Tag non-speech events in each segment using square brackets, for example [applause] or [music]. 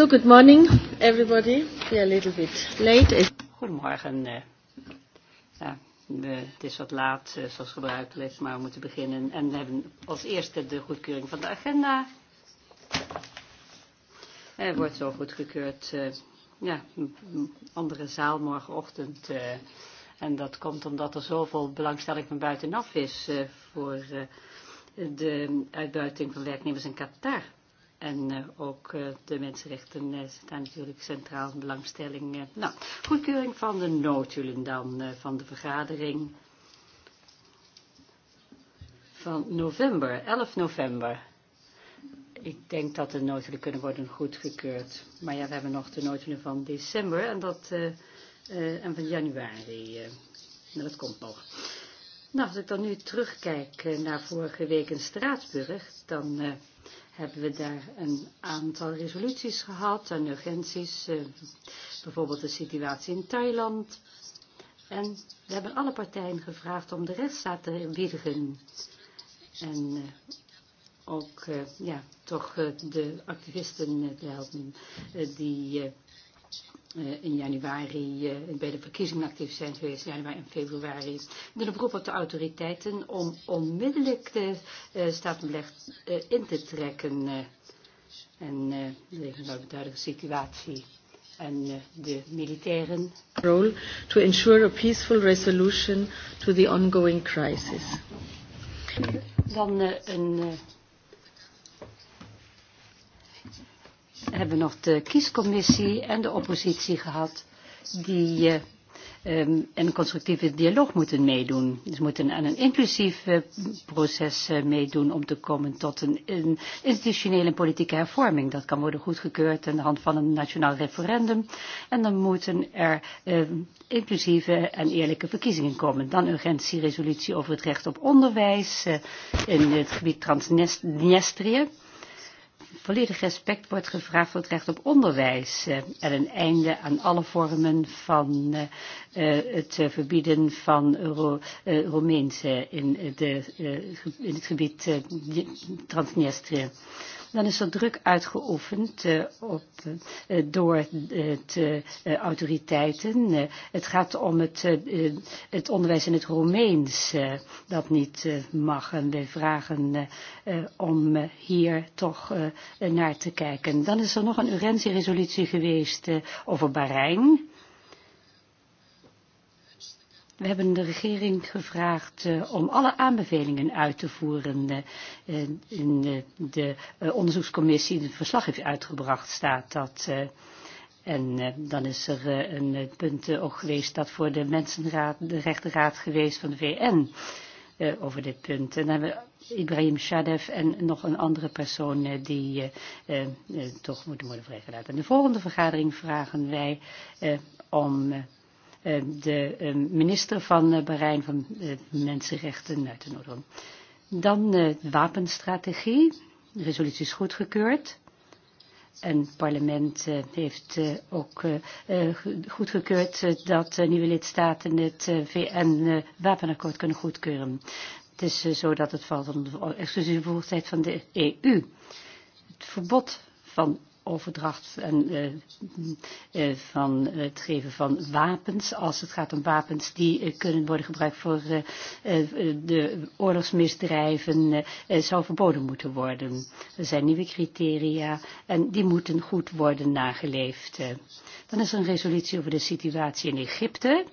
So, good morning, everybody. We are a little bit late. Goedemorgen. Ja, het is wat laat, eh, zoals gebruikelijk, maar we moeten beginnen. En we hebben als eerste de goedkeuring van de agenda. Er wordt zo goedgekeurd. Eh, ja, andere zaal morgenochtend. Eh, en dat komt omdat er zoveel belangstelling van buitenaf is voor de uitbuiting van werknemers in Qatar. En uh, ook uh, de mensenrechten uh, staan natuurlijk centraal in belangstelling. Uh, Nou, goedkeuring van de notulen dan uh, van de vergadering van november, 11 november. Ik denk dat de notulen kunnen worden goedgekeurd. Maar ja, we hebben nog de notulen van december en, dat, uh, uh, en van januari. Uh, dat komt nog. Nou, als ik dan nu terugkijk uh, naar vorige week in Straatsburg, dan... Uh, hebben we daar een aantal resoluties gehad en urgenties, eh, bijvoorbeeld de situatie in Thailand. En we hebben alle partijen gevraagd om de rechtsstaat te wiedigen. En eh, ook eh, ja, toch de activisten te helpen die uh, in januari uh, bij de verkiezingen actief zijn geweest, januari en februari. Met een beroep op de autoriteiten om onmiddellijk de uh, eh, staatsbeleg uh, in te trekken. Uh, en uh, de duidelijke situatie en uh, de militairen. Role to ensure a peaceful resolution to the ongoing crisis. Dan uh, een. Uh, hebben nog de kiescommissie en de oppositie gehad die uh, um, een constructieve dialoog moeten meedoen. Dus moeten aan een inclusief uh, proces uh, meedoen om te komen tot een, een institutionele en politieke hervorming. Dat kan worden goedgekeurd aan de hand van een nationaal referendum. En dan moeten er uh, inclusieve en eerlijke verkiezingen komen. Dan urgentieresolutie over het recht op onderwijs uh, in het gebied Transnistrië volledig respect wordt gevraagd voor het recht op onderwijs uh, en een einde aan alle vormen van uh, uh, het uh, verbieden van Ro uh, Romeinse in, uh, de, in het gebied uh, Transnistrië dan is er druk uitgeoefend eh, op, eh, door de eh, autoriteiten. Het gaat om het, het onderwijs in het Romeins dat niet mag. En wij vragen om hier toch naar te kijken. Dan is er nog een urgentieresolutie geweest over Bahrein We hebben de regering gevraagd uh, om alle aanbevelingen uit te voeren. Uh, in eh, de, de uh, onderzoekscommissie die het verslag heeft uitgebracht staat dat... Uh, En uh, dan is er uh, een punt uh, ook geweest dat voor de Mensenraad, de rechterraad geweest van de VN uh, over dit punt. En dan hebben we Ibrahim Shadev en nog een andere persoon uh, die uh, uh, toch moeten worden vrijgelaten. In de volgende vergadering vragen wij uh, om. Uh, Eh, de eh, minister van eh, Bahrein van Mensenrechten uit de Noorden. Dan de wapenstrategie. De resolutie is goedgekeurd. En het parlement heeft ook goedgekeurd dat nieuwe lidstaten het VN-wapenakkoord kunnen goedkeuren. Het is zo dat het valt onder de exclusieve bevoegdheid van de EU. Het verbod van overdracht en, uh, uh, van eh, het geven van wapens. Als het gaat om wapens die uh, kunnen worden gebruikt voor uh, uh, de oorlogsmisdrijven, uh, uh, zou verboden moeten worden. Er zijn nieuwe criteria en die moeten goed worden nageleefd. Dan is er een resolutie over de situatie in Egypte.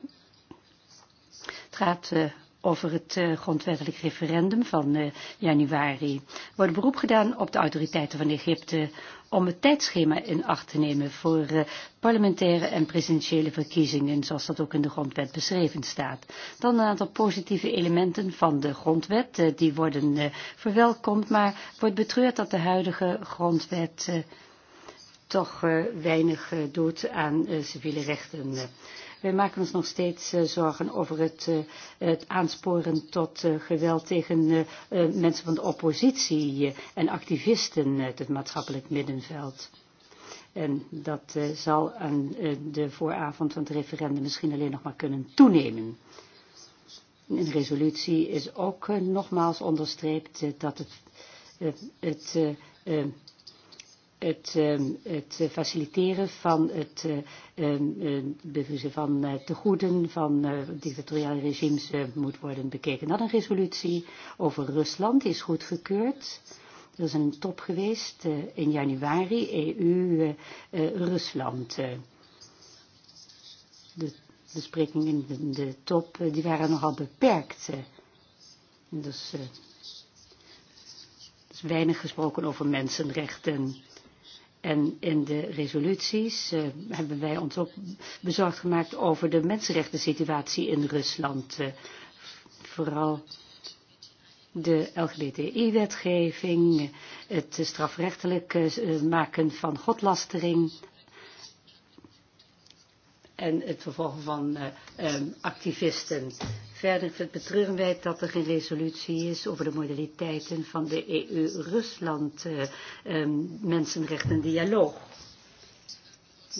Het gaat uh, over het uh, grondwettelijk referendum van uh, januari Er wordt beroep gedaan op de autoriteiten van Egypte om het tijdschema in acht te nemen voor uh, parlementaire en presidentiële verkiezingen, zoals dat ook in de grondwet beschreven staat. Dan een aantal positieve elementen van de grondwet, uh, die worden uh, verwelkomd, maar wordt betreurd dat de huidige grondwet uh, toch uh, weinig uh, doet aan uh, civiele rechten. Uh. Wij maken ons nog steeds eh, zorgen over het, eh, het aansporen tot eh, geweld tegen mensen van de oppositie en activisten uit het maatschappelijk middenveld. En dat uh, zal aan uh, de vooravond van het referendum misschien alleen nog maar kunnen toenemen. In de resolutie is ook uh, nogmaals onderstreept uh, dat het, uh, het uh, uh, het, um, het faciliteren van het uh, um, bevriezen van uh, tegoeden van uh, dictatoriale regimes uh, moet worden bekeken. Dan een resolutie over Rusland is goedgekeurd. Er is een top geweest uh, in januari, EU-Rusland. Uh, uh, de besprekingen in de, de top uh, die waren nogal beperkt. Uh, dus, uh, dus weinig gesproken over mensenrechten. En in de resoluties uh, hebben wij ons ook bezorgd gemaakt over de mensenrechten situatie in Rusland. Uh, vooral de LGBTI-wetgeving, het strafrechtelijk uh, maken van godlastering en het vervolgen van uh, um, activisten. Verder betreuren wij dat er geen resolutie is over de modaliteiten van de EU-Rusland uh, eh, um, ehm, mensenrechten dialoog.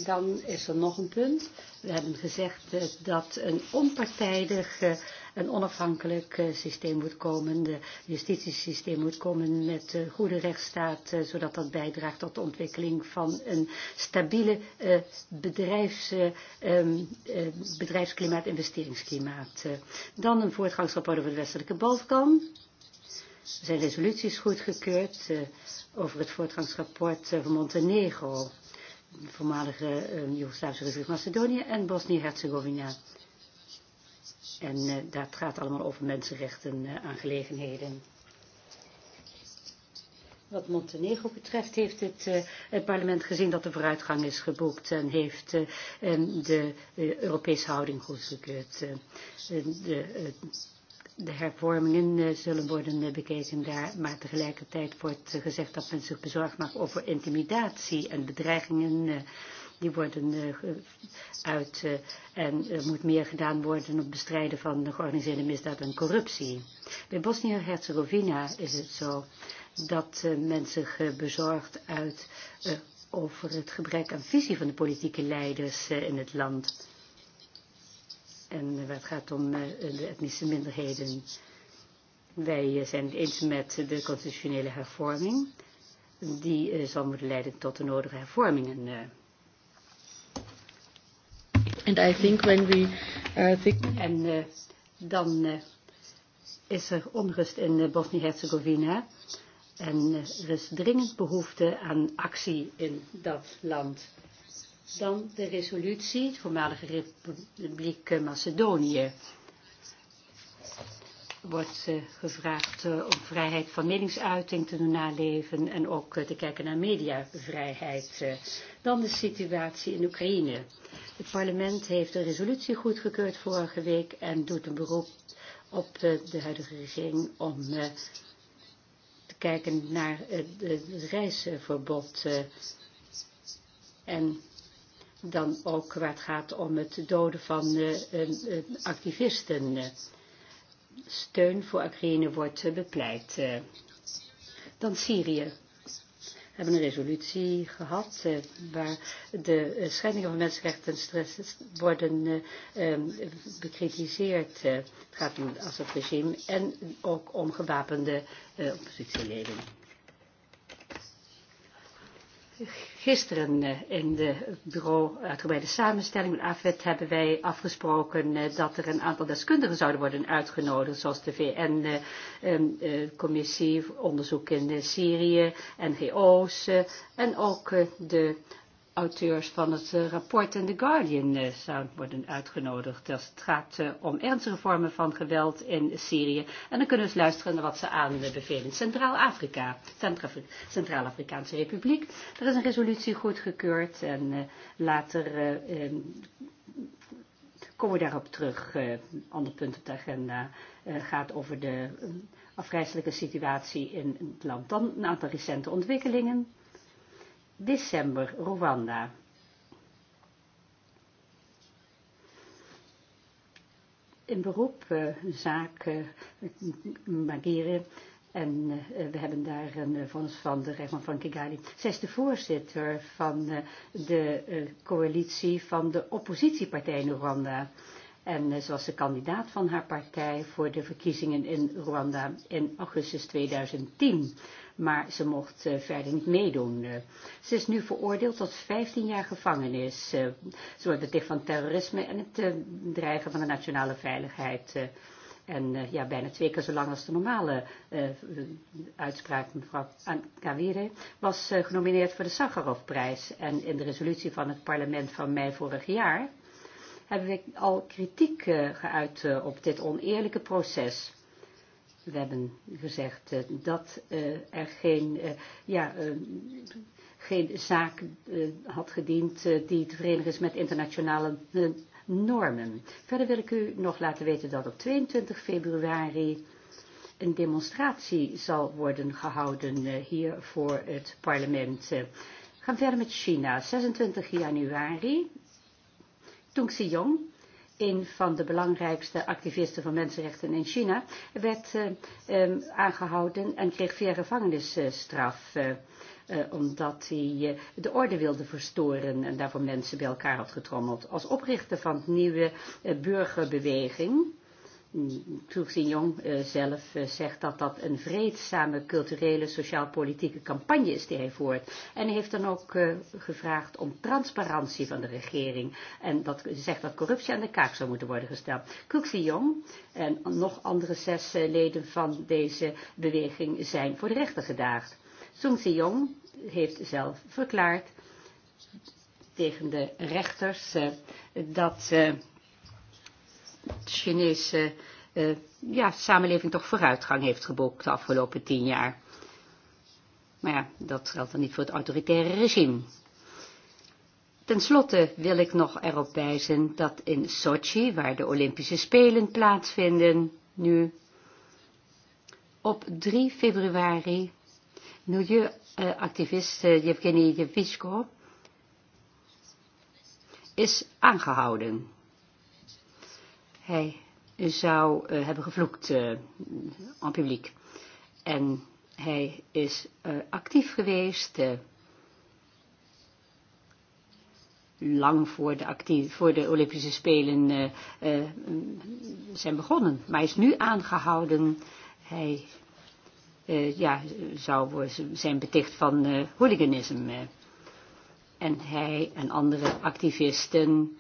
Dan is er nog een punt. We hebben gezegd uh, dat een onpartijdige een onafhankelijk uh, systeem moet komen. een justitiesysteem moet komen met uh, goede rechtsstaat, uh, zodat dat bijdraagt tot de ontwikkeling van een stabiele uh, bedrijfs, uh, uh, um, bedrijfsklimaat, investeringsklimaat. Uh, Dan een voortgangsrapport over de Westelijke Balkan. Er zijn resoluties goedgekeurd uh, over het voortgangsrapport uh, van Montenegro, voormalige uh, Joegoslavische Republiek Macedonië en Bosnië-Herzegovina. En uh, dat gaat allemaal over mensenrechten uh, eh, aangelegenheden. Wat Montenegro betreft heeft het, uh, het parlement gezien dat er vooruitgang is geboekt en heeft uh, de uh, Europese houding goedgekeurd. Uh, de, uh, de hervormingen uh, zullen worden uh, bekeken daar, maar tegelijkertijd wordt uh, gezegd dat men zich bezorgd maakt over intimidatie en bedreigingen. Uh, die worden uh, uit uh, en er moet meer gedaan worden op bestrijden van de georganiseerde misdaad en corruptie. Bij Bosnië-Herzegovina is het zo dat uh, eh, men zich uh, bezorgt uit uh, over het gebrek aan visie van de politieke leiders uh, in het land. En uh, waar het gaat om uh, de etnische minderheden. Wij uh, zijn het eens met de constitutionele hervorming die uh, zal moeten leiden tot de nodige hervormingen. Uh. And I think when we uh, think and uh, eh, dan uh, is er onrust in uh, Bosnië-Herzegovina en uh, er is dringend behoefte aan actie in dat land. Dan de resolutie, de voormalige Republiek Macedonië wordt uh, gevraagd uh, om vrijheid van meningsuiting te doen naleven en ook uh, te kijken naar mediavrijheid. Uh, Dan de situatie in Oekraïne. Het parlement heeft een resolutie goedgekeurd vorige week en doet een beroep op uh, de huidige regering om uh, te kijken naar uh, het reisverbod uh, en dan ook waar het gaat om het doden van uh, uh, activisten. Uh, steun voor Oekraïne wordt eh, bepleit. Eh. Dan Syrië. We hebben een resolutie gehad uh, waar de uh, schendingen van mensenrechten worden uh, um, bekritiseerd. Uh, het gaat om het Assad-regime en ook om gewapende uh, oppositieleden. Gisteren eh, in de bureau eh, uitgebreide samenstelling met AFET hebben wij afgesproken eh, dat er een aantal deskundigen zouden worden uitgenodigd, zoals de VN-commissie, ehm, onderzoek in Syrië, NGO's en ook de auteurs van het eh, rapport in The Guardian uh, eh, zouden worden uitgenodigd. Dat er gaat eh, om ernstige vormen van geweld in Syrië. En dan kunnen we eens luisteren naar wat ze aanbevelen. Centraal-Afrika, Centraal-Afrikaanse Republiek. Er is een resolutie goedgekeurd en later ehm, komen we daarop terug. Een ander punt op de agenda gaat over de... afgrijzelijke situatie in het land. Dan een aantal recente ontwikkelingen. December, Rwanda. Eh, in beroep uh, zaak uh, En uh, we hebben daar een uh, vonnis van de rechtbank van Kigali. Zij is de voorzitter van uh, de uh, coalitie van de oppositiepartij in Rwanda. En uh, ze was de kandidaat van haar partij voor de verkiezingen in Rwanda in augustus 2010 maar ze mocht uh, verder niet meedoen. Uh, ze is nu veroordeeld tot 15 jaar gevangenis. Uh, ze wordt beticht van terrorisme en het uh, dreigen van de nationale veiligheid. Uh, en uh, ja, bijna twee keer zo lang als de normale uh, uitspraak, mevrouw Kawire, was uh, genomineerd voor de Sakharovprijs. En in de resolutie van het parlement van mei vorig jaar hebben we al kritiek uh, geuit uh, op dit oneerlijke proces. We hebben gezegd uh, dat uh, er geen, uh, ja, uh, geen zaak uh, had gediend uh, die te verenigen is met internationale uh, normen. Verder wil ik u nog laten weten dat op 22 februari een demonstratie zal worden gehouden uh, hier voor het parlement. Uh, gaan verder met China. 26 januari, Tung Siyong een van de belangrijkste activisten van mensenrechten in China, werd uh, um, aangehouden en kreeg vier gevangenisstraf. Uh, uh, omdat hij uh, de orde wilde verstoren en daarvoor mensen bij elkaar had getrommeld. Als oprichter van de nieuwe uh, burgerbeweging Truxignon uh, eh, zelf eh, zegt dat dat een vreedzame culturele sociaal-politieke campagne is die hij voert. En hij heeft dan ook eh, gevraagd om transparantie van de regering. En dat zegt dat corruptie aan de kaak zou moeten worden gesteld. Truxignon en nog andere zes leden van deze beweging zijn voor de rechter gedaagd. Sung Jong heeft zelf verklaard tegen de rechters dat... Uh, Chinese uh, eh, ja, samenleving toch vooruitgang heeft geboekt de afgelopen tien jaar. Maar ja, dat geldt dan niet voor het autoritaire regime. Ten slotte wil ik nog erop wijzen dat in Sochi, waar de Olympische Spelen plaatsvinden, nu op 3 februari milieuactivist eh, Yevgeny Yevichko is aangehouden. Hij zou uh, hebben gevloekt uh, aan publiek. En hij is uh, actief geweest. Uh, lang voor de, actief, voor de Olympische Spelen uh, uh, zijn begonnen. Maar hij is nu aangehouden. Hij uh, ja, zou zijn beticht van uh, hooliganisme. Uh, en hij en andere activisten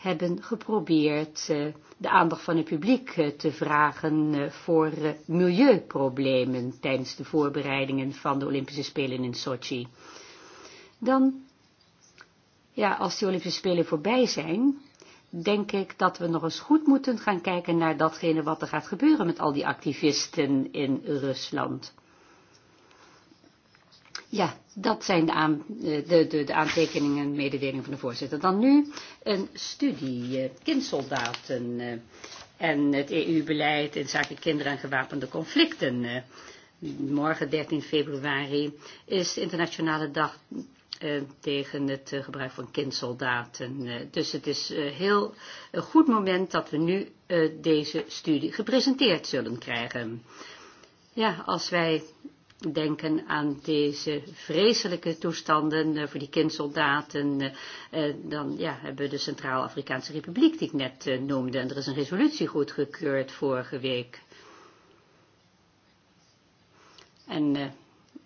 hebben geprobeerd eh, de aandacht van het publiek eh, te vragen eh, voor milieuproblemen tijdens de voorbereidingen van de Olympische Spelen in Sochi. Dan, ja, als die Olympische Spelen voorbij zijn, denk ik dat we nog eens goed moeten gaan kijken naar datgene wat er gaat gebeuren met al die activisten in Rusland. Ja, dat zijn de, aan, de, de, de aantekeningen en mededelingen van de voorzitter. Dan nu een studie, eh, kindsoldaten eh, en het EU-beleid in zaken kinderen en gewapende conflicten. Eh. Morgen 13 februari is de internationale dag uh, tegen het uh, gebruik van kindsoldaten. Uh, dus het is uh, heel een goed moment dat we nu uh, deze studie gepresenteerd zullen krijgen. Ja, als wij denken aan deze vreselijke toestanden uh, voor die kindsoldaten. Uh, uh, dan ja, hebben we de Centraal-Afrikaanse Republiek die ik net uh, noemde. En er is een resolutie goedgekeurd vorige week. En uh,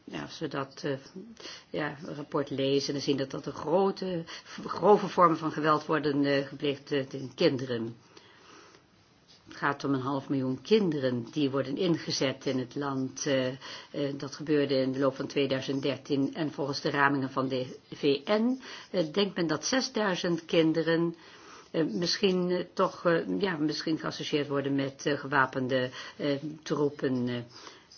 ja, als we dat uh, ja, rapport lezen, dan zien dat dat een grote, grove vormen van geweld worden uh, gepleegd uh, in kinderen. Het gaat om een half miljoen kinderen die worden ingezet in het land. Uh, uh, dat gebeurde in de loop van 2013. En volgens de ramingen van de VN uh, eh, denkt men dat 6000 kinderen uh, misschien uh, toch uh, ja, misschien geassocieerd worden met uh, gewapende uh, troepen. Uh,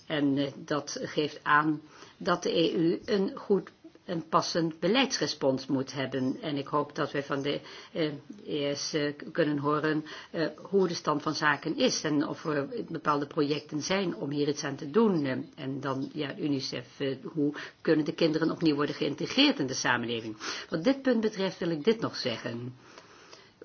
en uh, dat geeft aan dat de EU een goed een passend beleidsrespons moet hebben. En ik hoop dat we van de eh, ES eh, kunnen horen eh, hoe de stand van zaken is en of er bepaalde projecten zijn om hier iets aan te doen. Eh, en dan, ja, UNICEF, eh, hoe kunnen de kinderen opnieuw worden geïntegreerd in de samenleving? Wat dit punt betreft wil ik dit nog zeggen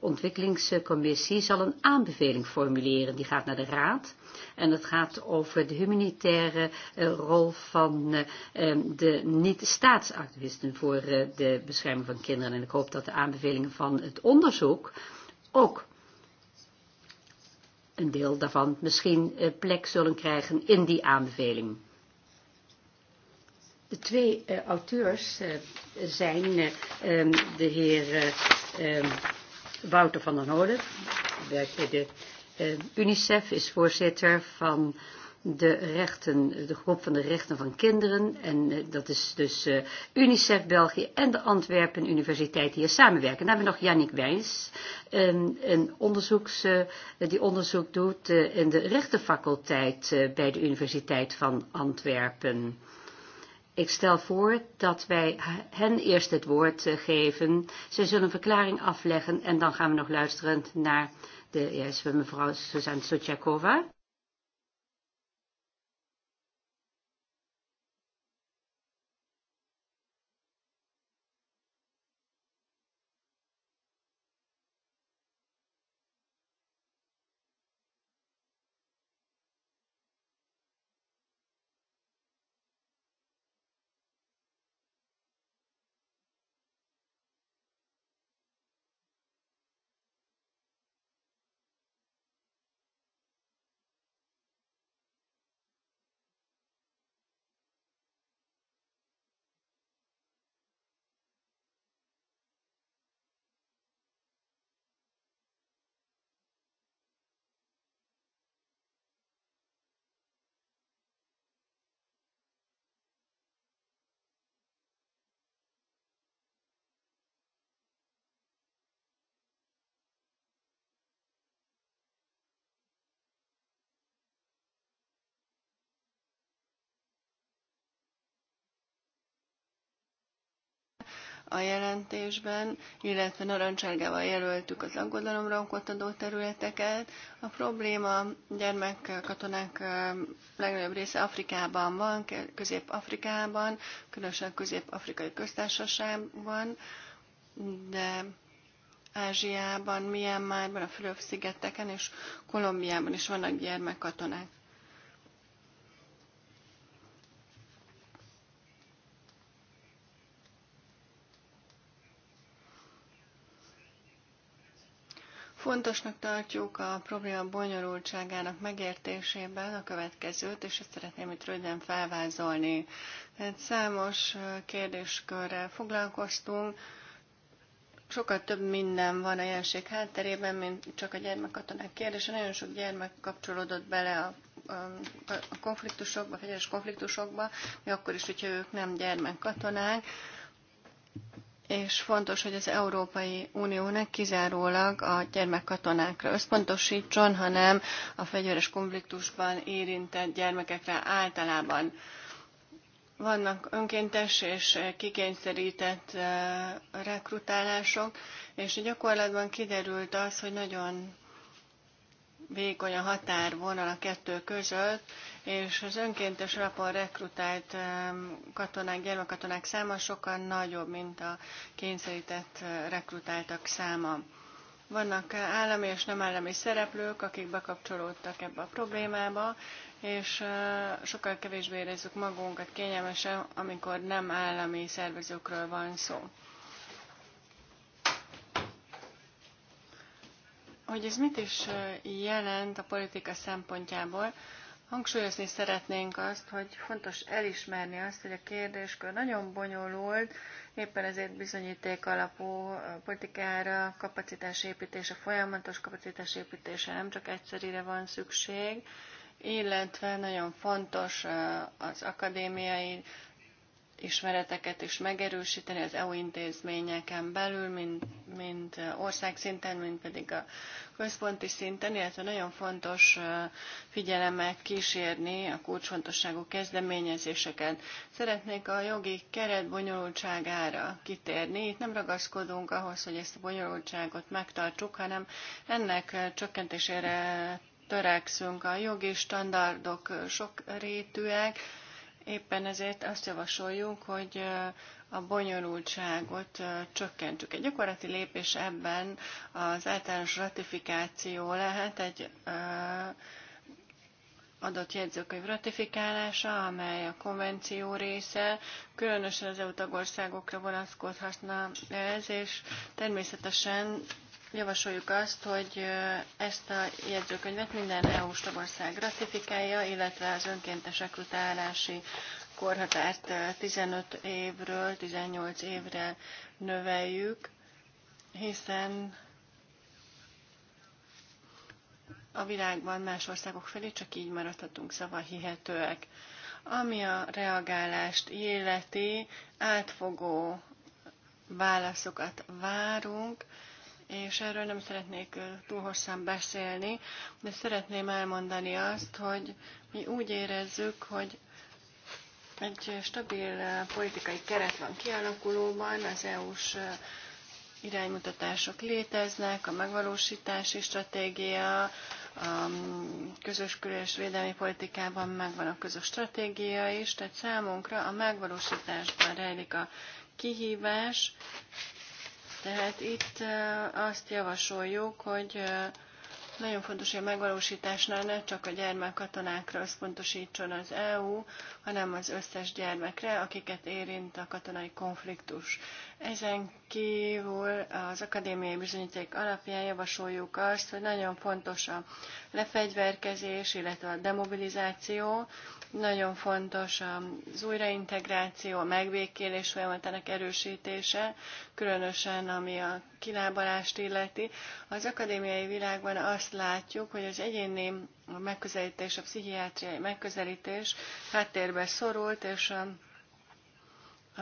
ontwikkelingscommissie zal een aanbeveling formuleren. Die gaat naar de Raad. En dat gaat over de humanitaire uh, rol van uh, de niet-staatsactivisten voor uh, de bescherming van kinderen. En ik hoop dat de aanbevelingen van het onderzoek ook een deel daarvan misschien uh, plek zullen krijgen in die aanbeveling. De twee uh, auteurs uh, zijn uh, de heer. Uh, Wouter van den Holen. Werkt bij de uh, UNICEF, is voorzitter van de rechten, de groep van de rechten van kinderen. En uh, dat is dus uh, UNICEF België en de Antwerpen Universiteit die hier samenwerken. dan hebben we nog Yannick Wijns, een, ehm, een onderzoeks, uh, die onderzoek doet uh, in de rechtenfaculteit uh, bij de Universiteit van Antwerpen. Ik stel voor dat wij hen eerst het woord eh, geven. Zij zullen een verklaring afleggen en dan gaan we nog luisteren naar de eerste mevrouw Suzanne Sotjakova. a jelentésben, illetve narancsárgával jelöltük az aggodalomra okot adó területeket. A probléma gyermekkatonák legnagyobb része Afrikában van, Közép-Afrikában, különösen Közép-Afrikai Köztársaságban, de Ázsiában, Myanmarban, a Fülöp-szigeteken és Kolumbiában is vannak gyermekkatonák. Fontosnak tartjuk a probléma bonyolultságának megértésében a következőt, és ezt szeretném itt röviden felvázolni. Tehát számos kérdéskörrel foglalkoztunk, sokkal több minden van a jelenség hátterében, mint csak a gyermekkatonák kérdése. Nagyon sok gyermek kapcsolódott bele a, a konfliktusokba, a konfliktusokba, mi akkor is, hogyha ők nem gyermekkatonák. katonák és fontos, hogy az Európai ne kizárólag a gyermekkatonákra összpontosítson, hanem a fegyveres konfliktusban érintett gyermekekre általában. Vannak önkéntes és kikényszerített rekrutálások, és a gyakorlatban kiderült az, hogy nagyon vékony a határvonal a kettő között, és az önkéntes alapon rekrutált katonák, gyermekkatonák száma sokkal nagyobb, mint a kényszerített eh, rekrutáltak száma. Vannak állami és nem állami szereplők, akik bekapcsolódtak ebbe a problémába, és eh, sokkal kevésbé érezzük magunkat kényelmesen, amikor nem állami szervezőkről van szó. Hogy ez mit is eh, jelent a politika szempontjából, Hangsúlyozni szeretnénk azt, hogy fontos elismerni azt, hogy a kérdéskör nagyon bonyolult, éppen ezért bizonyíték alapú politikára, kapacitásépítése, folyamatos kapacitásépítése nem csak egyszerire van szükség, illetve nagyon fontos az akadémiai ismereteket is megerősíteni az EU intézményeken belül, mint, mint országszinten, mint pedig a központi szinten, illetve nagyon fontos figyelemmel kísérni a kulcsfontosságú kezdeményezéseket. Szeretnék a jogi keret bonyolultságára kitérni. Itt nem ragaszkodunk ahhoz, hogy ezt a bonyolultságot megtartsuk, hanem ennek csökkentésére törekszünk. A jogi standardok sok rétűek, Éppen ezért azt javasoljuk, hogy a bonyolultságot csökkentsük. Egy gyakorlati lépés ebben az általános ratifikáció lehet egy adott jegyzőkönyv ratifikálása, amely a konvenció része, különösen az EU tagországokra vonatkozhatna ez, és természetesen Javasoljuk azt, hogy ezt a jegyzőkönyvet minden EU-s tagország ratifikálja, illetve az önkéntes rekrutálási korhatárt 15 évről 18 évre növeljük, hiszen a világban más országok felé csak így maradhatunk szavahihetőek. Ami a reagálást illeti, átfogó válaszokat várunk, és erről nem szeretnék túl hosszan beszélni, de szeretném elmondani azt, hogy mi úgy érezzük, hogy egy stabil politikai keret van kialakulóban, az EU-s iránymutatások léteznek, a megvalósítási stratégia, a közös és védelmi politikában megvan a közös stratégia is, tehát számunkra a megvalósításban rejlik a kihívás, tehát itt azt javasoljuk, hogy nagyon fontos, hogy a megvalósításnál ne csak a gyermekkatonákra összpontosítson az EU, hanem az összes gyermekre, akiket érint a katonai konfliktus. Ezen kívül az akadémiai bizonyíték alapján javasoljuk azt, hogy nagyon fontos a lefegyverkezés, illetve a demobilizáció, nagyon fontos az újraintegráció, a megbékélés folyamatának erősítése, különösen ami a kilábalást illeti. Az akadémiai világban azt azt látjuk, hogy az egyéni megközelítés, a pszichiátriai megközelítés háttérbe szorult, és a, a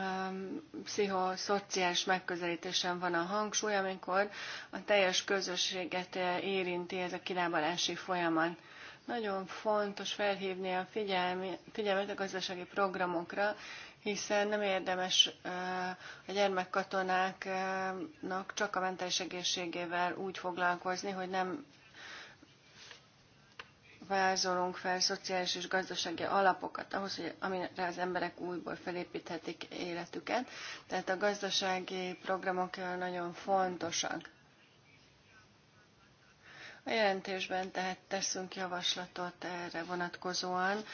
pszichoszociális megközelítésen van a hangsúly, amikor a teljes közösséget érinti ez a kilábalási folyamat nagyon fontos felhívni a figyelmi, figyelmet a gazdasági programokra, hiszen nem érdemes a gyermekkatonáknak csak a mentális egészségével úgy foglalkozni, hogy nem vázolunk fel szociális és gazdasági alapokat ahhoz, hogy amire az emberek újból felépíthetik életüket. Tehát a gazdasági programok nagyon fontosak. A jelentésben tehát teszünk javaslatot erre vonatkozóan,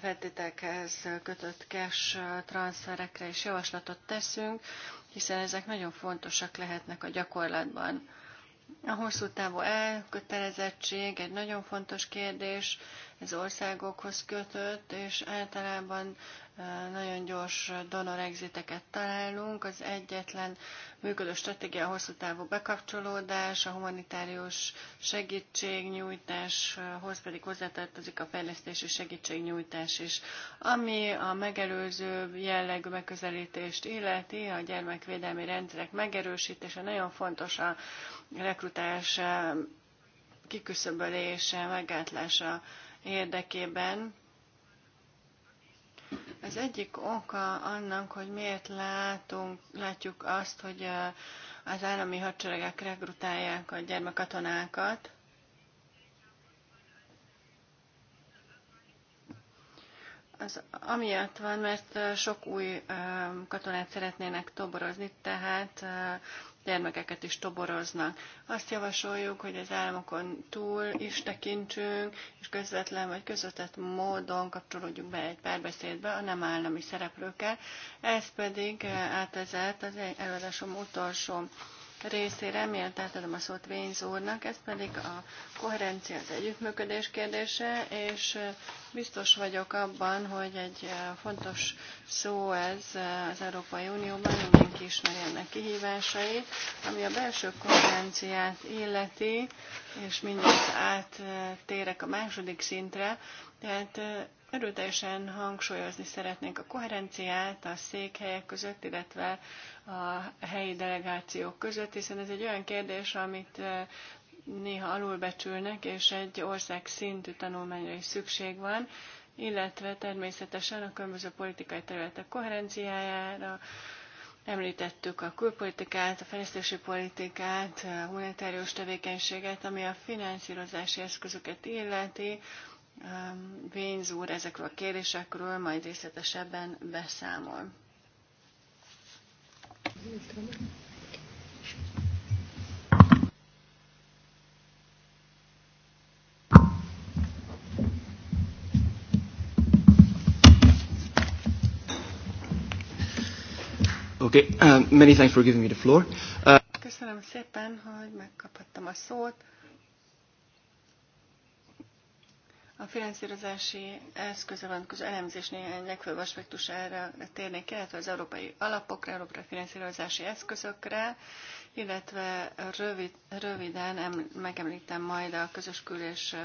feltételekhez kötött cash transferekre is javaslatot teszünk, hiszen ezek nagyon fontosak lehetnek a gyakorlatban. A hosszú távú elkötelezettség egy nagyon fontos kérdés, ez országokhoz kötött, és általában nagyon gyors donor exiteket találunk. Az egyetlen működő stratégia a hosszú távú bekapcsolódás, a humanitárius segítségnyújtáshoz pedig hozzátartozik a fejlesztési segítségnyújtás is. Ami a megelőző jellegű megközelítést illeti, a gyermekvédelmi rendszerek megerősítése nagyon fontos a rekrutálás kiküszöbölése, megátlása érdekében az egyik oka annak, hogy miért látunk, látjuk azt, hogy az állami hadseregek rekrutálják a gyermekatonákat, az amiatt van, mert sok új katonát szeretnének toborozni, tehát gyermekeket is toboroznak. Azt javasoljuk, hogy az álmokon túl is tekintsünk, és közvetlen vagy közvetett módon kapcsolódjunk be egy párbeszédbe a nem állami szereplőkkel. Ez pedig eh, átvezet az előadásom utolsó részére, miért átadom a szót Vénz úrnak, ez pedig a koherencia, az együttműködés kérdése, és biztos vagyok abban, hogy egy fontos szó ez az Európai Unióban, mindenki ismeri ennek kihívásait, ami a belső koherenciát illeti, és mindjárt áttérek a második szintre, tehát Erőteljesen hangsúlyozni szeretnénk a koherenciát a székhelyek között, illetve a helyi delegációk között, hiszen ez egy olyan kérdés, amit eh, néha alulbecsülnek, és egy ország szintű tanulmányra is szükség van, illetve természetesen a különböző politikai területek koherenciájára, Említettük a külpolitikát, a fejlesztési politikát, a humanitárius tevékenységet, ami a finanszírozási eszközöket illeti, Vénz úr ezekről a kérésekről majd részletesebben beszámol. Okay, uh, many thanks for giving me the floor. Uh, Köszönöm szépen, hogy megkaphattam a szót. A finanszírozási eszköze van közül elemzés néhány legfőbb aspektusára térnék, illetve az európai alapokra, európai finanszírozási eszközökre, illetve rövid, röviden em, megemlítem majd a közös kül- és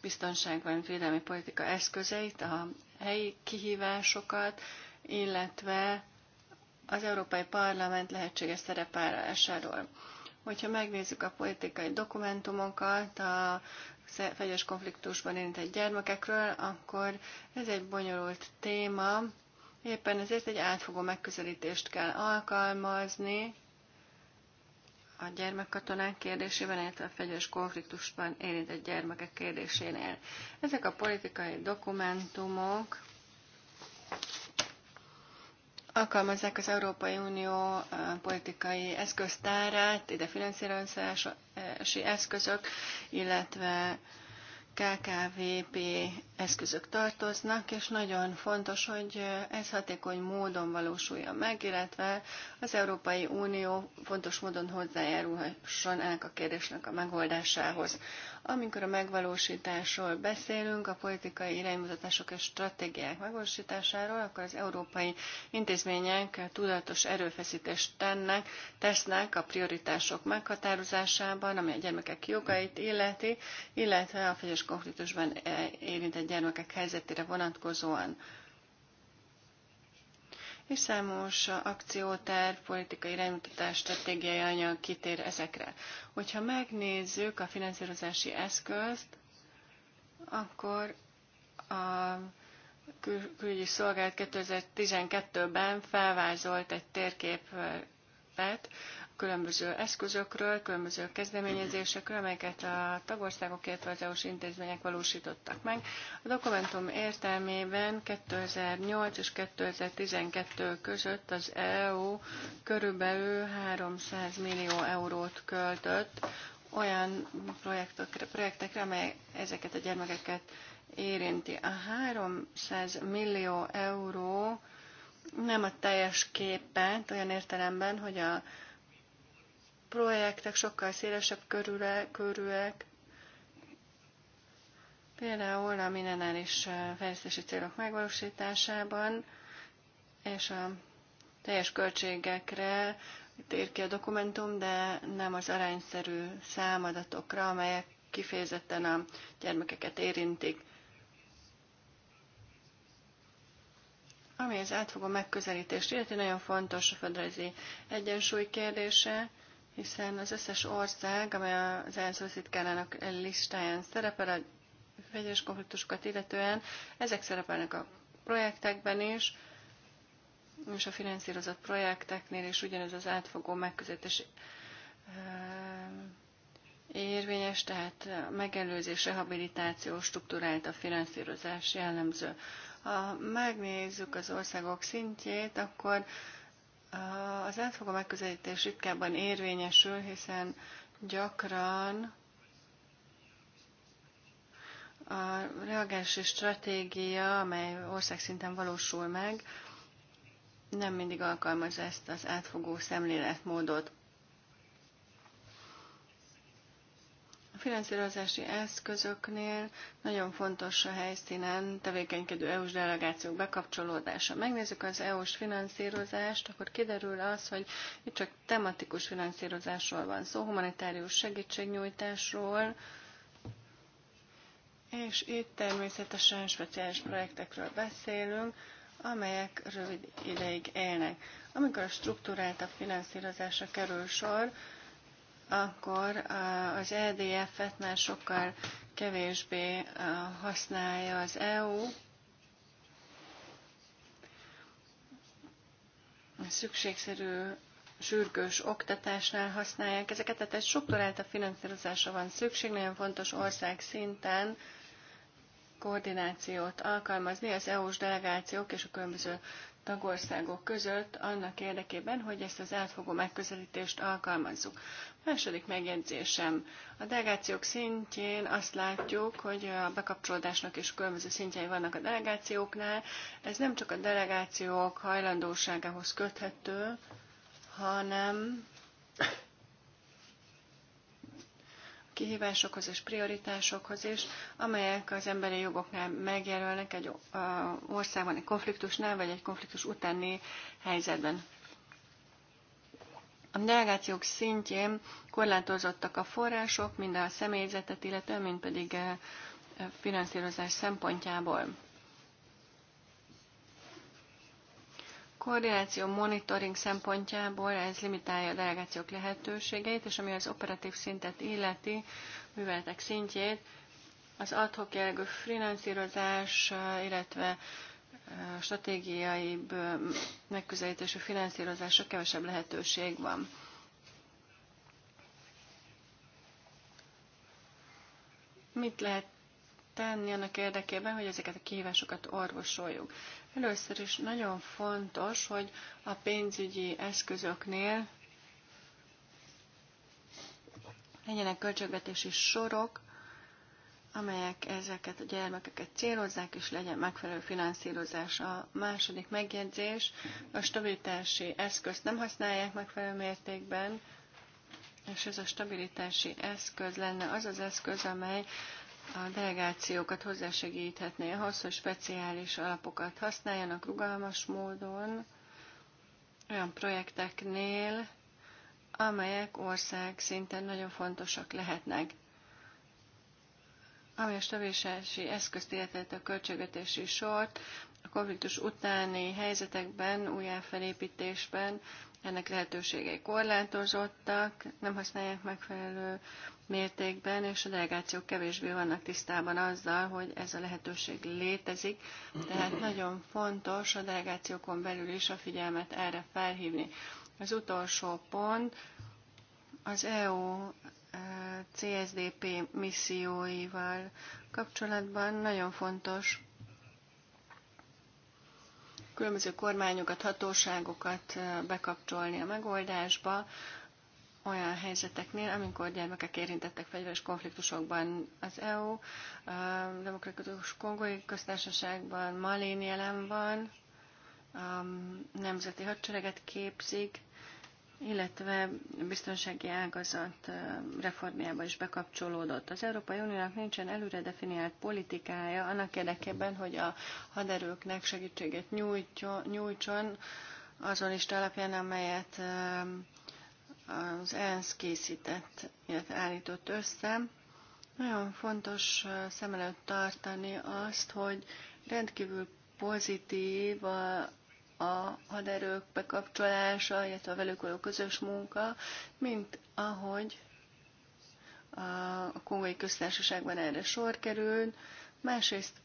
biztonságban védelmi politika eszközeit, a helyi kihívásokat, illetve az Európai Parlament lehetséges szerepárásáról hogyha megnézzük a politikai dokumentumokat, a fegyes konfliktusban érintett gyermekekről, akkor ez egy bonyolult téma. Éppen ezért egy átfogó megközelítést kell alkalmazni a gyermekkatonák kérdésében, illetve a fegyes konfliktusban érintett gyermekek kérdésénél. Ezek a politikai dokumentumok alkalmazzák az Európai Unió politikai eszköztárát, ide finanszírozási eszközök, illetve KKVP eszközök tartoznak, és nagyon fontos, hogy ez hatékony módon valósuljon meg, illetve az Európai Unió fontos módon hozzájárulhasson ennek a kérdésnek a megoldásához. Amikor a megvalósításról beszélünk, a politikai iránymutatások és stratégiák megvalósításáról, akkor az európai intézmények tudatos erőfeszítést tennek, tesznek a prioritások meghatározásában, ami a gyermekek jogait illeti, illetve a fegyes konfliktusban eh, érintett gyermekek helyzetére vonatkozóan és számos akcióterv, politikai iránymutatás, stratégiai anyag kitér ezekre. Hogyha megnézzük a finanszírozási eszközt, akkor a kül- külügyi szolgálat 2012-ben felvázolt egy térképet különböző eszközökről, különböző kezdeményezésekről, amelyeket a tagországok, illetve az EU-s intézmények valósítottak meg. A dokumentum értelmében 2008 és 2012 között az EU körülbelül 300 millió eurót költött olyan projektekre, projektekre amely ezeket a gyermekeket érinti. A 300 millió euró nem a teljes képet olyan értelemben, hogy a projektek sokkal szélesebb körülek, körülek. Például a millenáris eh, fejlesztési célok megvalósításában és a teljes költségekre tér ki a dokumentum, de nem az arányszerű számadatokra, amelyek kifejezetten a gyermekeket érintik. Ami az átfogó megközelítést illeti, nagyon fontos a földrajzi egyensúly kérdése hiszen az összes ország, amely az ENSZ titkárnak listáján szerepel, a fegyveres konfliktusokat illetően, ezek szerepelnek a projektekben is, és a finanszírozott projekteknél is ugyanez az átfogó megközelítés érvényes, tehát megelőzés, rehabilitáció, struktúrált a finanszírozás jellemző. Ha megnézzük az országok szintjét, akkor az átfogó megközelítés ritkábban érvényesül, hiszen gyakran a reagálási stratégia, amely országszinten valósul meg, nem mindig alkalmaz ezt az átfogó szemléletmódot. finanszírozási eszközöknél nagyon fontos a helyszínen tevékenykedő EU-s delegációk bekapcsolódása. Megnézzük az EU-s finanszírozást, akkor kiderül az, hogy itt csak tematikus finanszírozásról van szó, humanitárius segítségnyújtásról, és itt természetesen speciális projektekről beszélünk, amelyek rövid ideig élnek. Amikor a struktúráltabb finanszírozásra kerül sor, akkor eh, az EDF-et már sokkal kevésbé eh, használja az EU. Szükségszerű sürgős oktatásnál használják ezeket, tehát egy struktúrált a finanszírozása van szükség, nagyon fontos ország szinten koordinációt alkalmazni az EU-s delegációk és a különböző tagországok között annak érdekében, hogy ezt az átfogó megközelítést alkalmazzuk. Második megjegyzésem. A delegációk szintjén azt látjuk, hogy a bekapcsolódásnak is különböző szintjei vannak a delegációknál. Ez nem csak a delegációk hajlandóságához köthető, hanem kihívásokhoz és prioritásokhoz is, amelyek az emberi jogoknál megjelölnek egy országban, egy konfliktusnál, vagy egy konfliktus utáni helyzetben. A delegációk szintjén korlátozottak a források, mind a személyzetet, illetve mind pedig finanszírozás szempontjából. koordináció monitoring szempontjából ez limitálja a delegációk lehetőségeit, és ami az operatív szintet illeti, műveletek szintjét, az adhok jellegű finanszírozás, illetve stratégiai megközelítésű finanszírozásra kevesebb lehetőség van. Mit lehet tenni annak érdekében, hogy ezeket a kihívásokat orvosoljuk. Először is nagyon fontos, hogy a pénzügyi eszközöknél legyenek költségvetési sorok, amelyek ezeket a gyermekeket célozzák, és legyen megfelelő finanszírozás. A második megjegyzés, a stabilitási eszközt nem használják megfelelő mértékben, és ez a stabilitási eszköz lenne az az eszköz, amely a delegációkat hozzásegíthetné ahhoz, hogy speciális alapokat használjanak rugalmas módon olyan projekteknél, amelyek ország szinten nagyon fontosak lehetnek. Ami a stabilisási eszközt illetett a költségvetési sort, a konfliktus utáni helyzetekben, újjáfelépítésben ennek lehetőségei korlátozottak, nem használják megfelelő mértékben, és a delegációk kevésbé vannak tisztában azzal, hogy ez a lehetőség létezik, tehát nagyon fontos a delegációkon belül is a figyelmet erre felhívni. Az utolsó pont az EU e, CSDP misszióival kapcsolatban nagyon fontos különböző kormányokat, hatóságokat e, bekapcsolni a megoldásba, olyan helyzeteknél, amikor gyermekek érintettek fegyveres konfliktusokban az EU, a Demokratikus Kongói Köztársaságban, Malén jelen van, a nemzeti hadsereget képzik, illetve biztonsági ágazat reformjába is bekapcsolódott. Az Európai Uniónak nincsen előre definiált politikája annak érdekében, hogy a haderőknek segítséget nyújtson azon is alapján, amelyet az ENSZ készített, illetve állított össze. Nagyon fontos szem előtt tartani azt, hogy rendkívül pozitív a, a haderők bekapcsolása, illetve a velük való közös munka, mint ahogy a, a kongói köztársaságban erre sor kerül, másrészt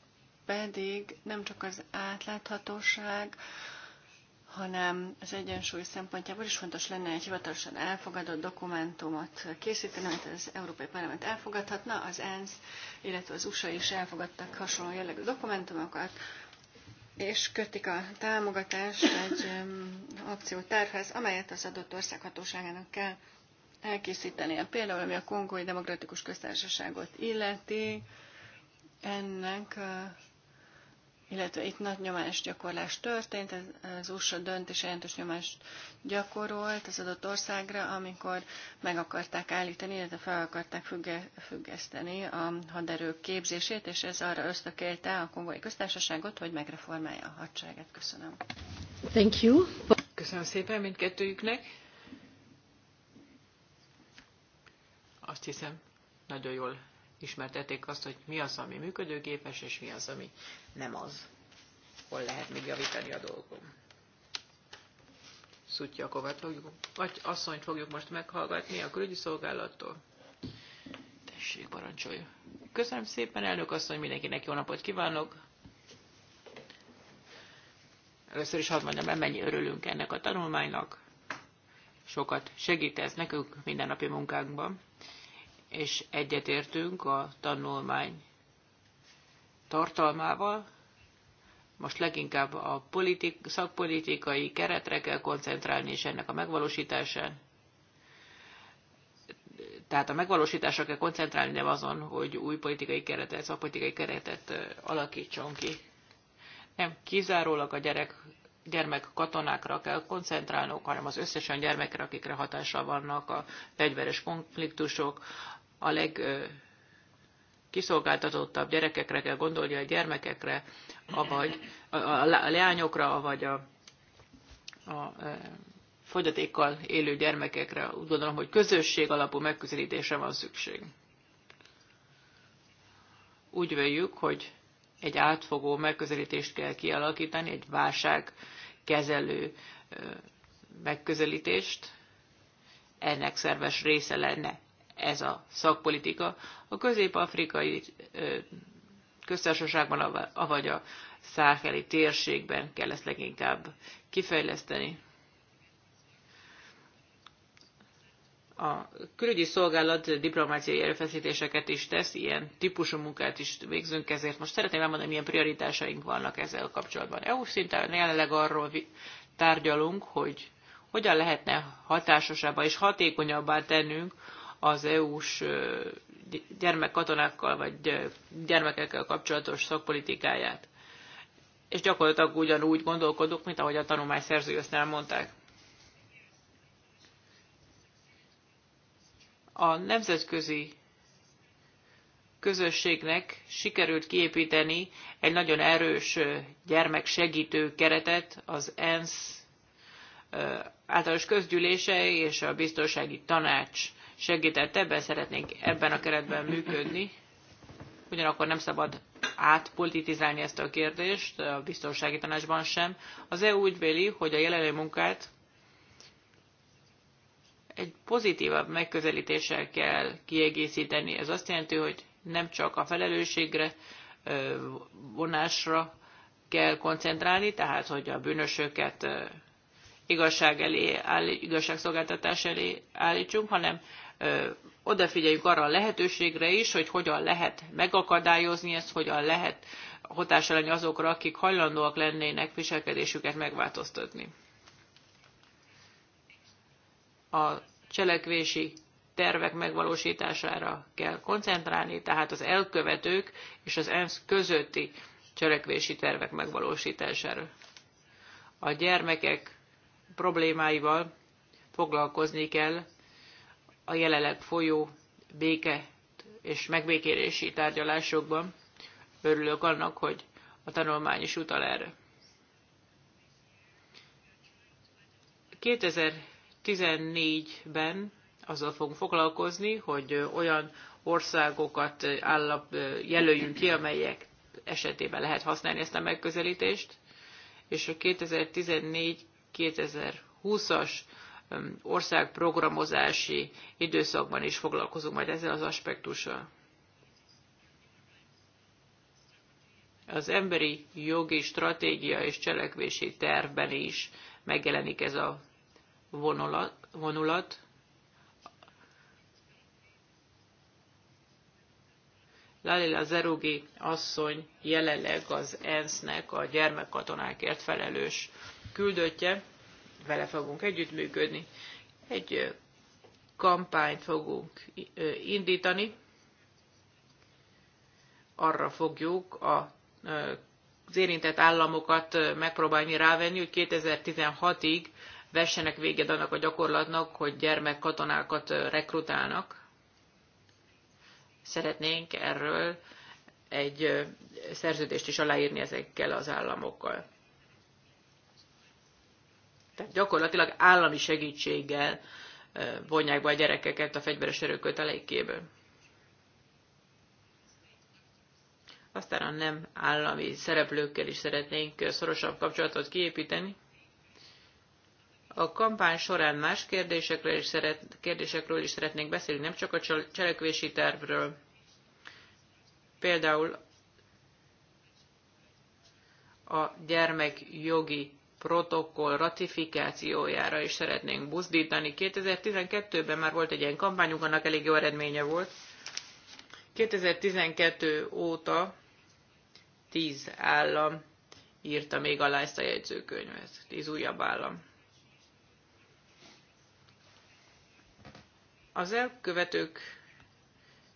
pedig nem csak az átláthatóság, hanem az egyensúly szempontjából is fontos lenne egy hivatalosan elfogadott dokumentumot készíteni, amit az Európai Parlament elfogadhatna, az ENSZ, illetve az USA is elfogadtak hasonló jellegű dokumentumokat, és kötik a támogatást egy akciótárhoz, amelyet az adott ország hatóságának kell elkészítenie. Például, ami a Kongói Demokratikus Köztársaságot illeti, ennek illetve itt nagy nyomásgyakorlás történt, az USA döntés jelentős nyomást gyakorolt az adott országra, amikor meg akarták állítani, illetve fel akarták függe, függeszteni a haderők képzését, és ez arra ösztökélte a konvoi köztársaságot, hogy megreformálja a hadsereget. Köszönöm. Thank you. Köszönöm szépen mindkettőjüknek. Azt hiszem, nagyon jól ismertették azt, hogy mi az, ami működőképes, és mi az, ami nem az. Hol lehet még javítani a dolgon. Szutjakovat fogjuk, vagy asszonyt fogjuk most meghallgatni a külügyi szolgálattól. Tessék, parancsolja. Köszönöm szépen, elnök asszony, mindenkinek jó napot kívánok. Először is hadd mondjam, mennyi örülünk ennek a tanulmánynak. Sokat segít ez nekünk mindennapi munkánkban és egyetértünk a tanulmány tartalmával. Most leginkább a politik, szakpolitikai keretre kell koncentrálni, és ennek a megvalósításán. Tehát a megvalósításra kell koncentrálni, nem azon, hogy új politikai keretet, szakpolitikai keretet alakítson ki. Nem kizárólag a gyerek, gyermek katonákra kell koncentrálnunk, hanem az összesen gyermekre, akikre hatással vannak a fegyveres konfliktusok, a legkiszolgáltatottabb gyerekekre kell gondolni, a gyermekekre, avagy a, a leányokra, vagy a, a e, fogyatékkal élő gyermekekre. Úgy gondolom, hogy közösség alapú megközelítésre van szükség. Úgy véljük, hogy egy átfogó megközelítést kell kialakítani, egy válságkezelő e, megközelítést. Ennek szerves része lenne ez a szakpolitika. A közép-afrikai köztársaságban, avagy a szárkeli térségben kell ezt leginkább kifejleszteni. A külügyi szolgálat diplomáciai erőfeszítéseket is tesz, ilyen típusú munkát is végzünk, ezért most szeretném elmondani, milyen prioritásaink vannak ezzel kapcsolatban. EU szinten jelenleg arról tárgyalunk, hogy hogyan lehetne hatásosabbá és hatékonyabbá tennünk az EU-s gyermekkatonákkal vagy gyermekekkel kapcsolatos szakpolitikáját. És gyakorlatilag ugyanúgy gondolkodok, mint ahogy a tanulmány szerzői azt elmondták. A nemzetközi közösségnek sikerült kiépíteni egy nagyon erős gyermeksegítő keretet az ENSZ általános közgyűlése és a biztonsági tanács segített, ebben szeretnénk ebben a keretben működni. Ugyanakkor nem szabad átpolitizálni ezt a kérdést, a biztonsági tanácsban sem. Az EU úgy véli, hogy a jelenlegi munkát egy pozitívabb megközelítéssel kell kiegészíteni. Ez azt jelenti, hogy nem csak a felelősségre, vonásra kell koncentrálni, tehát hogy a bűnösöket igazság elé, igazságszolgáltatás elé állítsunk, hanem odafigyeljünk arra a lehetőségre is, hogy hogyan lehet megakadályozni ezt, hogyan lehet hatása lenni azokra, akik hajlandóak lennének viselkedésüket megváltoztatni. A cselekvési tervek megvalósítására kell koncentrálni, tehát az elkövetők és az ENSZ közötti cselekvési tervek megvalósítására. A gyermekek problémáival foglalkozni kell a jelenleg folyó béke és megbékélési tárgyalásokban. Örülök annak, hogy a tanulmány is utal erre. 2014-ben azzal fogunk foglalkozni, hogy olyan országokat állap jelöljünk ki, amelyek esetében lehet használni ezt a megközelítést, és a 2014-2020-as országprogramozási időszakban is foglalkozunk majd ezzel az aspektussal. Az emberi jogi stratégia és cselekvési tervben is megjelenik ez a vonulat, vonulat. Lalila Zerugi asszony jelenleg az ENSZ-nek a gyermekkatonákért felelős küldöttje vele fogunk együttműködni. Egy kampányt fogunk indítani, arra fogjuk a, az érintett államokat megpróbálni rávenni, hogy 2016-ig vessenek véget annak a gyakorlatnak, hogy gyermekkatonákat rekrutálnak. Szeretnénk erről egy szerződést is aláírni ezekkel az államokkal. Tehát gyakorlatilag állami segítséggel vonják be a gyerekeket a fegyveres erők kötelékéből. Aztán a nem állami szereplőkkel is szeretnénk szorosabb kapcsolatot kiépíteni. A kampány során más kérdésekről is, szeret, kérdésekről is szeretnénk beszélni, nem csak a cselekvési tervről. Például a gyermekjogi protokoll ratifikációjára is szeretnénk buzdítani. 2012-ben már volt egy ilyen kampányunk, annak elég jó eredménye volt. 2012 óta 10 állam írta még alá ezt a jegyzőkönyvet, 10 újabb állam. Az elkövetők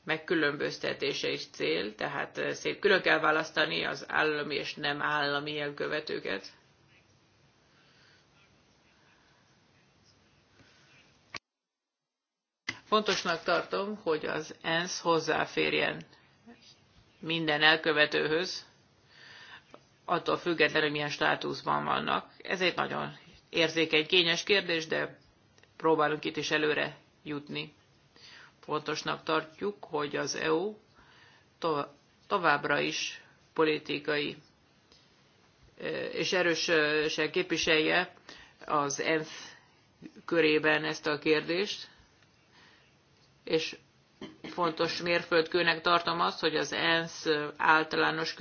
megkülönböztetése is cél, tehát szép külön kell választani az állami és nem állami elkövetőket. Fontosnak tartom, hogy az ENSZ hozzáférjen minden elkövetőhöz, attól függetlenül, milyen státuszban vannak. Ez egy nagyon érzékeny, kényes kérdés, de próbálunk itt is előre jutni. Fontosnak tartjuk, hogy az EU továbbra is politikai és erősen képviselje az ENSZ körében ezt a kérdést és fontos mérföldkőnek tartom azt, hogy az ENSZ általános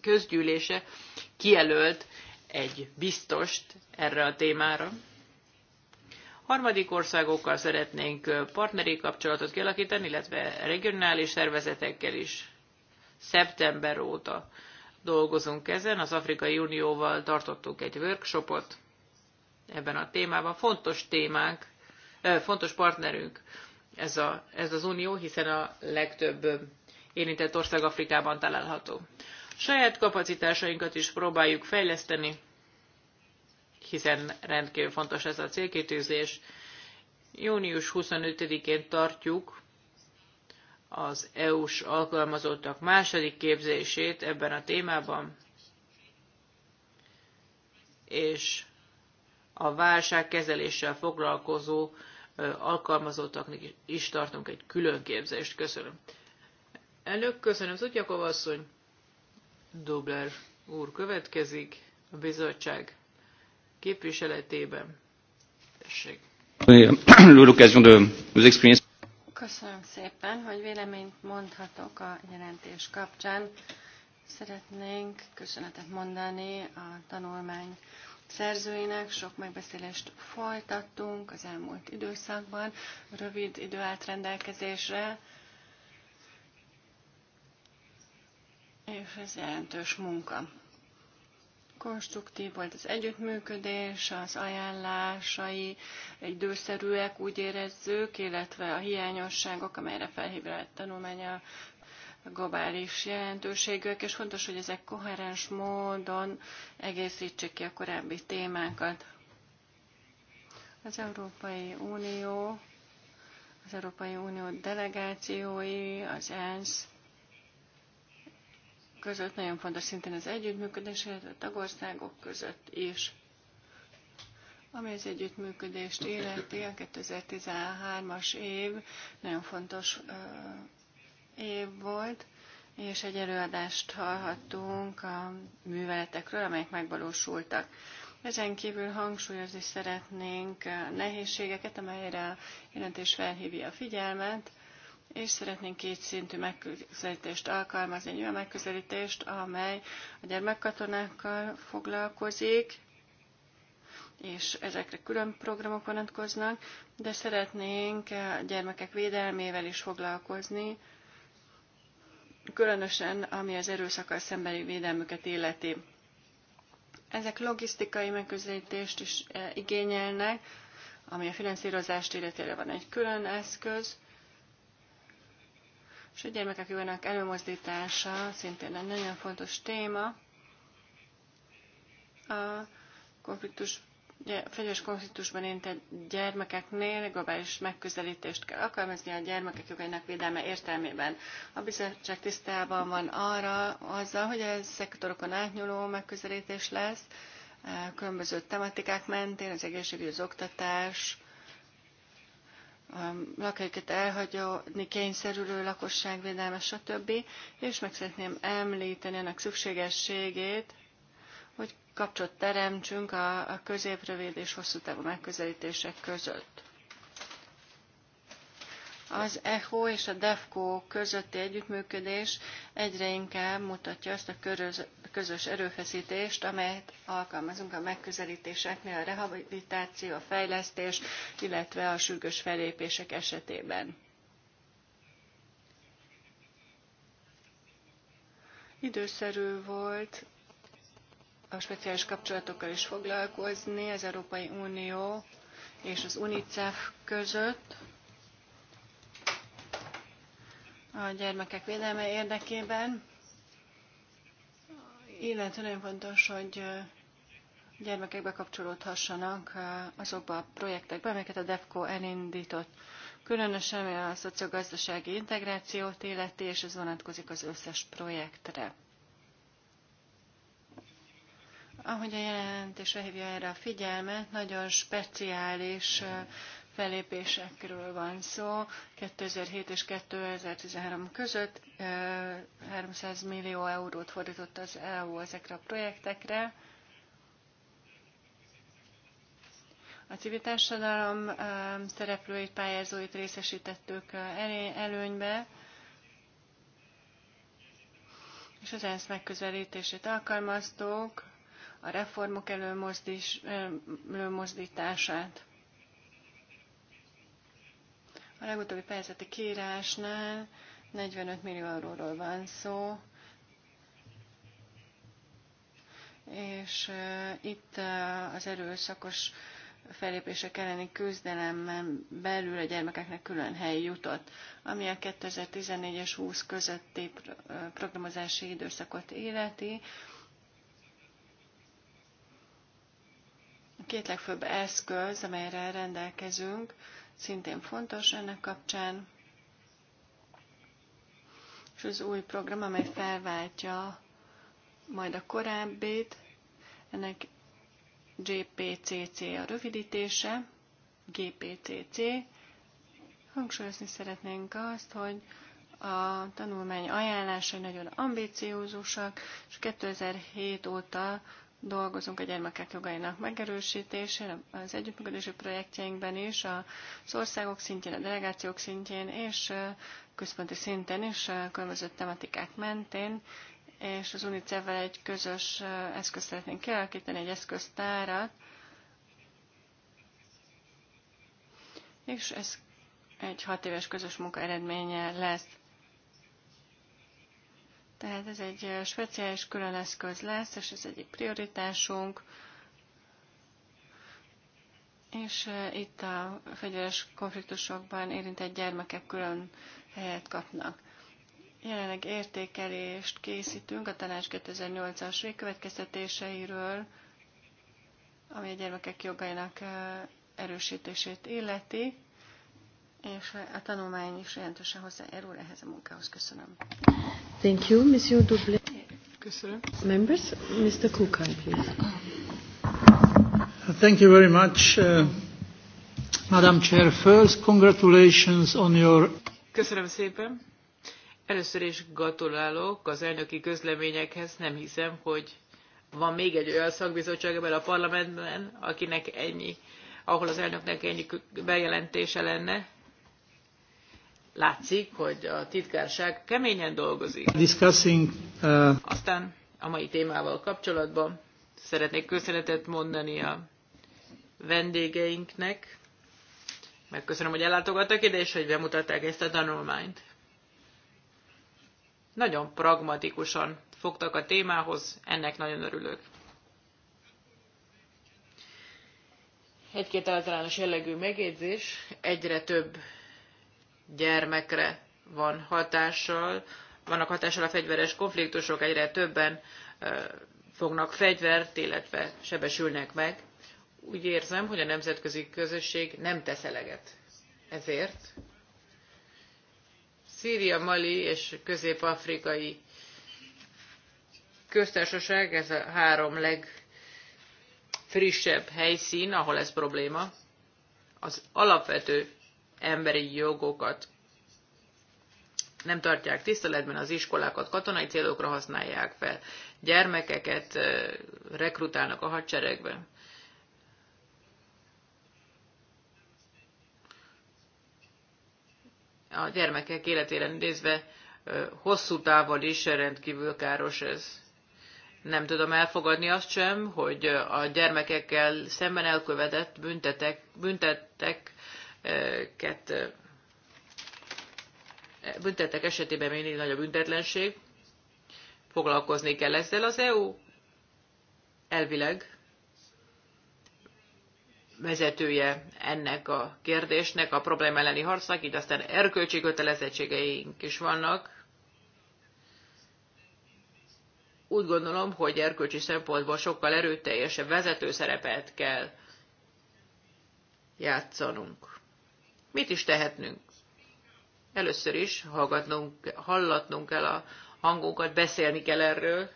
közgyűlése kijelölt egy biztost erre a témára. Harmadik országokkal szeretnénk partneri kapcsolatot kialakítani, illetve regionális szervezetekkel is. Szeptember óta dolgozunk ezen, az Afrikai Unióval tartottuk egy workshopot ebben a témában. Fontos témánk fontos partnerünk ez, a, ez az unió, hiszen a legtöbb érintett ország Afrikában található. Saját kapacitásainkat is próbáljuk fejleszteni, hiszen rendkívül fontos ez a célkitűzés. Június 25-én tartjuk az EU-s alkalmazottak második képzését ebben a témában, és a kezeléssel foglalkozó alkalmazottaknak is tartunk egy külön képzést. Köszönöm. Elnök, köszönöm. Szutjakov asszony. Dobler úr következik a bizottság képviseletében. Tessék. [clears throat] Köszönöm szépen, hogy véleményt mondhatok a jelentés kapcsán. Szeretnénk köszönetet mondani a tanulmány szerzőinek. Sok megbeszélést folytattunk az elmúlt időszakban, rövid idő állt rendelkezésre, és ez jelentős munka. Konstruktív volt az együttműködés, az ajánlásai időszerűek, úgy érezzük, illetve a hiányosságok, amelyre felhívja a tanulmánya globális jelentőségűek, és fontos, hogy ezek koherens módon egészítsék ki a korábbi témákat. Az Európai Unió, az Európai Unió delegációi, az ENSZ között nagyon fontos szintén az együttműködés, illetve a tagországok között is. Ami az együttműködést illeti, a 2013-as év nagyon fontos év volt, és egy előadást hallhattunk a műveletekről, amelyek megvalósultak. Ezen kívül hangsúlyozni szeretnénk a nehézségeket, amelyre a jelentés felhívja a figyelmet, és szeretnénk két szintű megközelítést alkalmazni, egy olyan megközelítést, amely a gyermekkatonákkal foglalkozik, és ezekre külön programok vonatkoznak, de szeretnénk a gyermekek védelmével is foglalkozni, különösen ami az erőszakkal szembeni védelmüket illeti. Ezek logisztikai megközelítést is e, igényelnek, ami a finanszírozást illetére van egy külön eszköz, és a gyermekek jövőnek előmozdítása szintén egy nagyon fontos téma. A konfliktus fegyveres konfliktusban érintett gyermekeknél globális megközelítést kell alkalmazni a gyermekek jogainak védelme értelmében. A bizottság tisztában van arra azzal, hogy ez szektorokon átnyúló megközelítés lesz, különböző tematikák mentén, az egészségügy, az oktatás, lakhelyüket elhagyni kényszerülő lakosság stb. És meg szeretném említeni ennek szükségességét, kapcsot teremtsünk a, a középrövid és hosszú távú megközelítések között. Az ECHO és a DEFCO közötti együttműködés egyre inkább mutatja azt a közös erőfeszítést, amelyet alkalmazunk a megközelítéseknél a rehabilitáció, a fejlesztés, illetve a sürgős felépések esetében. Időszerű volt a speciális kapcsolatokkal is foglalkozni az Európai Unió és az UNICEF között a gyermekek védelme érdekében, illetve nagyon fontos, hogy gyermekek bekapcsolódhassanak azokba a projektekbe, amelyeket a DEFCO elindított. Különösen a szociogazdasági integrációt illeti, és ez vonatkozik az összes projektre. Ahogy a jelentésre hívja erre a figyelmet, nagyon speciális felépésekről van szó. 2007 és 2013 között 300 millió eurót fordított az EU ezekre a projektekre. A civil társadalom szereplőit, pályázóit részesítettük előnybe, és az ENSZ megközelítését alkalmaztuk a reformok előmozdítását. A legutóbbi pályázati kiírásnál 45 millió euróról van szó, és eh, itt eh, az erőszakos fellépések elleni küzdelemben belül a gyermekeknek külön hely jutott, ami a 2014 es 20 közötti eh, programozási időszakot életi. két legfőbb eszköz, amelyre rendelkezünk, szintén fontos ennek kapcsán, és az új program, amely felváltja majd a korábbit, ennek GPCC a rövidítése, GPCC. Hangsúlyozni szeretnénk azt, hogy a tanulmány ajánlásai nagyon ambiciózusak, és 2007 óta dolgozunk a gyermekek jogainak megerősítésén, az együttműködési projektjeinkben is, az országok szintjén, a delegációk szintjén és központi szinten is, különböző tematikák mentén, és az UNICEF-vel egy közös eszközt szeretnénk kialakítani, egy eszköztárat, és ez egy hat éves közös munka eredménye lesz. Tehát ez egy speciális külön eszköz lesz, és ez egyik prioritásunk. És itt a fegyveres konfliktusokban érintett gyermekek külön helyet kapnak. Jelenleg értékelést készítünk a tanács 2008-as végkövetkeztetéseiről, ami a gyermekek jogainak erősítését illeti, és a tanulmány is jelentősen hozzájárul ehhez a munkához. Köszönöm. Thank you, Monsieur Dublé. Köszönöm. Members, Mr. Kukan, please. Thank you very much, uh, Madam Chair. First, congratulations on your... Köszönöm szépen. Először is gratulálok az elnöki közleményekhez. Nem hiszem, hogy van még egy olyan szakbizottság ebben a parlamentben, akinek ennyi, ahol az elnöknek ennyi bejelentése lenne. Látszik, hogy a titkárság keményen dolgozik. Discussing, uh... Aztán a mai témával kapcsolatban szeretnék köszönetet mondani a vendégeinknek. Megköszönöm, hogy ellátogattak ide, és hogy bemutatták ezt a tanulmányt. Nagyon pragmatikusan fogtak a témához, ennek nagyon örülök. Egy-két általános jellegű megjegyzés, egyre több gyermekre van hatással, vannak hatással a fegyveres konfliktusok, egyre többen fognak fegyvert, illetve sebesülnek meg. Úgy érzem, hogy a nemzetközi közösség nem tesz eleget ezért. Szíria, Mali és közép-afrikai köztársaság, ez a három legfrissebb helyszín, ahol ez probléma. Az alapvető emberi jogokat nem tartják tiszteletben, az iskolákat katonai célokra használják fel, gyermekeket rekrutálnak a hadseregbe. A gyermekek életére nézve hosszú távon is rendkívül káros ez. Nem tudom elfogadni azt sem, hogy a gyermekekkel szemben elkövetett büntetek, büntettek ket büntetek esetében még nagyobb büntetlenség, foglalkozni kell ezzel. Az EU elvileg vezetője ennek a kérdésnek, a probléma elleni harcnak, így aztán erkölcsi kötelezettségeink is vannak. Úgy gondolom, hogy erkölcsi szempontból sokkal erőteljesebb vezető szerepet kell játszanunk. Mit is tehetnünk? Először is hallgatnunk, hallatnunk kell a hangunkat, beszélni kell erről.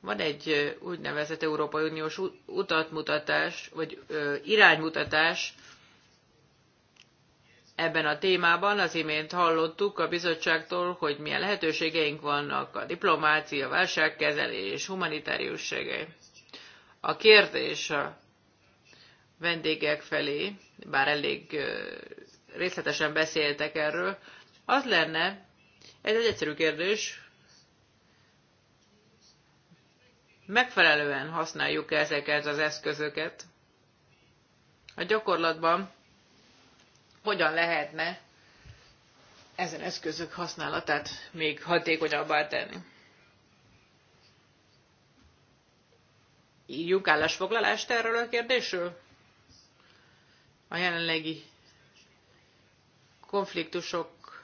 Van egy úgynevezett Európai Uniós utatmutatás, vagy ö, iránymutatás ebben a témában. Az imént hallottuk a bizottságtól, hogy milyen lehetőségeink vannak a diplomácia, válságkezelés, humanitárius segély. A kérdés a vendégek felé, bár elég részletesen beszéltek erről, az lenne, ez egy egyszerű kérdés, megfelelően használjuk -e ezeket az eszközöket. A gyakorlatban hogyan lehetne ezen eszközök használatát még hatékonyabbá tenni. Írjunk állásfoglalást erről a kérdésről? a jelenlegi konfliktusokban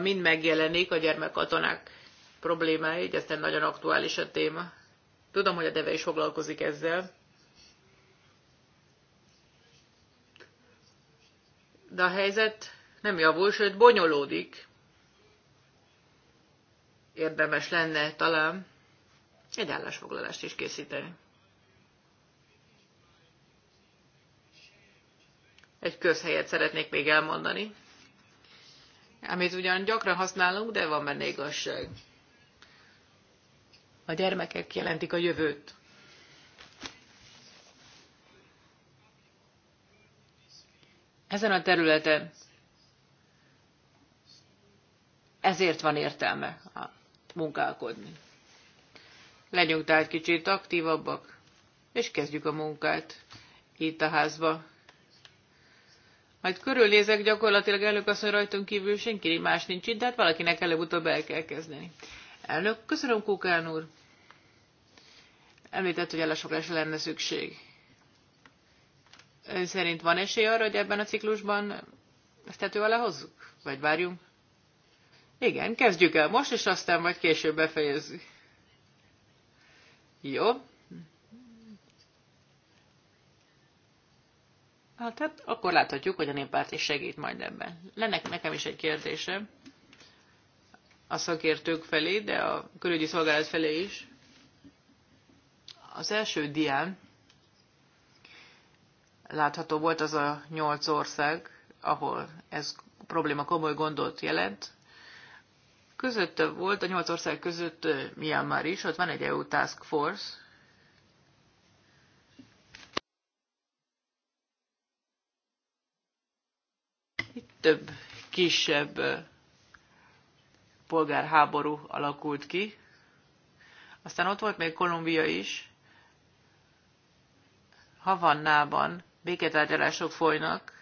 mind megjelenik a gyermekkatonák problémái, így aztán nagyon aktuális a téma. Tudom, hogy a deve is foglalkozik ezzel. De a helyzet nem javul, sőt bonyolódik. Érdemes lenne talán egy állásfoglalást is készíteni. egy közhelyet szeretnék még elmondani, amit ugyan gyakran használunk, de van benne igazság. A gyermekek jelentik a jövőt. Ezen a területen ezért van értelme munkálkodni. Legyünk tehát kicsit aktívabbak, és kezdjük a munkát itt a házba. Majd körülnézek, gyakorlatilag elnök asszony rajtunk kívül senki más nincs itt, de hát valakinek előbb-utóbb el kell kezdeni. Elnök, köszönöm Kukán úr. Említett, hogy ellesoklásra lenne szükség. Ön szerint van esély arra, hogy ebben a ciklusban ezt tető alá hozzuk? Vagy várjunk? Igen, kezdjük el most, és aztán majd később befejezzük. Jó, Hát, hát akkor láthatjuk, hogy a néppárt is segít majd ebben. Lenne nekem is egy kérdésem a szakértők felé, de a körügyi szolgálat felé is. Az első dián látható volt az a nyolc ország, ahol ez probléma komoly gondot jelent. Között volt, a nyolc ország között Myanmar is, ott van egy EU Task Force, több kisebb polgárháború alakult ki. Aztán ott volt még Kolumbia is. Havannában béketárgyalások folynak.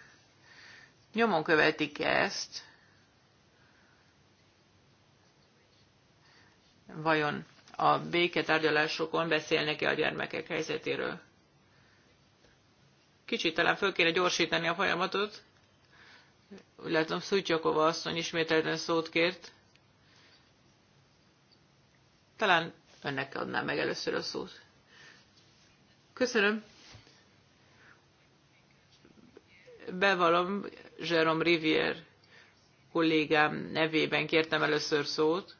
Nyomon követik ezt. Vajon a béketárgyalásokon beszélnek-e a gyermekek helyzetéről? Kicsit talán föl kéne gyorsítani a folyamatot, úgy látom, Szutyakova asszony ismételten szót kért. Talán önnek adnám meg először a szót. Köszönöm. Bevalom, Jerome Rivier kollégám nevében kértem először szót.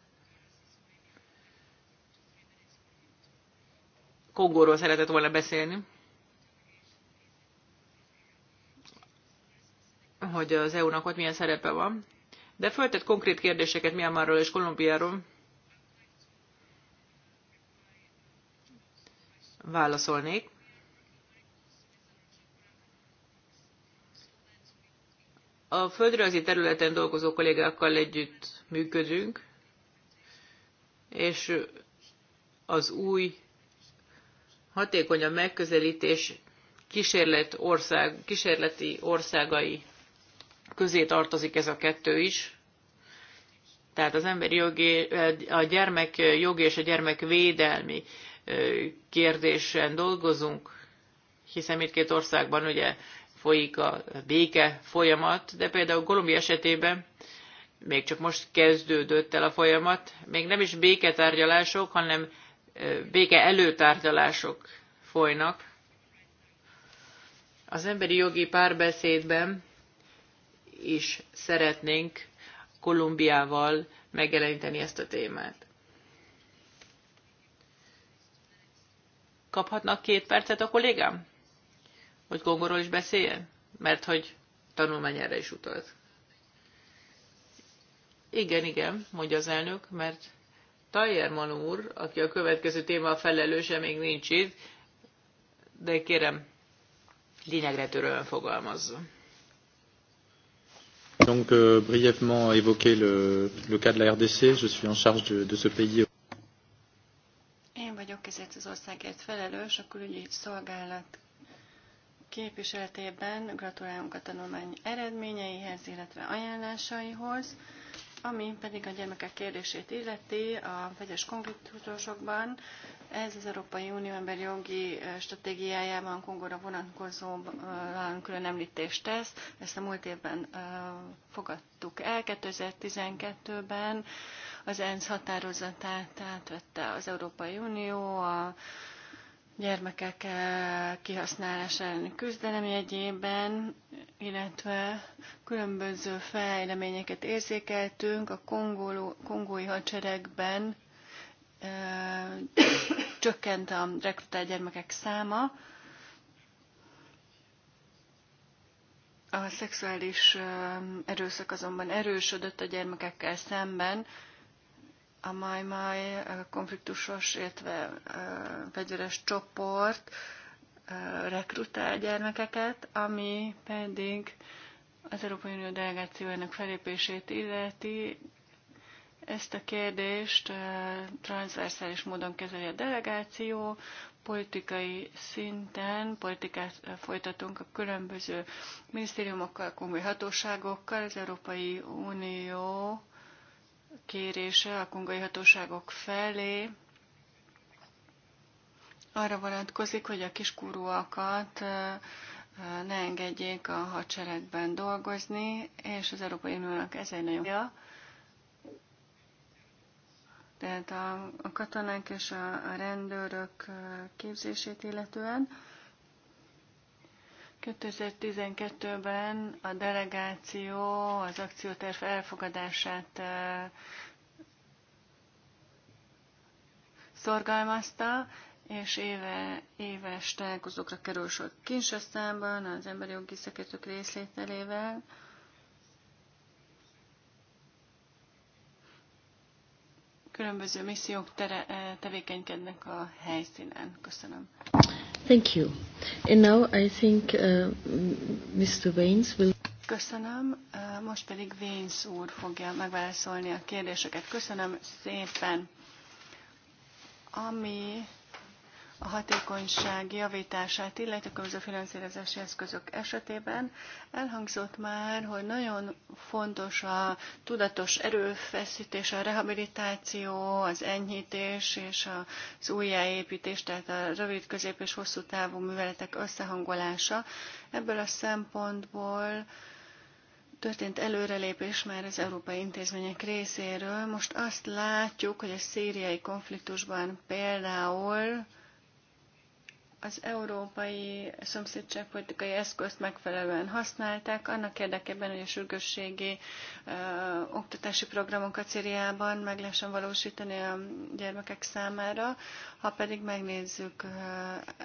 Kongóról szeretett volna beszélni. hogy az EU-nak ott milyen szerepe van, de föltett konkrét kérdéseket Myanmarról és Kolumbiáról. Válaszolnék. A földrajzi területen dolgozó kollégákkal együtt működünk, és az új hatékonyabb megközelítés kísérlet ország, kísérleti országai közé tartozik ez a kettő is. Tehát az emberi jogi, a gyermek jogi és a gyermek védelmi kérdésen dolgozunk, hiszen mindkét országban ugye folyik a béke folyamat, de például Kolumbia esetében még csak most kezdődött el a folyamat, még nem is béketárgyalások, hanem béke előtárgyalások folynak. Az emberi jogi párbeszédben is szeretnénk Kolumbiával megjeleníteni ezt a témát. Kaphatnak két percet a kollégám? Hogy Kongóról is beszéljen? Mert hogy erre is utalt. Igen, igen, mondja az elnök, mert Tajerman úr, aki a következő téma a felelőse, még nincs itt, de kérem, lényegre törően fogalmazza. Donc euh, brièvement évoquer le, le cas de la RDC. Je suis en charge de, de ce pays. Én vagyok ezért az országért felelős, a külügyi szolgálat képviseletében gratulálunk a tanulmány eredményeihez, illetve ajánlásaihoz, ami pedig a gyermekek kérdését illeti a vegyes konfliktusokban. Ez az Európai Unió emberi jogi stratégiájában Kongóra vonatkozóan külön említést tesz. Ezt a múlt évben fogadtuk el. 2012-ben az ENSZ határozatát átvette az Európai Unió a gyermekek kihasználása elleni küzdelem jegyében, illetve különböző fejleményeket érzékeltünk a kongoló, kongói hadseregben, csökkent a rekrutált gyermekek száma, a szexuális erőszak azonban erősödött a gyermekekkel szemben, a majmaj mai konfliktusos, illetve fegyveres csoport rekrutál gyermekeket, ami pedig az Európai Unió delegációjának felépését illeti, ezt a kérdést transzverszális módon kezeli a delegáció, politikai szinten politikát folytatunk a különböző minisztériumokkal, komoly hatóságokkal. Az Európai Unió kérése a kongai hatóságok felé arra vonatkozik, hogy a kiskorúakat ne engedjék a hadseregben dolgozni, és az Európai Uniónak ez egy nagyon tehát a, a katonák és a, a rendőrök képzését illetően. 2012-ben a delegáció az akcióterv elfogadását szorgalmazta, és éve, éves találkozókra kerül sor Kinshasszámban az emberi jogi szakértők részvételével. különböző missziók tere, eh, tevékenykednek a helyszínen. Köszönöm. Thank you. And now I think uh, Mr. Baines will... Köszönöm. Eh, most pedig Vénz úr fogja megválaszolni a kérdéseket. Köszönöm szépen. Ami a hatékonyság javítását, illetve a különböző finanszírozási eszközök esetében. Elhangzott már, hogy nagyon fontos a tudatos erőfeszítés, a rehabilitáció, az enyhítés és az újjáépítés, tehát a rövid, közép és hosszú távú műveletek összehangolása. Ebből a szempontból történt előrelépés már az európai intézmények részéről. Most azt látjuk, hogy a szíriai konfliktusban például az európai szomszédságpolitikai eszközt megfelelően használták, annak érdekében, hogy a sürgősségi ö, oktatási programokat Szíriában meg lehessen valósítani a gyermekek számára. Ha pedig megnézzük ö,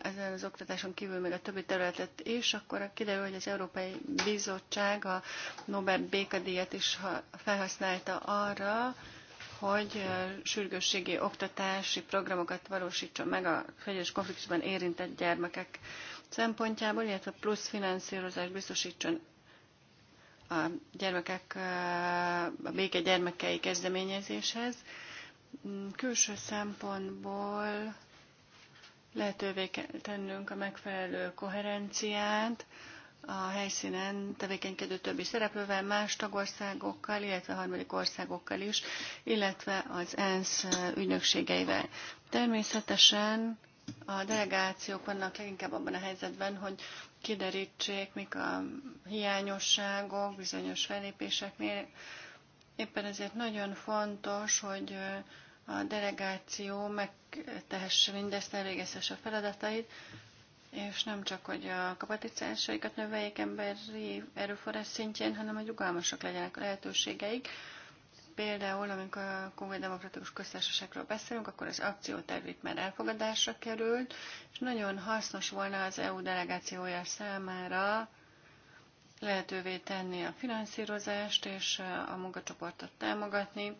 ezen az oktatáson kívül még a többi területet is, akkor kiderül, hogy az Európai Bizottság a Nobel békadíjat is felhasználta arra, hogy sürgősségi oktatási programokat valósítson meg a fegyveres konfliktusban érintett gyermekek szempontjából, illetve plusz finanszírozást biztosítson a gyermekek, a béke gyermekei kezdeményezéshez. Mm, külső szempontból lehetővé kell tennünk a megfelelő koherenciát, a helyszínen tevékenykedő többi szereplővel, más tagországokkal, illetve harmadik országokkal is, illetve az ENSZ ügynökségeivel. Természetesen a delegációk vannak leginkább abban a helyzetben, hogy kiderítsék, mik a hiányosságok bizonyos felépéseknél. Éppen ezért nagyon fontos, hogy a delegáció megtehesse mindezt, elvégezhesse a feladatait, és nem csak, hogy a kapacitásaikat növeljék emberi erőforrás szintjén, hanem hogy rugalmasak legyenek a lehetőségeik. Például, amikor a Kongai Demokratikus Köztársaságról beszélünk, akkor az akcióterv már elfogadásra került, és nagyon hasznos volna az EU delegációja számára lehetővé tenni a finanszírozást és a munkacsoportot támogatni.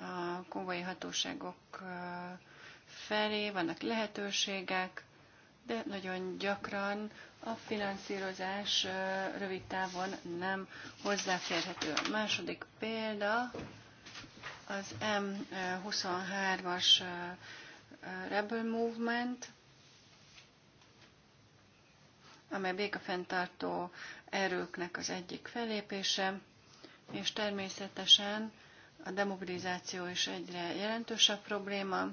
A kongai hatóságok felé vannak lehetőségek, de nagyon gyakran a finanszírozás rövid távon nem hozzáférhető. A második példa az M23-as Rebel Movement, amely békafenntartó erőknek az egyik felépése, és természetesen a demobilizáció is egyre jelentősebb probléma,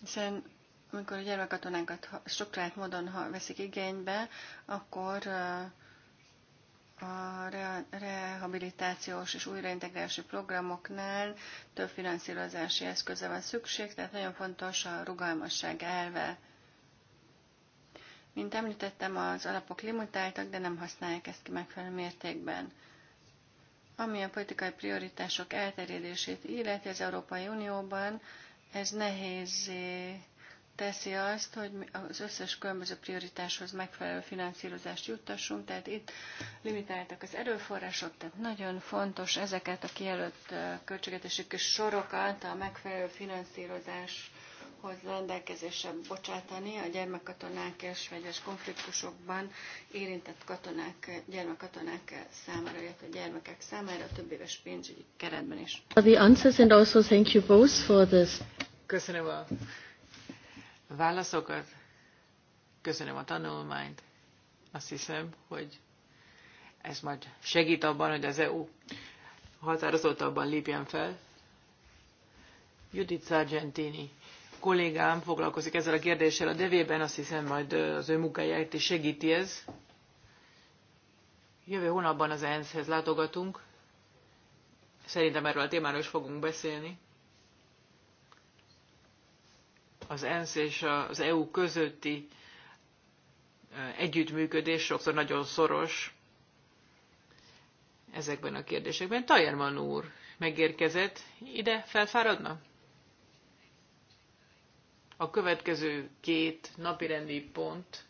hiszen amikor a gyermekkatonákat struktúrált módon ha veszik igénybe, akkor a rehabilitációs és újraintegrálási programoknál több finanszírozási eszköze van szükség, tehát nagyon fontos a rugalmasság elve. Mint említettem, az alapok limitáltak, de nem használják ezt ki megfelelő mértékben. Ami a politikai prioritások elterjedését illeti az Európai Unióban, ez nehézé teszi azt, hogy az összes különböző prioritáshoz megfelelő finanszírozást juttassunk, tehát itt limitáltak az erőforrások, tehát nagyon fontos ezeket a kijelölt költségetési sorokat a megfelelő finanszírozáshoz rendelkezésre bocsátani a gyermekkatonák és vegyes konfliktusokban érintett katonák, gyermekkatonák számára, illetve gyermekek számára a éves pénzügyi keretben is. The answers and also thank you both for this. Köszönöm a válaszokat. Köszönöm a tanulmányt. Azt hiszem, hogy ez majd segít abban, hogy az EU határozottabban lépjen fel. Judith Sargentini kollégám foglalkozik ezzel a kérdéssel a devében, azt hiszem majd az ő munkáját is segíti ez. Jövő hónapban az ENSZ-hez látogatunk. Szerintem erről a témáról is fogunk beszélni az ENSZ és az EU közötti együttműködés sokszor nagyon szoros ezekben a kérdésekben. Tajerman úr megérkezett, ide felfáradna? A következő két napirendi pont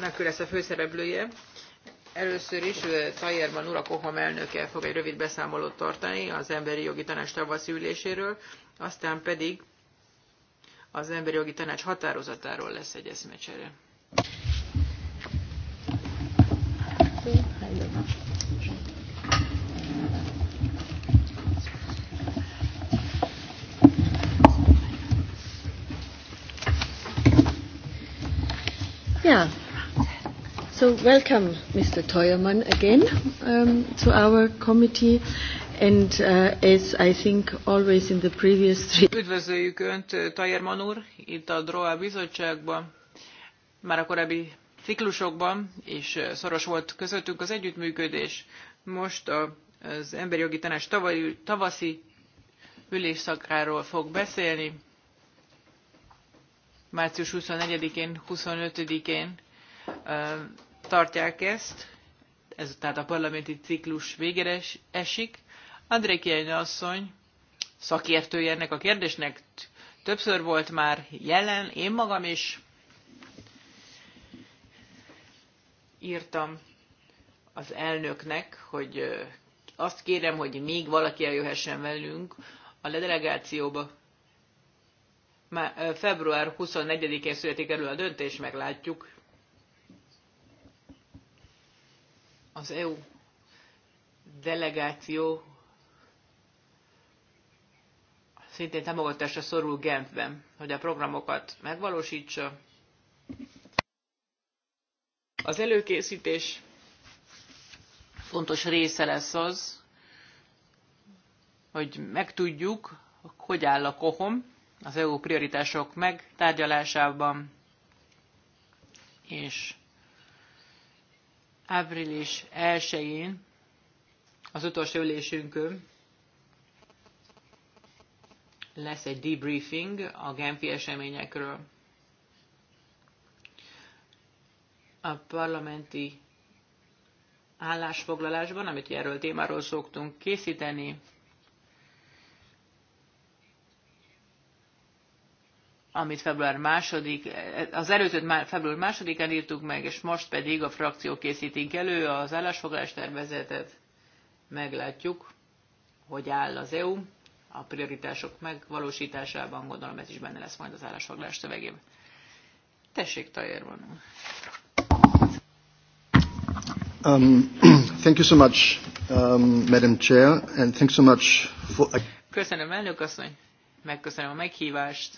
Nekül lesz a főszereplője. Először is Tajerban Ura Koham elnöke fog egy rövid beszámolót tartani az Emberi Jogi Tanács tavaszi üléséről, aztán pedig az Emberi Jogi Tanács határozatáról lesz egy eszmecsere. So welcome, Mr. Teuermann, again um, to our committee. And uh, as I think always in the previous three... [laughs] Üdvözöljük Önt, uh, Tajerman úr, itt a DROA bizottságban, már a korábbi ciklusokban, és uh, szoros volt közöttünk az együttműködés. Most az Emberi Jogi Tanács tavaszi ülésszakáról fog beszélni. Március 24-én, 25-én tartják ezt, ez tehát a parlamenti ciklus végére esik. André Kielny asszony szakértője ennek a kérdésnek, többször volt már jelen, én magam is írtam az elnöknek, hogy azt kérem, hogy még valaki eljöhessen velünk a ledelegációba, Már február 24-én születik elő a döntés, meglátjuk, az EU delegáció szintén támogatásra szorul Genfben, hogy a programokat megvalósítsa. Az előkészítés fontos része lesz az, hogy megtudjuk, hogy áll a kohom az EU prioritások megtárgyalásában, és április 1-én az utolsó ülésünkön lesz egy debriefing a Genfi eseményekről. A parlamenti állásfoglalásban, amit erről témáról szoktunk készíteni, amit február második, az előzőt már február másodikán írtuk meg, és most pedig a frakció készítik elő az állásfoglalás tervezetet. Meglátjuk, hogy áll az EU a prioritások megvalósításában, gondolom ez is benne lesz majd az állásfoglalás szövegében. Tessék, Tajér van. Um, [clears throat] thank you so much, um, Madam Chair, and thanks so much for... Köszönöm, elnök asszony. Megköszönöm a meghívást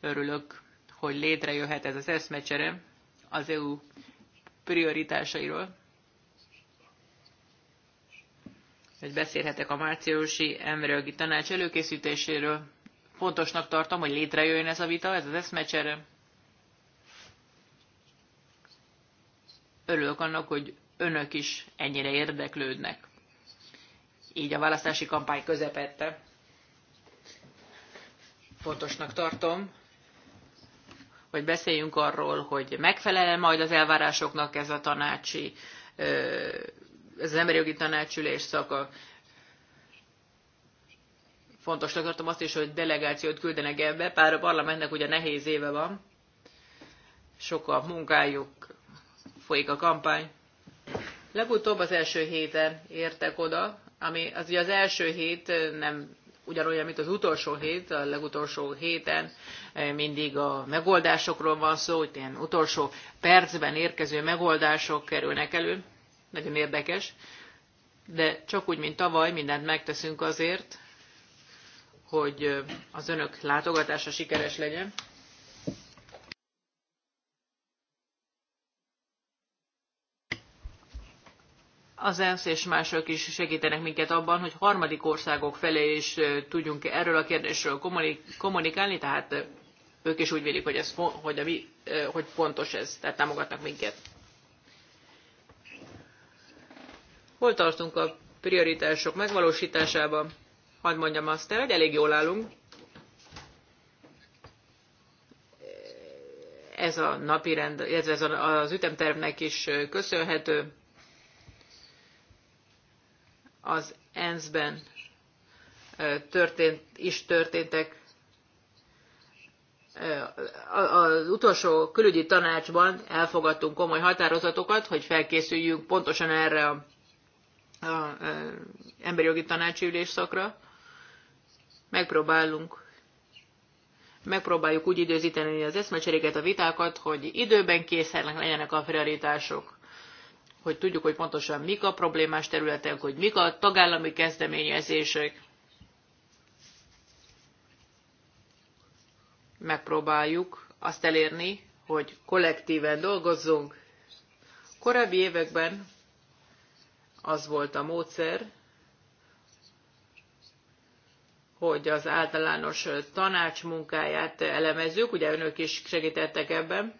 Örülök, hogy létrejöhet ez az eszmecsere az EU prioritásairól. Hogy beszélhetek a márciusi emberi tanács előkészítéséről. Fontosnak tartom, hogy létrejöjjön ez a vita, ez az eszmecsere. Örülök annak, hogy önök is ennyire érdeklődnek. Így a választási kampány közepette. Fontosnak tartom, hogy beszéljünk arról, hogy megfelel -e majd az elvárásoknak ez a tanácsi, ez az emberi jogi tanácsülés szaka. Fontosnak tartom azt is, hogy delegációt küldenek ebbe, pár a parlamentnek ugye nehéz éve van, sok a munkájuk, folyik a kampány. Legutóbb az első héten értek oda, ami az ugye az első hét nem ugyanolyan, mint az utolsó hét, a legutolsó héten eh, mindig a megoldásokról van szó, hogy ilyen utolsó percben érkező megoldások kerülnek elő. Nagyon érdekes. De csak úgy, mint tavaly, mindent megteszünk azért, hogy eh, az önök látogatása sikeres legyen. az ENSZ és mások is segítenek minket abban, hogy harmadik országok felé is tudjunk erről a kérdésről kommunikálni, tehát ők is úgy vélik, hogy, ez, hogy, a mi, hogy fontos ez, tehát támogatnak minket. Hol tartunk a prioritások megvalósításában? Hadd mondjam azt el, hogy elég jól állunk. Ez a napi rend, ez az ütemtervnek is köszönhető az ENSZ-ben történt, is történtek. Az utolsó külügyi tanácsban elfogadtunk komoly határozatokat, hogy felkészüljünk pontosan erre a, a, a emberi jogi tanácsi ülésszakra. Megpróbálunk megpróbáljuk úgy időzíteni az eszmecseréket, a vitákat, hogy időben készenek legyenek a prioritások hogy tudjuk, hogy pontosan mik a problémás területek, hogy mik a tagállami kezdeményezések. Megpróbáljuk azt elérni, hogy kollektíven dolgozzunk. Korábbi években az volt a módszer, hogy az általános tanács munkáját elemezzük, ugye önök is segítettek ebben,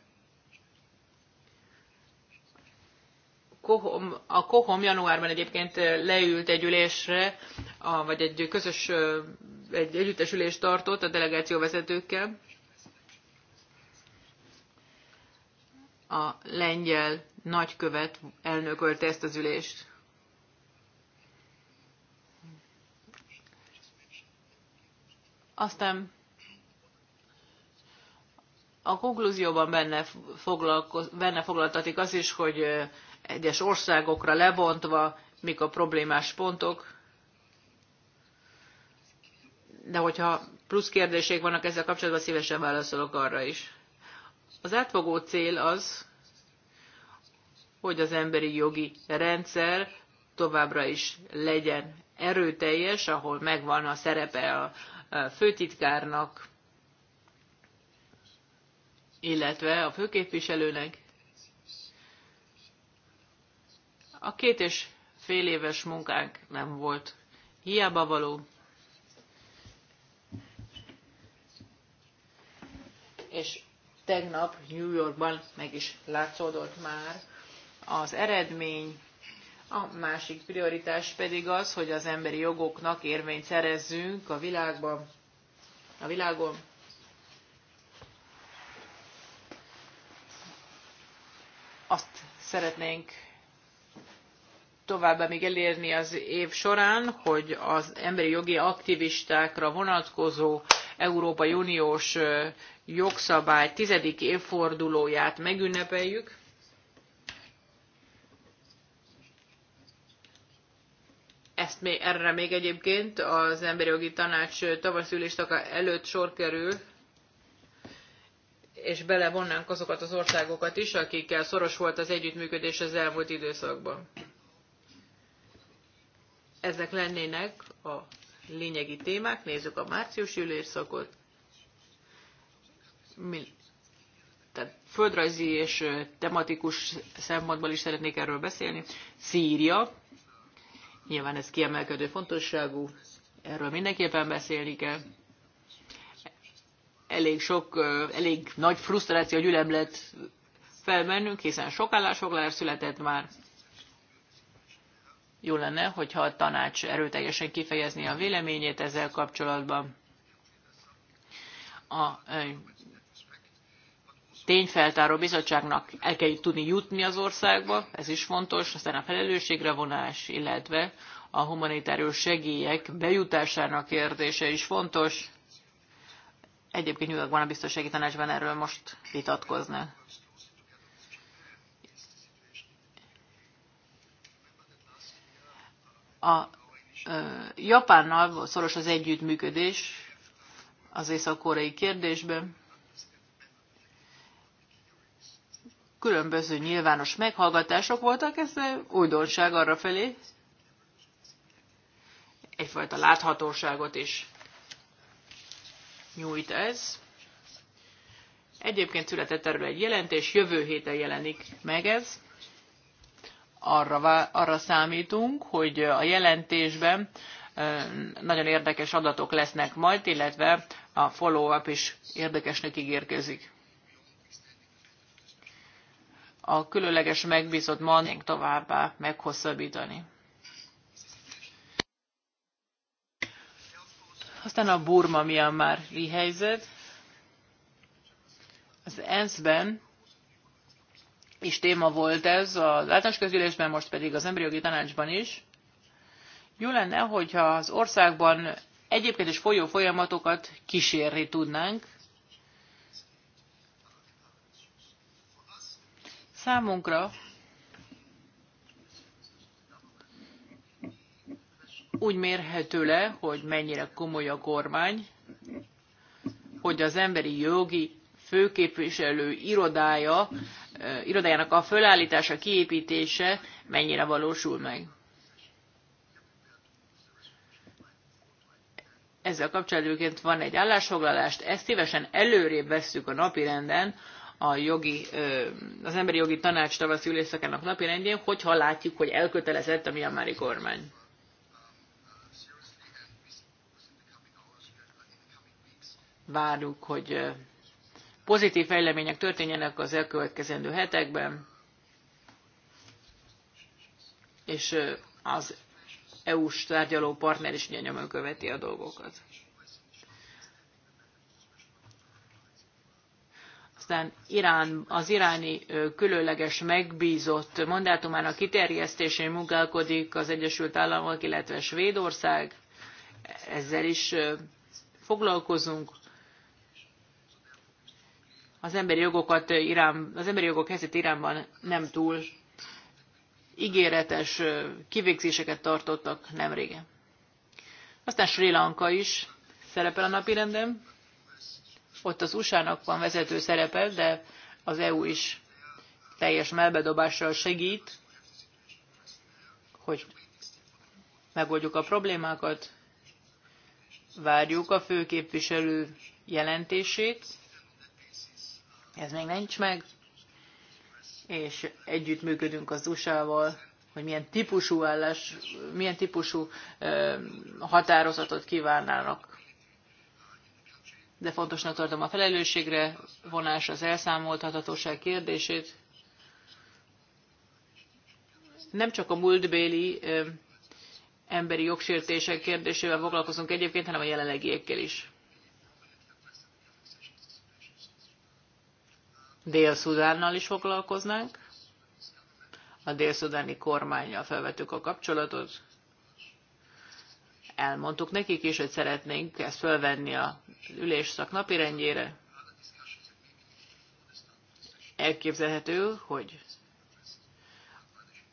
Kohom, a Kohom januárban egyébként leült egy ülésre, a, vagy egy közös, egy együttesülést tartott a delegáció vezetőkkel. A lengyel nagykövet elnökölte ezt az ülést. Aztán a konklúzióban benne, benne foglaltatik az is, hogy egyes országokra lebontva, mik a problémás pontok. De hogyha plusz kérdések vannak ezzel kapcsolatban, szívesen válaszolok arra is. Az átfogó cél az, hogy az emberi jogi rendszer továbbra is legyen erőteljes, ahol megvan a szerepe a főtitkárnak, illetve a főképviselőnek, A két és fél éves munkánk nem volt hiába való, és tegnap New Yorkban meg is látszódott már az eredmény. A másik prioritás pedig az, hogy az emberi jogoknak érvényt szerezzünk a világban, a világon. Azt szeretnénk továbbá még elérni az év során, hogy az emberi jogi aktivistákra vonatkozó Európai Uniós jogszabály tizedik évfordulóját megünnepeljük. Ezt még, erre még egyébként az Emberi Jogi Tanács tavaszüléstak előtt sor kerül, és belevonnánk azokat az országokat is, akikkel szoros volt az együttműködés az elmúlt időszakban ezek lennének a lényegi témák. Nézzük a márciusi ülésszakot. Mi, tehát földrajzi és tematikus szempontból is szeretnék erről beszélni. Szíria, nyilván ez kiemelkedő fontosságú, erről mindenképpen beszélni kell. Elég sok, elég nagy frusztráció, gyülemlet felmennünk, hiszen sok állásfoglalás született már, jó lenne, hogyha a tanács erőteljesen kifejezni a véleményét ezzel kapcsolatban. A tényfeltáró bizottságnak el kell tudni jutni az országba, ez is fontos, aztán a felelősségre vonás, illetve a humanitárius segélyek bejutásának kérdése is fontos. Egyébként nyugodtan a biztonsági tanácsban erről most vitatkoznak. A Japánnal szoros az együttműködés az észak-koreai kérdésben. Különböző nyilvános meghallgatások voltak, ez újdonság arra felé. Egyfajta láthatóságot is nyújt ez. Egyébként született erről egy jelentés, jövő héten jelenik meg ez arra, arra számítunk, hogy a jelentésben nagyon érdekes adatok lesznek majd, illetve a follow-up is érdekesnek ígérkezik. A különleges megbízott mannénk továbbá meghosszabbítani. Aztán a Burma-Myanmar helyzet. Az ENSZ-ben is téma volt ez az általános most pedig az emberi jogi tanácsban is. Jó lenne, hogyha az országban egyébként is folyó folyamatokat kísérni tudnánk. Számunkra úgy mérhető le, hogy mennyire komoly a kormány, hogy az emberi jogi főképviselő irodája irodájának a fölállítása, kiépítése mennyire valósul meg. Ezzel kapcsolatban van egy állásfoglalást, ezt szívesen előrébb vesszük a napirenden, a jogi, az emberi jogi tanács tavasz ülésszakának napirendjén, hogyha látjuk, hogy elkötelezett a miamári kormány. Várjuk, hogy pozitív fejlemények történjenek az elkövetkezendő hetekben, és az EU-s tárgyaló partner is nyomon követi a dolgokat. Aztán Irán, az iráni különleges megbízott mandátumának kiterjesztésén munkálkodik az Egyesült Államok, illetve Svédország. Ezzel is foglalkozunk az emberi jogokat Irán, az emberi jogok helyzet Iránban nem túl ígéretes kivégzéseket tartottak nem régen. Aztán Sri Lanka is szerepel a rendem. Ott az USA-nak van vezető szerepe, de az EU is teljes melbedobással segít, hogy megoldjuk a problémákat, várjuk a főképviselő jelentését, ez még nincs meg, és együttműködünk az USA-val, hogy milyen típusú állás, milyen típusú határozatot kívánnának. De fontosnak tartom a felelősségre vonás, az elszámoltathatóság kérdését. Nem csak a múltbéli emberi jogsértések kérdésével foglalkozunk egyébként, hanem a jelenlegiekkel is. Dél-Szudánnal is foglalkoznánk. A dél-szudáni kormányjal felvettük a kapcsolatot. Elmondtuk nekik is, hogy szeretnénk ezt felvenni a ülésszak napirendjére. Elképzelhető, hogy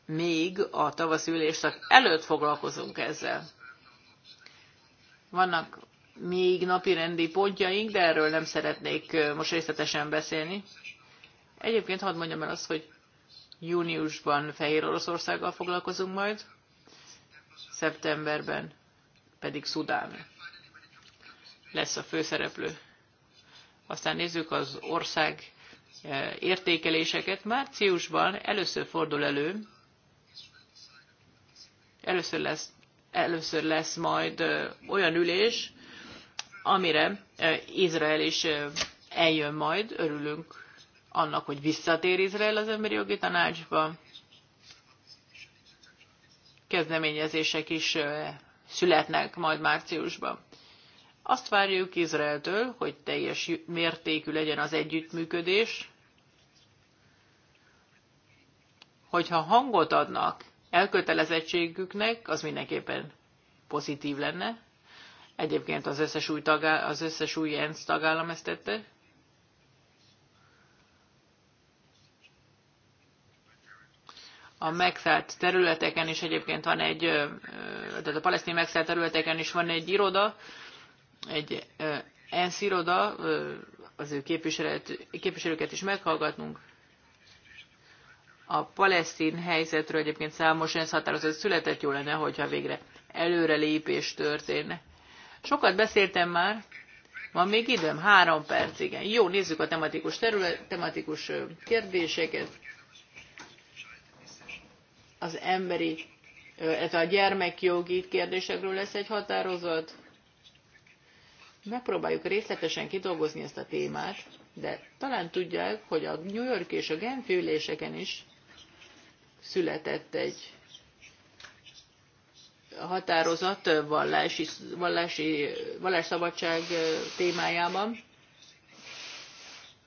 még a tavaszi ülésszak előtt foglalkozunk ezzel. Vannak még napi rendi pontjaink, de erről nem szeretnék most részletesen beszélni. Egyébként hadd mondjam el azt, hogy júniusban Fehér Oroszországgal foglalkozunk majd, szeptemberben pedig Szudán lesz a főszereplő. Aztán nézzük az ország e, értékeléseket. Márciusban először fordul elő, először lesz, először lesz majd e, olyan ülés, amire e, Izrael is eljön majd, örülünk annak, hogy visszatér Izrael az emberi jogi tanácsba. Kezdeményezések is születnek majd márciusban. Azt várjuk Izraeltől, hogy teljes mértékű legyen az együttműködés, hogyha hangot adnak elkötelezettségüknek, az mindenképpen pozitív lenne. Egyébként az összes új, tagá- az összes új ENSZ tagállam ezt tette. a megszállt területeken is egyébként van egy, tehát a palesztin megszállt területeken is van egy iroda, egy ENSZ iroda, az ő képviselőket is meghallgatnunk. A palesztin helyzetről egyébként számos ENSZ határozat született, jó lenne, hogyha végre előrelépés történne. Sokat beszéltem már, van még időm? Három perc, igen. Jó, nézzük a tematikus, terület, tematikus kérdéseket az emberi, ez a gyermekjogi kérdésekről lesz egy határozat. Megpróbáljuk részletesen kidolgozni ezt a témát, de talán tudják, hogy a New York és a Genfi üléseken is született egy határozat vallási, vallási, vallásszabadság témájában,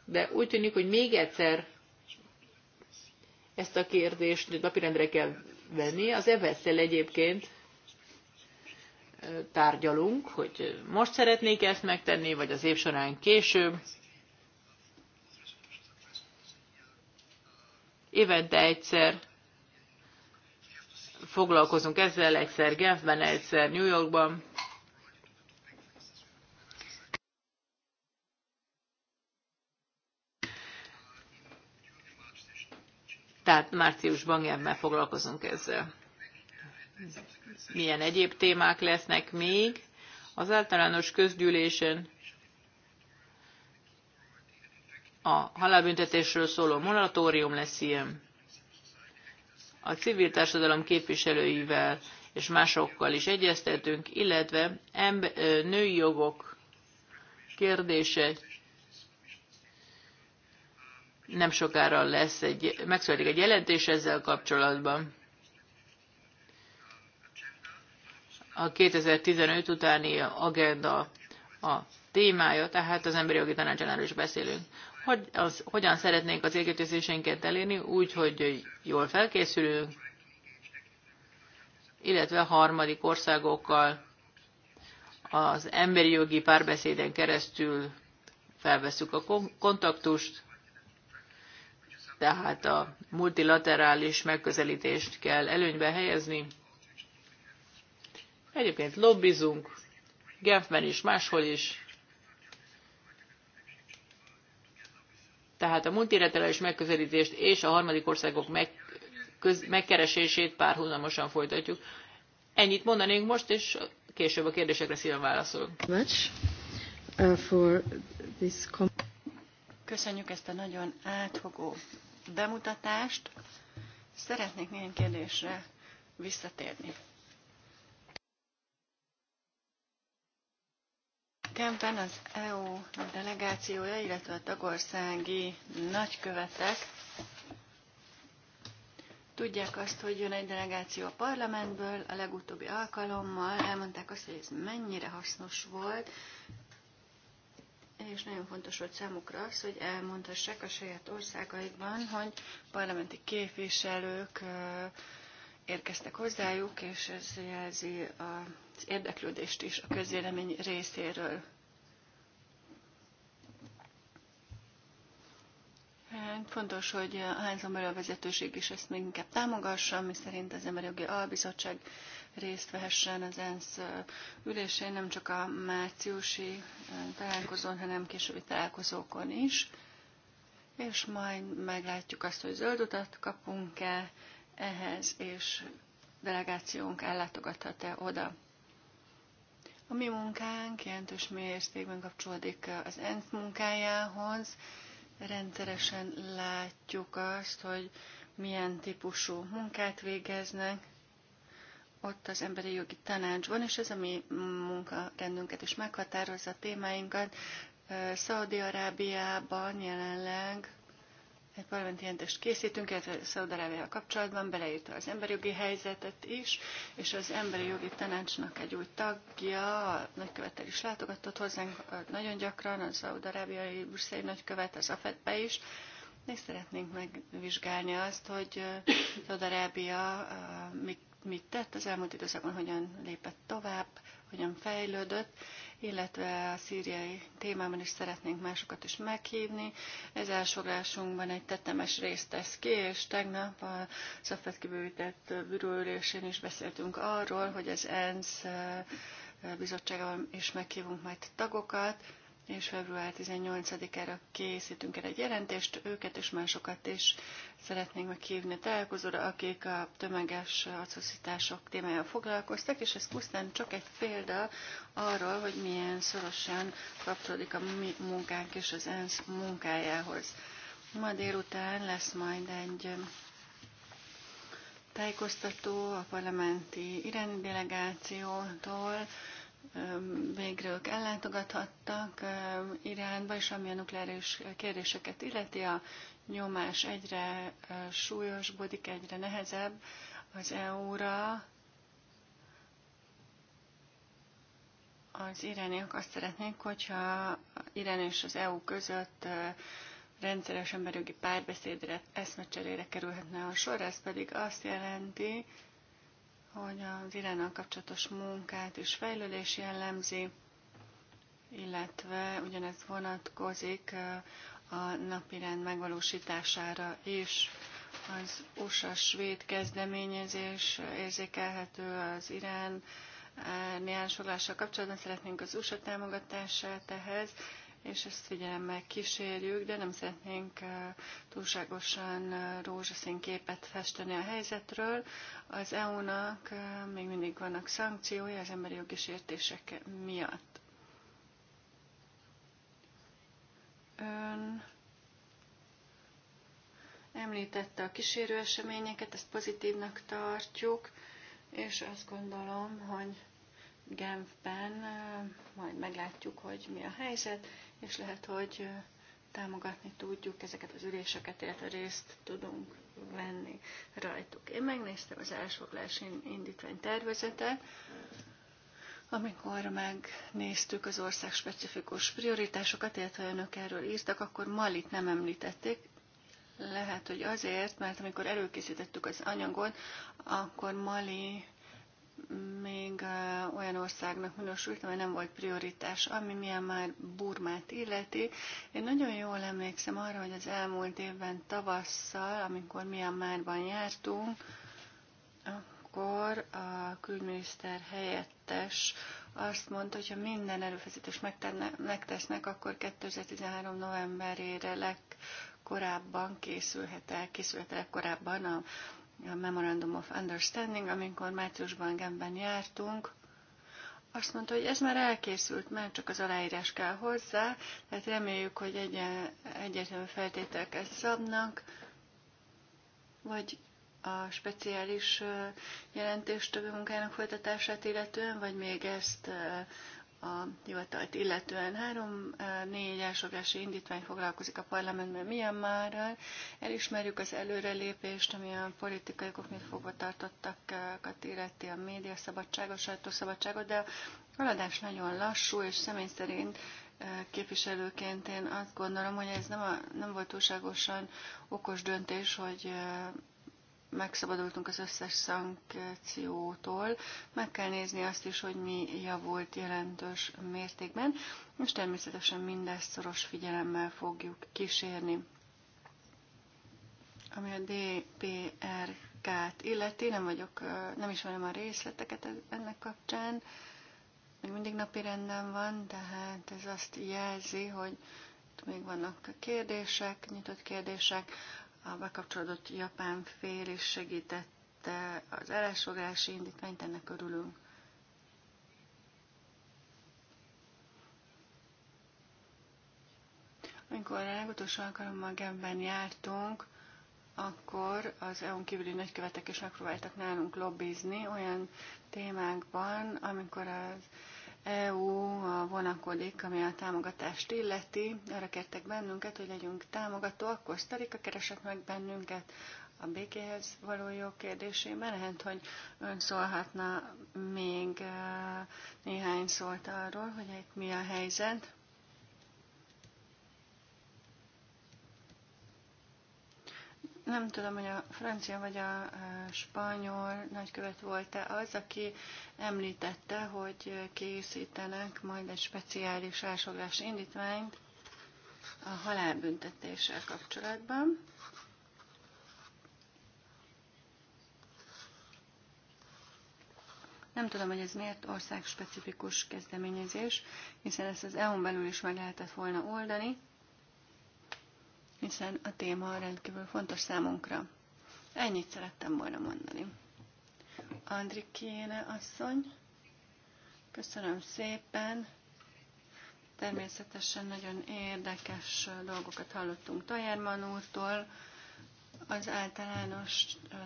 de úgy tűnik, hogy még egyszer ezt a kérdést napirendre kell venni. Az EVESZ-el egyébként tárgyalunk, hogy most szeretnék ezt megtenni, vagy az év során később. Évente egyszer foglalkozunk ezzel, egyszer Genfben, egyszer New Yorkban. tehát márciusban ebben foglalkozunk ezzel. Milyen egyéb témák lesznek még? Az általános közgyűlésen a halálbüntetésről szóló moratórium lesz ilyen. A civil társadalom képviselőivel és másokkal is egyeztetünk, illetve emb- női jogok kérdése nem sokára lesz egy, megszületik egy jelentés ezzel kapcsolatban. A 2015 utáni agenda a témája, tehát az emberi jogi Tanácsánál is beszélünk. Hogy az, hogyan szeretnénk az égetőzésénket elérni, úgy, hogy jól felkészülünk, illetve harmadik országokkal az emberi jogi párbeszéden keresztül felveszük a kontaktust, tehát a multilaterális megközelítést kell előnybe helyezni. Egyébként lobbizunk, Genfben is, máshol is. Tehát a multilaterális megközelítést és a harmadik országok meg, köz, megkeresését párhuzamosan folytatjuk. Ennyit mondanénk most, és később a kérdésekre szívem válaszolok. Uh, Köszönjük ezt a nagyon átfogó bemutatást. Szeretnék néhány kérdésre visszatérni. Kempen az EU delegációja, illetve a tagországi nagykövetek tudják azt, hogy jön egy delegáció a parlamentből, a legutóbbi alkalommal elmondták azt, hogy ez mennyire hasznos volt, és nagyon fontos volt számukra az, hogy elmondhassák a saját országaikban, hogy parlamenti képviselők érkeztek hozzájuk, és ez jelzi az érdeklődést is a közélemény részéről. Hát fontos, hogy a házon belül a vezetőség is ezt még inkább támogassa, mi szerint az Emberi Jogi Albizottság részt vehessen az ENSZ ülésén, nem csak a márciusi találkozón, hanem későbbi találkozókon is. És majd meglátjuk azt, hogy zöld utat kapunk-e ehhez, és delegációnk ellátogathat-e oda. A mi munkánk jelentős mértékben kapcsolódik az ENSZ munkájához. Rendszeresen látjuk azt, hogy milyen típusú munkát végeznek, ott az emberi jogi tanácsban, és ez a mi munkakendünket is meghatározza a témáinkat. Szaudi-Arábiában jelenleg egy parlamenti jelentést készítünk, illetve Szaudarábiával kapcsolatban beleírta az emberi jogi helyzetet is, és az emberi jogi tanácsnak egy új tagja, a nagykövettel is látogatott hozzánk nagyon gyakran, az Szaudarábiai brüsszeli nagykövet, az AFED-be is, és szeretnénk megvizsgálni azt, hogy Szaudarábia mit mit tett az elmúlt időszakban, hogyan lépett tovább, hogyan fejlődött, illetve a szíriai témában is szeretnénk másokat is meghívni. Ez elsorásunkban egy tetemes részt tesz ki, és tegnap a Szafet kibővített bürőülésén is beszéltünk arról, hogy az ENSZ eh, bizottságával is meghívunk majd tagokat, és február 18-ára készítünk el egy jelentést, őket és másokat is szeretnénk meghívni a találkozóra, akik a tömeges atrocitások témájával foglalkoztak, és ez pusztán csak egy példa arról, hogy milyen szorosan kapcsolódik a mi munkánk és az ENSZ munkájához. Ma délután lesz majd egy tájékoztató a parlamenti iráni delegációtól, végre ők ellátogathattak Iránba, és ami a nukleáris kérdéseket illeti, a nyomás egyre súlyosbodik, egyre nehezebb az EU-ra. Az irániak azt szeretnék, hogyha Irán és az EU között rendszeres emberjogi párbeszédre, eszmecserére kerülhetne a sor, ez pedig azt jelenti, hogy az Iránnal kapcsolatos munkát és fejlődés jellemzi, illetve ugyanez vonatkozik eh, a napirend megvalósítására is. Az USA-svéd kezdeményezés érzékelhető az Irán eh, néhány kapcsolatban szeretnénk az USA támogatását ehhez, és ezt ugye kísérjük, de nem szeretnénk túlságosan rózsaszín képet festeni a helyzetről. Az EU-nak még mindig vannak szankciói az emberi jogi sértések miatt. Ön említette a kísérő eseményeket, ezt pozitívnak tartjuk, és azt gondolom, hogy Genfben majd meglátjuk, hogy mi a helyzet, és lehet, hogy támogatni tudjuk ezeket az üléseket, illetve részt tudunk venni rajtuk. Én megnéztem az elsfoglalási indítvány tervezetet, amikor megnéztük az ország specifikus prioritásokat, illetve önök erről írtak, akkor Malit nem említették. Lehet, hogy azért, mert amikor előkészítettük az anyagot, akkor Mali még olyan országnak minősült, amely nem volt prioritás, ami milyen már Burmát illeti. Én nagyon jól emlékszem arra, hogy az elmúlt évben tavasszal, amikor milyen márban jártunk, akkor a külügyminiszter helyettes azt mondta, hogy ha minden erőfeszítést megtesznek, akkor 2013. novemberére legkorábban készülhet el, készülhet el korábban a a Memorandum of Understanding, amikor márciusban gemben jártunk, azt mondta, hogy ez már elkészült, már csak az aláírás kell hozzá, tehát reméljük, hogy egy egyetlen feltételeket szabnak, vagy a speciális jelentéstövő munkának folytatását illetően, vagy még ezt a hivatalt illetően. Három, négy elsőgási indítvány foglalkozik a parlamentben Myanmarral. Elismerjük az előrelépést, ami a politikai okoknál fogva tartottakat illeti a média szabadságot, sajtószabadságot, de a haladás nagyon lassú, és személy szerint képviselőként én azt gondolom, hogy ez nem, a, nem volt túlságosan okos döntés, hogy megszabadultunk az összes szankciótól, meg kell nézni azt is, hogy mi javult jelentős mértékben, és természetesen mindezt szoros figyelemmel fogjuk kísérni. Ami a DPRK-t illeti, nem vagyok, nem ismerem a részleteket e- ennek kapcsán, még mindig napi renden van, tehát ez azt jelzi, hogy még vannak kérdések, nyitott kérdések, a bekapcsolódott japán fél is segítette az elásogási indítványt, ennek örülünk. Amikor a legutolsó alkalommal Genben jártunk, akkor az EU-n kívüli nagykövetek is megpróbáltak nálunk lobbizni olyan témákban, amikor az EU vonakodik, ami a támogatást illeti. Arra kértek bennünket, hogy legyünk támogatóak. Kosztarika keresett meg bennünket a békéhez való jó kérdésében. Lehet, hogy ön szólhatna még e, néhány szólt arról, hogy itt mi a helyzet. Nem tudom, hogy a francia vagy a e, spanyol nagykövet volt-e az, aki említette, hogy készítenek majd egy speciális elsoglás indítványt a halálbüntetéssel kapcsolatban. Nem tudom, hogy ez miért ország specifikus kezdeményezés, hiszen ezt az EU-n belül is meg lehetett volna oldani hiszen a téma rendkívül fontos számunkra. Ennyit szerettem volna mondani. Andrikéne asszony, köszönöm szépen. Természetesen nagyon érdekes dolgokat hallottunk Tajerman úrtól. Az általános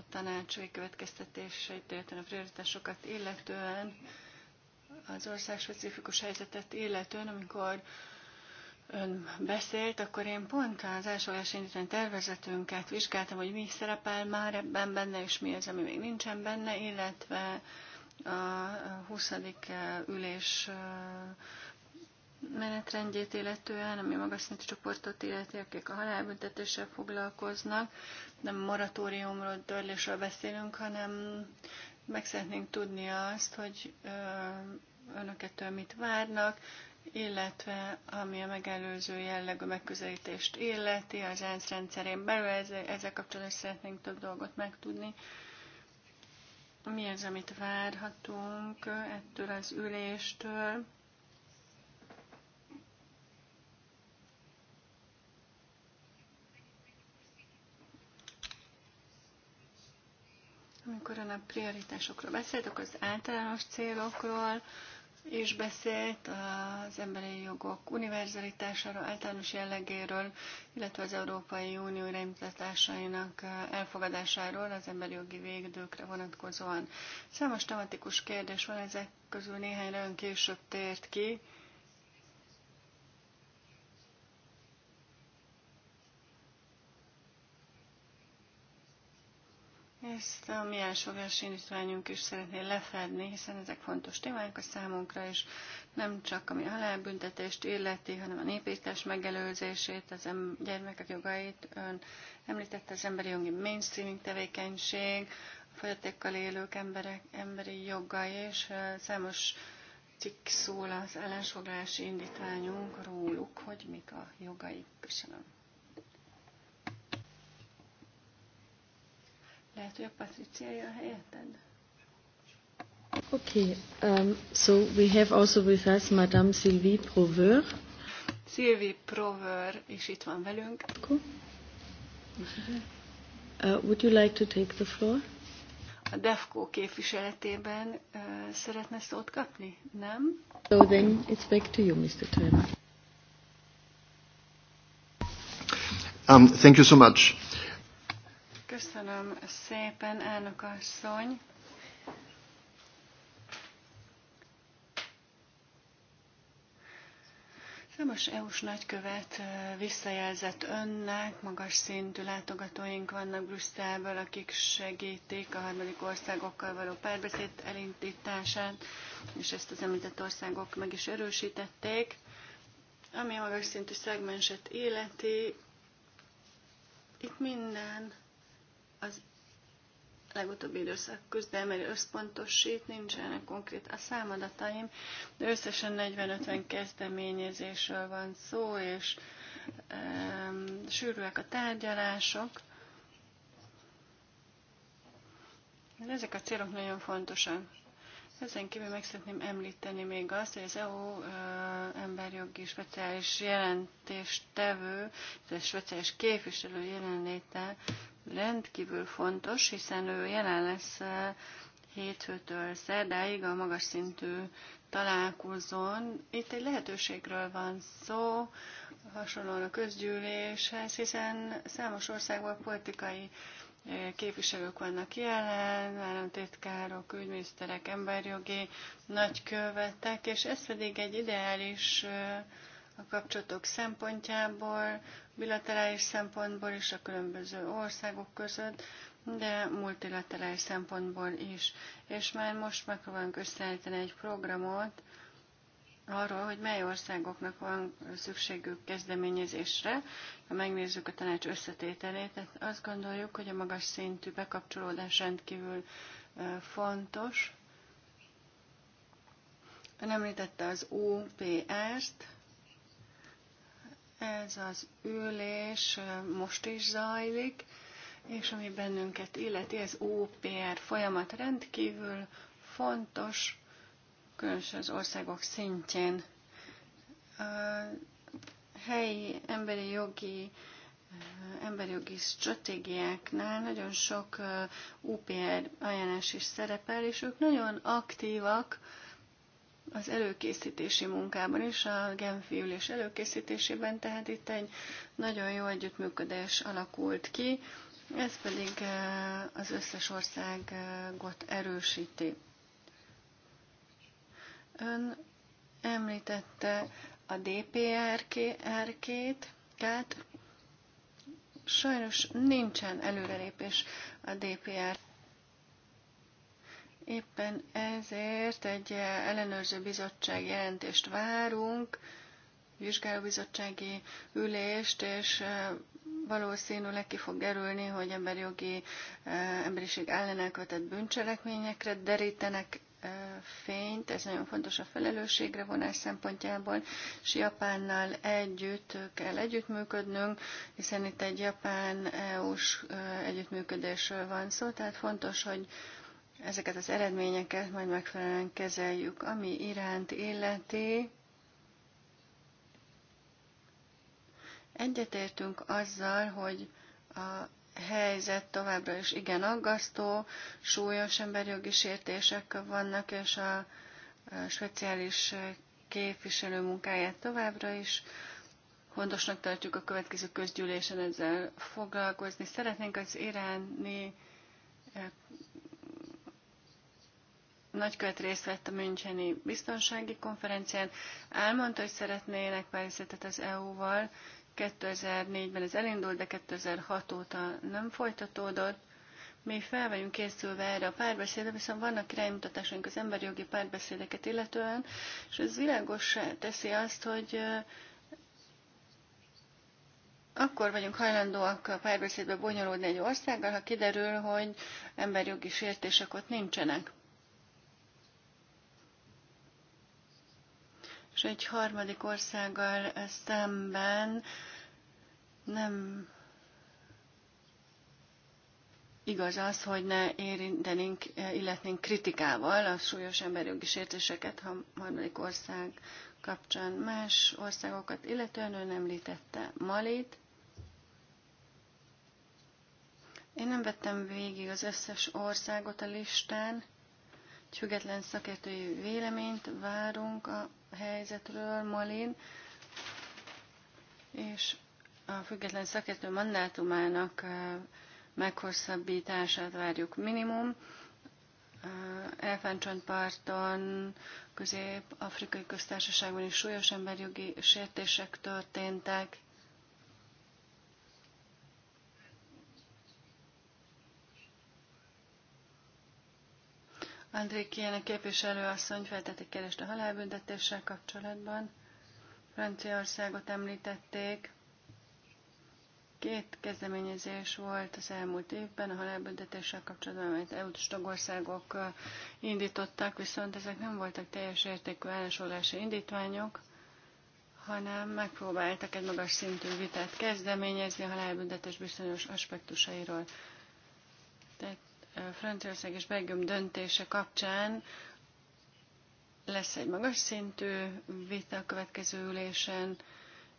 tanácsai következtetéseit, illetve a prioritásokat illetően, az specifikus helyzetet illetően, amikor ön beszélt, akkor én pont az első indítani tervezetünket vizsgáltam, hogy mi szerepel már ebben benne, és mi az, ami még nincsen benne, illetve a 20. Eh, ülés eh, menetrendjét illetően, ami magas szintű csoportot illeti, akik a halálbüntetéssel foglalkoznak. Nem moratóriumról, törlésről beszélünk, hanem meg szeretnénk tudni azt, hogy eh, önökettől mit várnak, illetve ami a megelőző jellegű megközelítést illeti az ENSZ rendszerén belül, ezzel, ezzel kapcsolatban szeretnénk több dolgot megtudni. Mi az, amit várhatunk ettől az üléstől? Amikor a prioritásokról beszéltek, az általános célokról, és beszélt az emberi jogok univerzalitásáról, általános jellegéről, illetve az Európai Unió iránymutatásainak elfogadásáról az emberi jogi végdőkre vonatkozóan. Számos tematikus kérdés van, ezek közül néhányra ön később tért ki, Ezt a mi elsőgás indítványunk is szeretné lefedni, hiszen ezek fontos témák a számunkra, és nem csak ami halálbüntetést illeti, hanem a népítés megelőzését, az em- gyermekek jogait, ön említette az emberi jogi mainstreaming tevékenység, a fogyatékkal élők emberek, emberi jogai, és számos cikk szól az ellensfoglalási indítványunk róluk, hogy mik a jogai. Köszönöm. Lehet, hogy a Patricia jön helyetted. Okay, um, so we have also with us Madame Sylvie Proveur. Sylvie Proveur is itt van velünk. Cool. Uh, would you like to take the floor? A DEFCO képviseletében uh, szeretne szót kapni, nem? So then it's back to you, Mr. Turner. Um, thank you so much. Köszönöm szépen, elnök asszony. Számos EU-s nagykövet visszajelzett önnek, magas szintű látogatóink vannak Brüsszelből, akik segítik a harmadik országokkal való párbeszéd elindítását, és ezt az említett országok meg is erősítették. Ami a magas szintű szegmenset életi, itt minden az legutóbbi időszak mert összpontosít, nincsenek konkrét a számadataim, de összesen 40-50 kezdeményezésről van szó, és e, sűrűek a tárgyalások. Ezek a célok nagyon fontosak. Ezen kívül meg szeretném említeni még azt, hogy az EU emberjogi speciális jelentéstevő, tehát speciális képviselő jelenléte rendkívül fontos, hiszen ő jelen lesz hétfőtől szerdáig a magas szintű találkozón. Itt egy lehetőségről van szó, hasonlóan a közgyűléshez, hiszen számos országban politikai képviselők vannak jelen, államtitkárok, ügyminiszterek, emberjogi nagykövetek, és ez pedig egy ideális uh, a kapcsolatok szempontjából, bilaterális szempontból és a különböző országok között, de multilaterális szempontból is. És már most megpróbálunk összeállítani egy programot arról, hogy mely országoknak van szükségük kezdeményezésre. Ha megnézzük a tanács összetételét, tehát azt gondoljuk, hogy a magas szintű bekapcsolódás rendkívül fontos. Ön említette az UPR-t, ez az ülés most is zajlik, és ami bennünket illeti, ez OPR folyamat rendkívül fontos, különösen az országok szintjén. A helyi emberi jogi emberi jogi stratégiáknál nagyon sok UPR ajánlás is szerepel, és ők nagyon aktívak az előkészítési munkában is, a Genfi ülés előkészítésében, tehát itt egy nagyon jó együttműködés alakult ki, ez pedig eh, az összes országot erősíti. Ön említette a DPRK-t, sajnos nincsen előrelépés a DPR Éppen ezért egy ellenőrző bizottság jelentést várunk, vizsgálóbizottsági ülést, és valószínűleg ki fog derülni, hogy emberjogi emberiség ellen elkövetett bűncselekményekre derítenek fényt, ez nagyon fontos a felelősségre vonás szempontjából, és Japánnal együtt kell együttműködnünk, hiszen itt egy japán EU-s együttműködésről van szó, tehát fontos, hogy ezeket az eredményeket majd megfelelően kezeljük. Ami iránt illeti, egyetértünk azzal, hogy a helyzet továbbra is igen aggasztó, súlyos emberjogi sértések vannak, és a speciális képviselő munkáját továbbra is Hondosnak tartjuk a következő közgyűlésen ezzel foglalkozni. Szeretnénk az iráni nagykövet részt vett a Müncheni Biztonsági Konferencián, elmondta, hogy szeretnének Párizetet az EU-val. 2004-ben ez elindult, de 2006 óta nem folytatódott. Mi fel vagyunk készülve erre a párbeszédre, viszont vannak iránymutatásaink az emberi jogi párbeszédeket illetően, és ez világos teszi azt, hogy akkor vagyunk hajlandóak a párbeszédbe bonyolódni egy országgal, ha kiderül, hogy emberjogi sértések ott nincsenek. és egy harmadik országgal szemben nem igaz az, hogy ne érintenénk, illetnénk kritikával a súlyos jogi sértéseket ha harmadik ország kapcsán más országokat, illetően ön említette Malit. Én nem vettem végig az összes országot a listán, és független szakértői véleményt várunk a helyzetről Malin, és a független szakértő mandátumának meghosszabbítását várjuk minimum. Elfáncsontparton, Közép-Afrikai Köztársaságban is súlyos emberjogi sértések történtek, André Kiene asszony feltette kérdést a halálbüntetéssel kapcsolatban. Franciaországot említették. Két kezdeményezés volt az elmúlt évben a halálbüntetéssel kapcsolatban, amelyet EU tagországok indítottak, viszont ezek nem voltak teljes értékű állásolási indítványok, hanem megpróbáltak egy magas szintű vitát kezdeményezni a halálbüntetés bizonyos aspektusairól. Tehát Franciaország és Belgium döntése kapcsán lesz egy magas szintű vita a következő ülésen,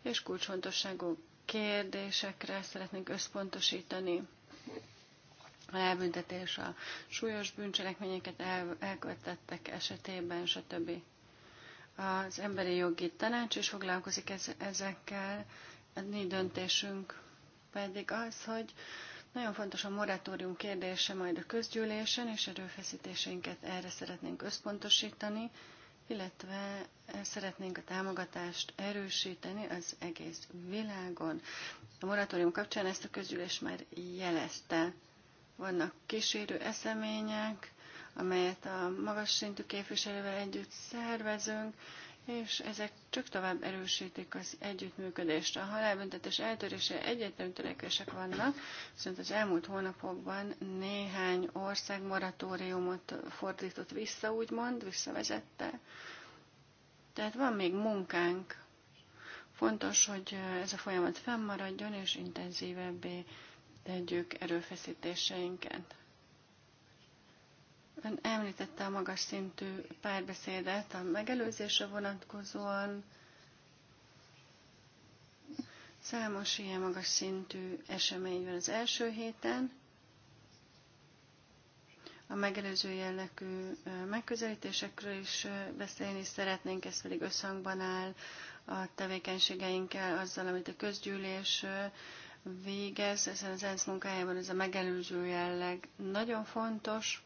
és kulcsfontosságú kérdésekre szeretnénk összpontosítani. A elbüntetés a súlyos bűncselekményeket el, elkövetettek esetében, stb. Az emberi jogi tanács is foglalkozik ez, ezekkel, a mi döntésünk pedig az, hogy nagyon fontos a moratórium kérdése majd a közgyűlésen, és erőfeszítéseinket erre szeretnénk összpontosítani, illetve szeretnénk a támogatást erősíteni az egész világon. A moratórium kapcsán ezt a közgyűlés már jelezte. Vannak kísérő események, amelyet a magas szintű képviselővel együtt szervezünk, és ezek csak tovább erősítik az együttműködést. A halálbüntetés eltörése egyetlen törekvések vannak, viszont az elmúlt hónapokban néhány ország moratóriumot fordított vissza, úgymond, visszavezette. Tehát van még munkánk. Fontos, hogy ez a folyamat fennmaradjon, és intenzívebbé tegyük erőfeszítéseinket. Ön említette a magas szintű párbeszédet a megelőzésre vonatkozóan. Számos ilyen magas szintű esemény van az első héten. A megelőző jellegű megközelítésekről is beszélni szeretnénk, ez pedig összhangban áll a tevékenységeinkkel, azzal, amit a közgyűlés végez, ezen az ENSZ munkájában ez a megelőző jelleg nagyon fontos.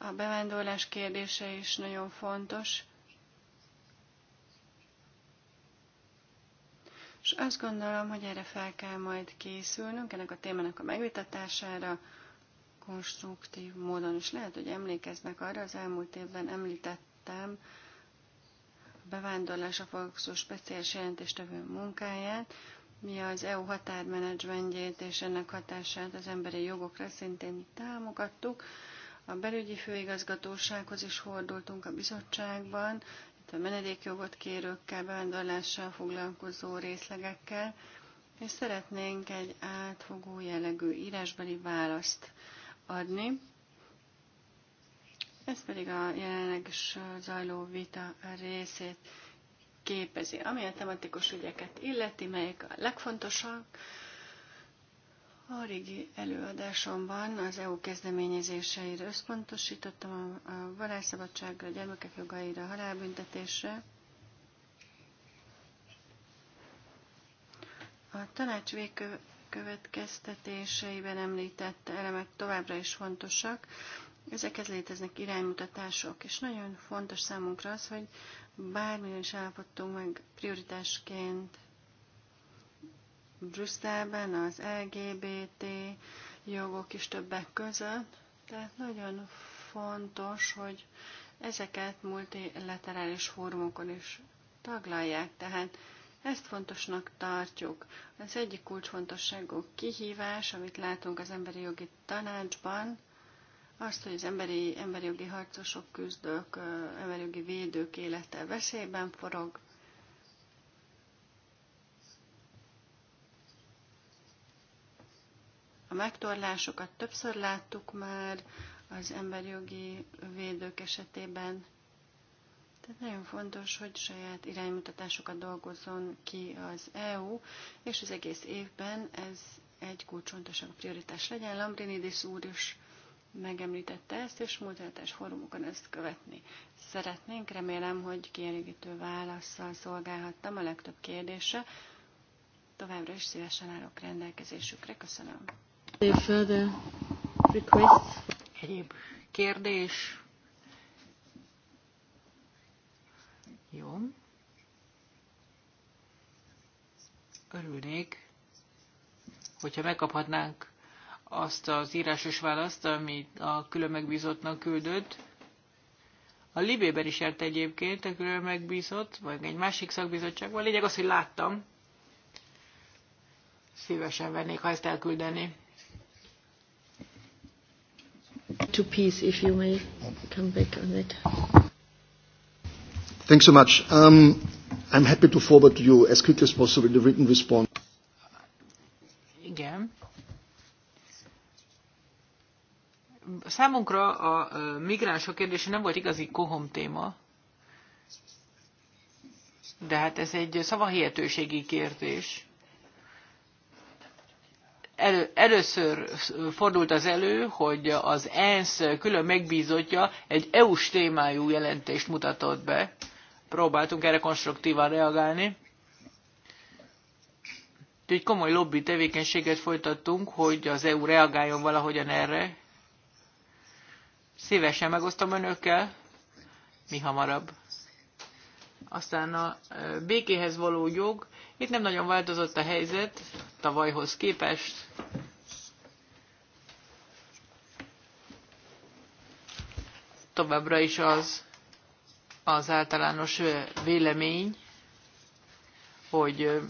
A bevándorlás kérdése is nagyon fontos. És azt gondolom, hogy erre fel kell majd készülnünk, ennek a témának a megvitatására, konstruktív módon is. Lehet, hogy emlékeznek arra, az elmúlt évben említettem a a fogszó speciális jelentéstevő munkáját, mi az EU határmenedzsmentjét és ennek hatását az emberi jogokra szintén támogattuk. A belügyi főigazgatósághoz is fordultunk a bizottságban, itt a menedékjogot kérőkkel, bevándorlással foglalkozó részlegekkel, és szeretnénk egy átfogó jellegű írásbeli választ adni. Ez pedig a jelenleg is zajló vita részét képezi, ami a tematikus ügyeket illeti, melyek a legfontosabb, a régi előadásomban az EU kezdeményezéseire összpontosítottam a vallásszabadságra, a gyermekek jogaira, a halálbüntetésre. A tanács végkövetkeztetéseiben említett elemek továbbra is fontosak. Ezekhez léteznek iránymutatások, és nagyon fontos számunkra az, hogy bármilyen is állapodtunk meg prioritásként Brüsszelben az LGBT jogok is többek között. Tehát nagyon fontos, hogy ezeket multilaterális fórumokon is taglalják. Tehát ezt fontosnak tartjuk. Az egyik kulcsfontosságú kihívás, amit látunk az emberi jogi tanácsban, azt, hogy az emberi, emberi jogi harcosok, küzdők, emberi jogi védők élete veszélyben forog, A megtorlásokat többször láttuk már az emberjogi védők esetében. Tehát nagyon fontos, hogy saját iránymutatásokat dolgozzon ki az EU, és az egész évben ez egy kulcsontosabb prioritás legyen. Lambrinidis úr is megemlítette ezt, és múlteletes fórumokon ezt követni szeretnénk. Remélem, hogy kielégítő válaszsal szolgálhattam a legtöbb kérdése Továbbra is szívesen állok rendelkezésükre. Köszönöm. Egyéb kérdés? Jó. Örülnék, hogyha megkaphatnánk azt az írásos választ, amit a külön megbízottnak küldött. A Libében is járt egyébként a külön megbízott, vagy egy másik szakbizottságban. lényeg az, hogy láttam. Szívesen vennék, ha ezt elküldeni. to peace, if you may come back on that. Thanks so much. Um, I'm happy to forward to you as quickly as possible the written response. Igen. Számunkra a migránsok kérdése nem volt igazi kohom téma, de hát ez egy szavahihetőségi kérdés elő, először fordult az elő, hogy az ENSZ külön megbízottja egy EU-s témájú jelentést mutatott be. Próbáltunk erre konstruktívan reagálni. Úgyhogy komoly lobby tevékenységet folytattunk, hogy az EU reagáljon valahogyan erre. Szívesen megosztom önökkel, mi hamarabb. Aztán a békéhez való jog, itt nem nagyon változott a helyzet tavalyhoz képest. Továbbra is az az általános vélemény, hogy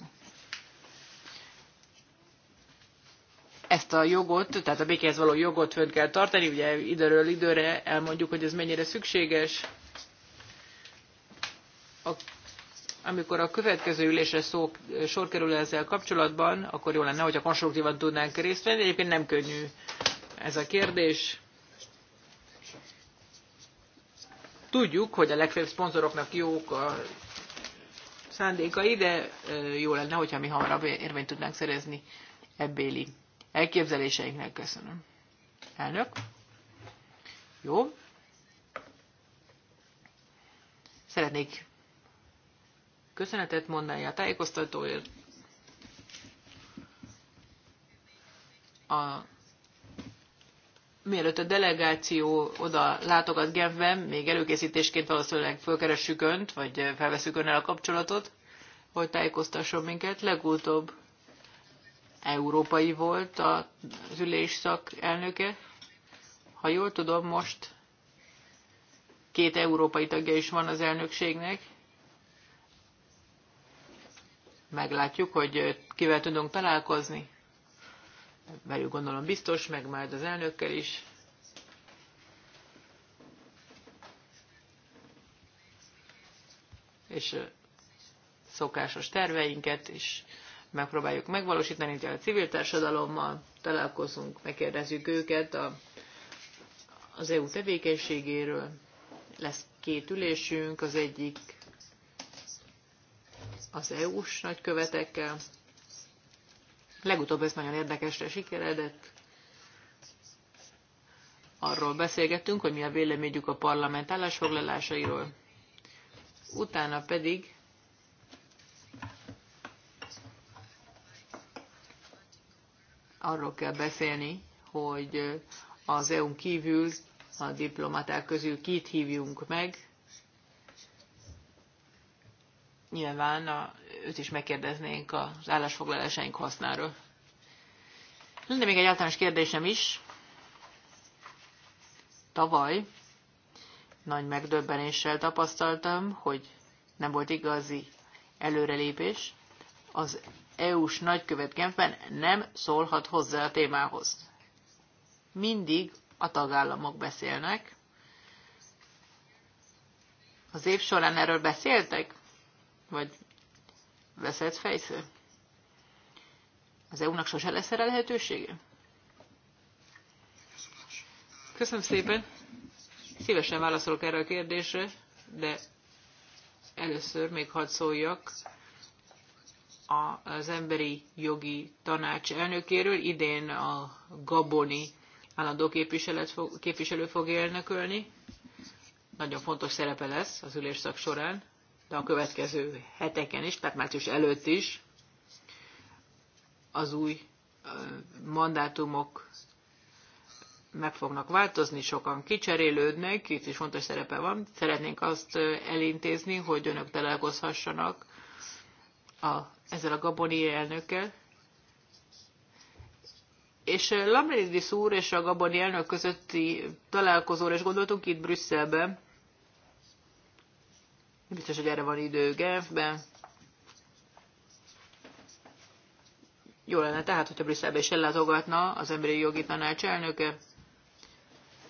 ezt a jogot, tehát a békéhez való jogot fönt kell tartani, ugye időről időre elmondjuk, hogy ez mennyire szükséges. A amikor a következő ülésre szó, sor kerül ezzel kapcsolatban, akkor jó lenne, hogyha konstruktívan tudnánk részt venni. Egyébként nem könnyű ez a kérdés. Tudjuk, hogy a legfőbb szponzoroknak jók a szándékai, de jó lenne, hogyha mi hamarabb érvényt tudnánk szerezni ebbéli elképzeléseinknek. Köszönöm. Elnök. Jó. Szeretnék köszönetet mondani a tájékoztatóért. A, mielőtt a delegáció oda látogat Genfben, még előkészítésként valószínűleg fölkeressük Önt, vagy felveszük Önnel a kapcsolatot, hogy tájékoztasson minket. Legutóbb európai volt az ülésszak elnöke. Ha jól tudom, most két európai tagja is van az elnökségnek meglátjuk, hogy kivel tudunk találkozni. Velük gondolom biztos, meg majd az elnökkel is. És szokásos terveinket is megpróbáljuk megvalósítani, hogy a civil társadalommal találkozunk, megkérdezzük őket a, az EU tevékenységéről. Lesz két ülésünk, az egyik az EU-s nagykövetekkel. Legutóbb ez nagyon érdekesre sikeredett. Arról beszélgettünk, hogy mi a véleményük a parlament állásfoglalásairól. Utána pedig arról kell beszélni, hogy az EU-n kívül a diplomaták közül kit hívjunk meg, nyilván a, őt is megkérdeznénk az állásfoglalásaink hasznáról. Lenne még egy általános kérdésem is. Tavaly nagy megdöbbenéssel tapasztaltam, hogy nem volt igazi előrelépés. Az EU-s nagykövet Genfben nem szólhat hozzá a témához. Mindig a tagállamok beszélnek. Az év során erről beszéltek? Vagy veszed fejsző? Az EU-nak sose lesz erre lehetősége? Köszönöm szépen. Szívesen válaszolok erre a kérdésre, de először még hadd szóljak az emberi jogi tanács elnökéről. Idén a Gaboni állandó képviselő fog elnökölni. Nagyon fontos szerepe lesz az ülésszak során de a következő heteken is, tehát március előtt is az új mandátumok meg fognak változni, sokan kicserélődnek, itt is fontos szerepe van. Szeretnénk azt elintézni, hogy önök találkozhassanak a, ezzel a gaboni elnökkel. És Lamridis úr és a gaboni elnök közötti találkozóra is gondoltunk itt Brüsszelben, Biztos, hogy erre van idő Genfben. Jó lenne tehát, hogyha Brüsszelbe is ellátogatna az emberi jogi tanács elnöke.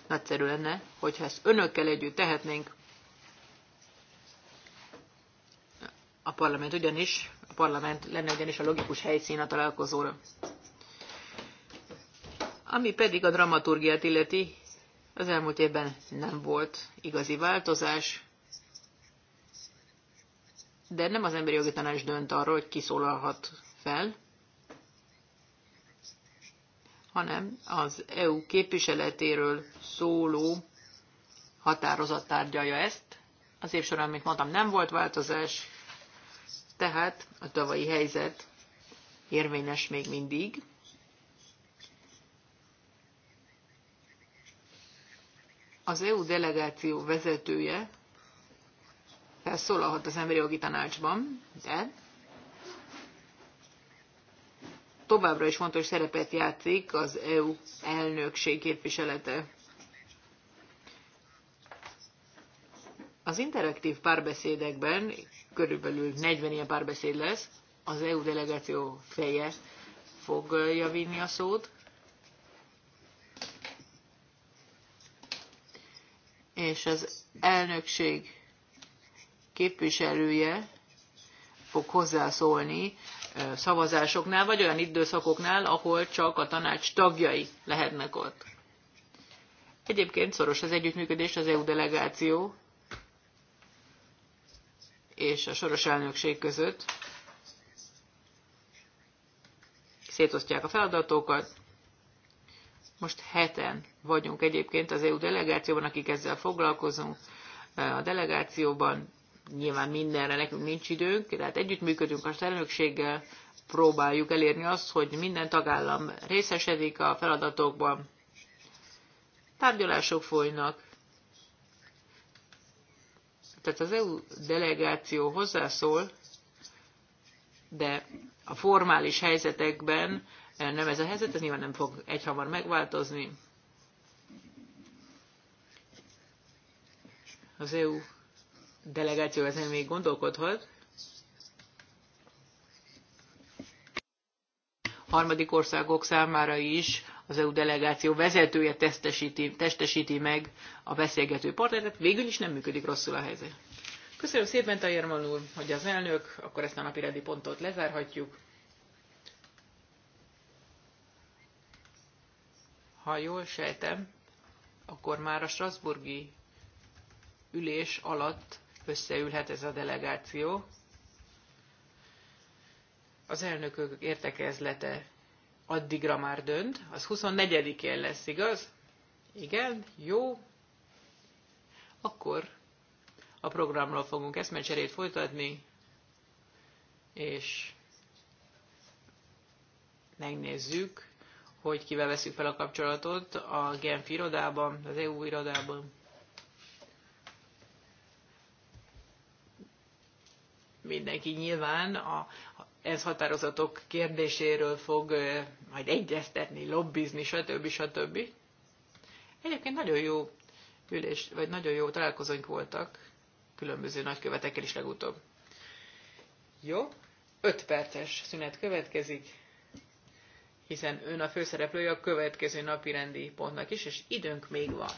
Nagyszerű lenne, hogyha ezt önökkel együtt tehetnénk. A parlament ugyanis, a parlament lenne ugyanis a logikus helyszín a találkozóra. Ami pedig a dramaturgiát illeti, az elmúlt évben nem volt igazi változás de nem az emberi jogi tanács dönt arról, hogy kiszólalhat fel, hanem az EU képviseletéről szóló határozat tárgyalja ezt. Az év során, amit mondtam, nem volt változás, tehát a tavalyi helyzet érvényes még mindig. Az EU delegáció vezetője felszólalhat az emberi jogi tanácsban, de továbbra is fontos szerepet játszik az EU elnökség képviselete. Az interaktív párbeszédekben körülbelül 40 ilyen párbeszéd lesz, az EU delegáció feje fogja vinni a szót, és az elnökség képviselője fog hozzászólni szavazásoknál, vagy olyan időszakoknál, ahol csak a tanács tagjai lehetnek ott. Egyébként szoros az együttműködés az EU delegáció és a soros elnökség között. Szétosztják a feladatokat. Most heten vagyunk egyébként az EU delegációban, akik ezzel foglalkozunk. A delegációban nyilván mindenre nekünk nincs időnk, tehát együttműködünk a elnökséggel, próbáljuk elérni azt, hogy minden tagállam részesedik a feladatokban, tárgyalások folynak. Tehát az EU delegáció hozzászól, de a formális helyzetekben nem ez a helyzet, ez nyilván nem fog egyhamar megváltozni. Az EU delegáció ezen még gondolkodhat. Harmadik országok számára is az EU delegáció vezetője testesíti, testesíti meg a beszélgető partnert, végül is nem működik rosszul a helyzet. Köszönöm szépen, Tajer úr, hogy az elnök, akkor ezt a napi rendi pontot lezárhatjuk. Ha jól sejtem, akkor már a Strasburgi ülés alatt összeülhet ez a delegáció. Az elnökök értekezlete addigra már dönt, az 24-én lesz, igaz? Igen, jó. Akkor a programról fogunk eszmecserét folytatni, és megnézzük, hogy kivel veszük fel a kapcsolatot a Genf irodában, az EU irodában. mindenki nyilván a, ez határozatok kérdéséről fog majd egyeztetni, lobbizni, stb. stb. Egyébként nagyon jó ülés, vagy nagyon jó találkozóink voltak különböző nagykövetekkel is legutóbb. Jó, 5 perces szünet következik, hiszen ön a főszereplője a következő napi rendi pontnak is, és időnk még van.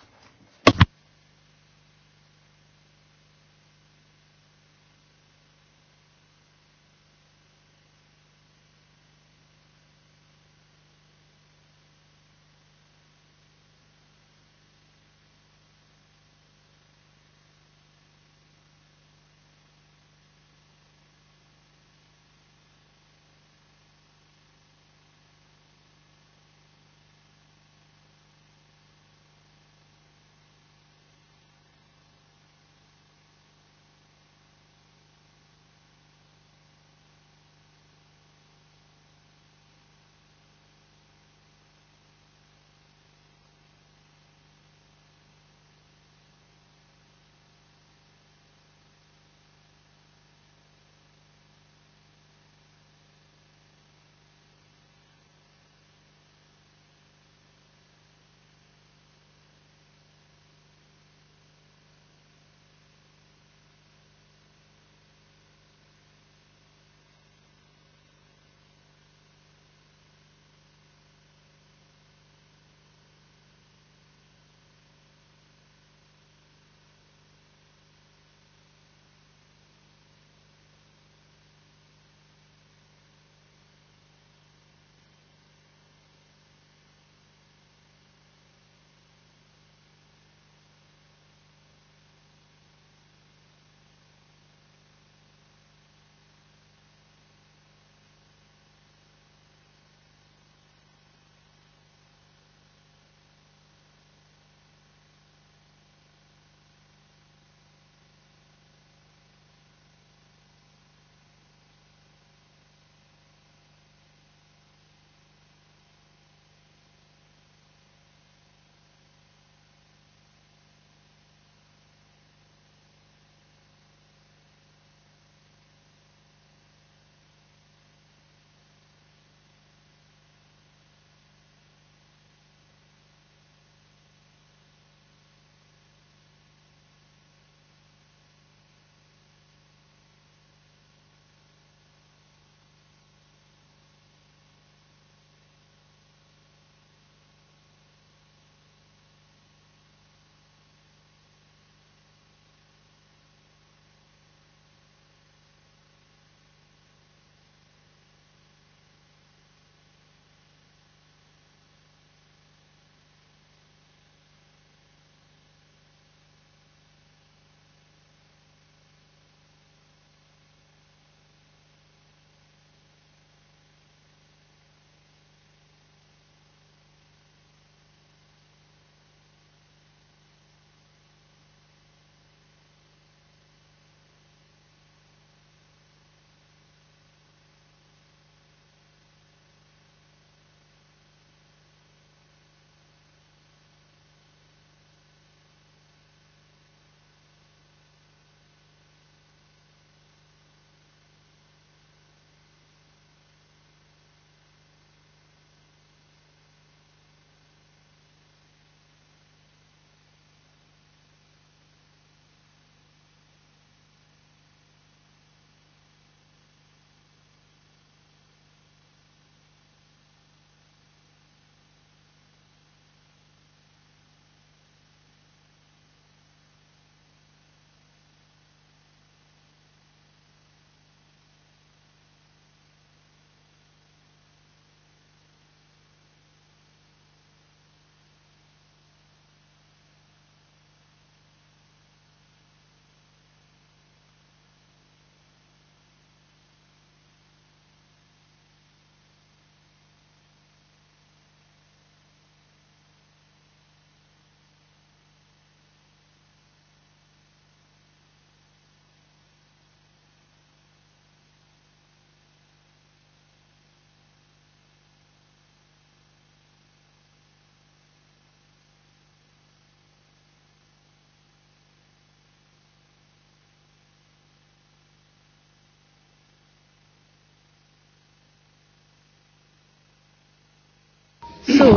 So,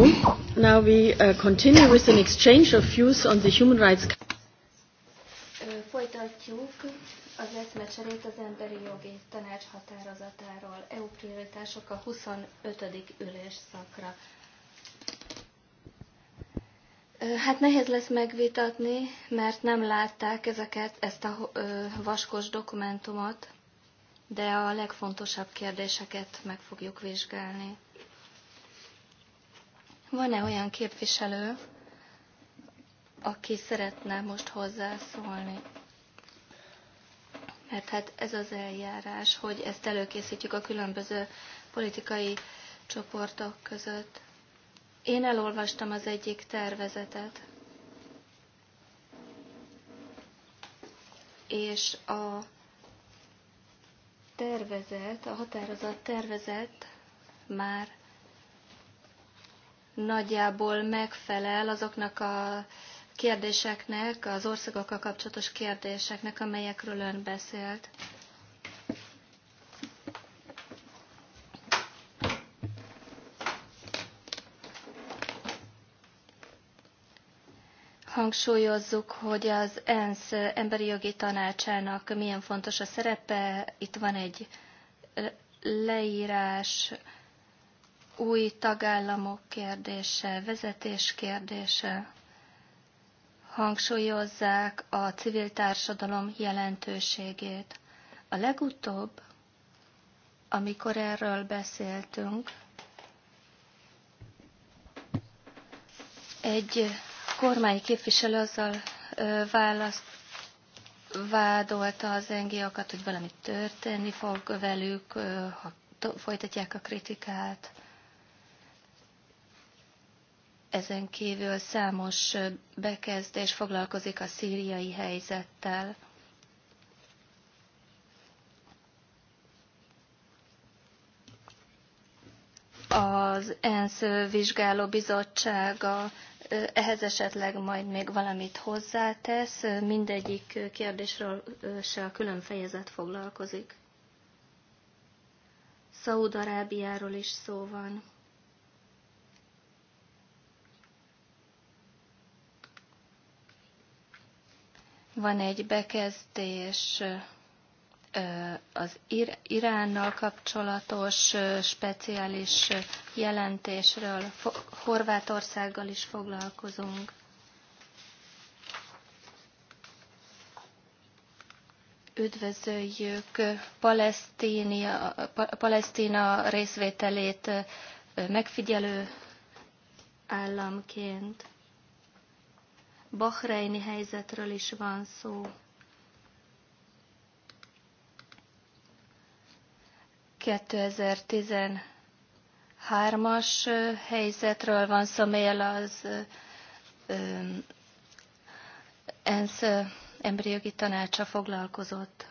now we uh, continue with an exchange of views on the human rights. Folytatjuk az eszmecserét az emberi jogi tanács határozatáról. EU prioritások a 25. szakra. Hát nehéz lesz megvitatni, mert nem látták ezeket, ezt a vaskos dokumentumot, de a legfontosabb kérdéseket meg fogjuk vizsgálni. Van-e olyan képviselő, aki szeretne most hozzászólni? Mert hát ez az eljárás, hogy ezt előkészítjük a különböző politikai csoportok között. Én elolvastam az egyik tervezetet, és a tervezet, a határozat tervezet már nagyjából megfelel azoknak a kérdéseknek, az országokkal kapcsolatos kérdéseknek, amelyekről ön beszélt. hangsúlyozzuk, hogy az ENSZ emberi jogi tanácsának milyen fontos a szerepe. Itt van egy leírás új tagállamok kérdése, vezetés kérdése, hangsúlyozzák a civil társadalom jelentőségét. A legutóbb, amikor erről beszéltünk, egy kormány képviselő azzal választ, vádolta az engiakat, hogy valami történni fog velük, ha folytatják a kritikát. Ezen kívül számos bekezdés foglalkozik a szíriai helyzettel. Az ENSZ vizsgáló bizottsága ehhez esetleg majd még valamit hozzátesz. Mindegyik kérdésről se a külön fejezet foglalkozik. Szaúd-Arábiáról is szó van. Van egy bekezdés az Ir- Iránnal kapcsolatos speciális jelentésről, Horvátországgal is foglalkozunk. Üdvözöljük Palesztínia, Palesztina részvételét megfigyelő államként bahreini helyzetről is van szó. 2013 helyzetről van szó, amelyel az ENSZ embriogi tanácsa foglalkozott.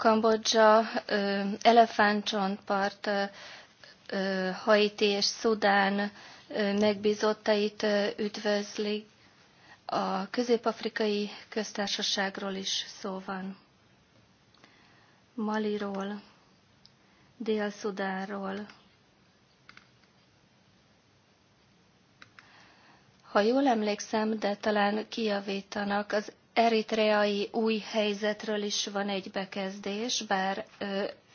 Kambodzsa, elefántcsontpart, Haiti és Szudán megbízottait üdvözli. A közép-afrikai köztársaságról is szó van. Maliról, Dél-Szudánról. Ha jól emlékszem, de talán kijavítanak, az eritreai új helyzetről is van egy bekezdés, bár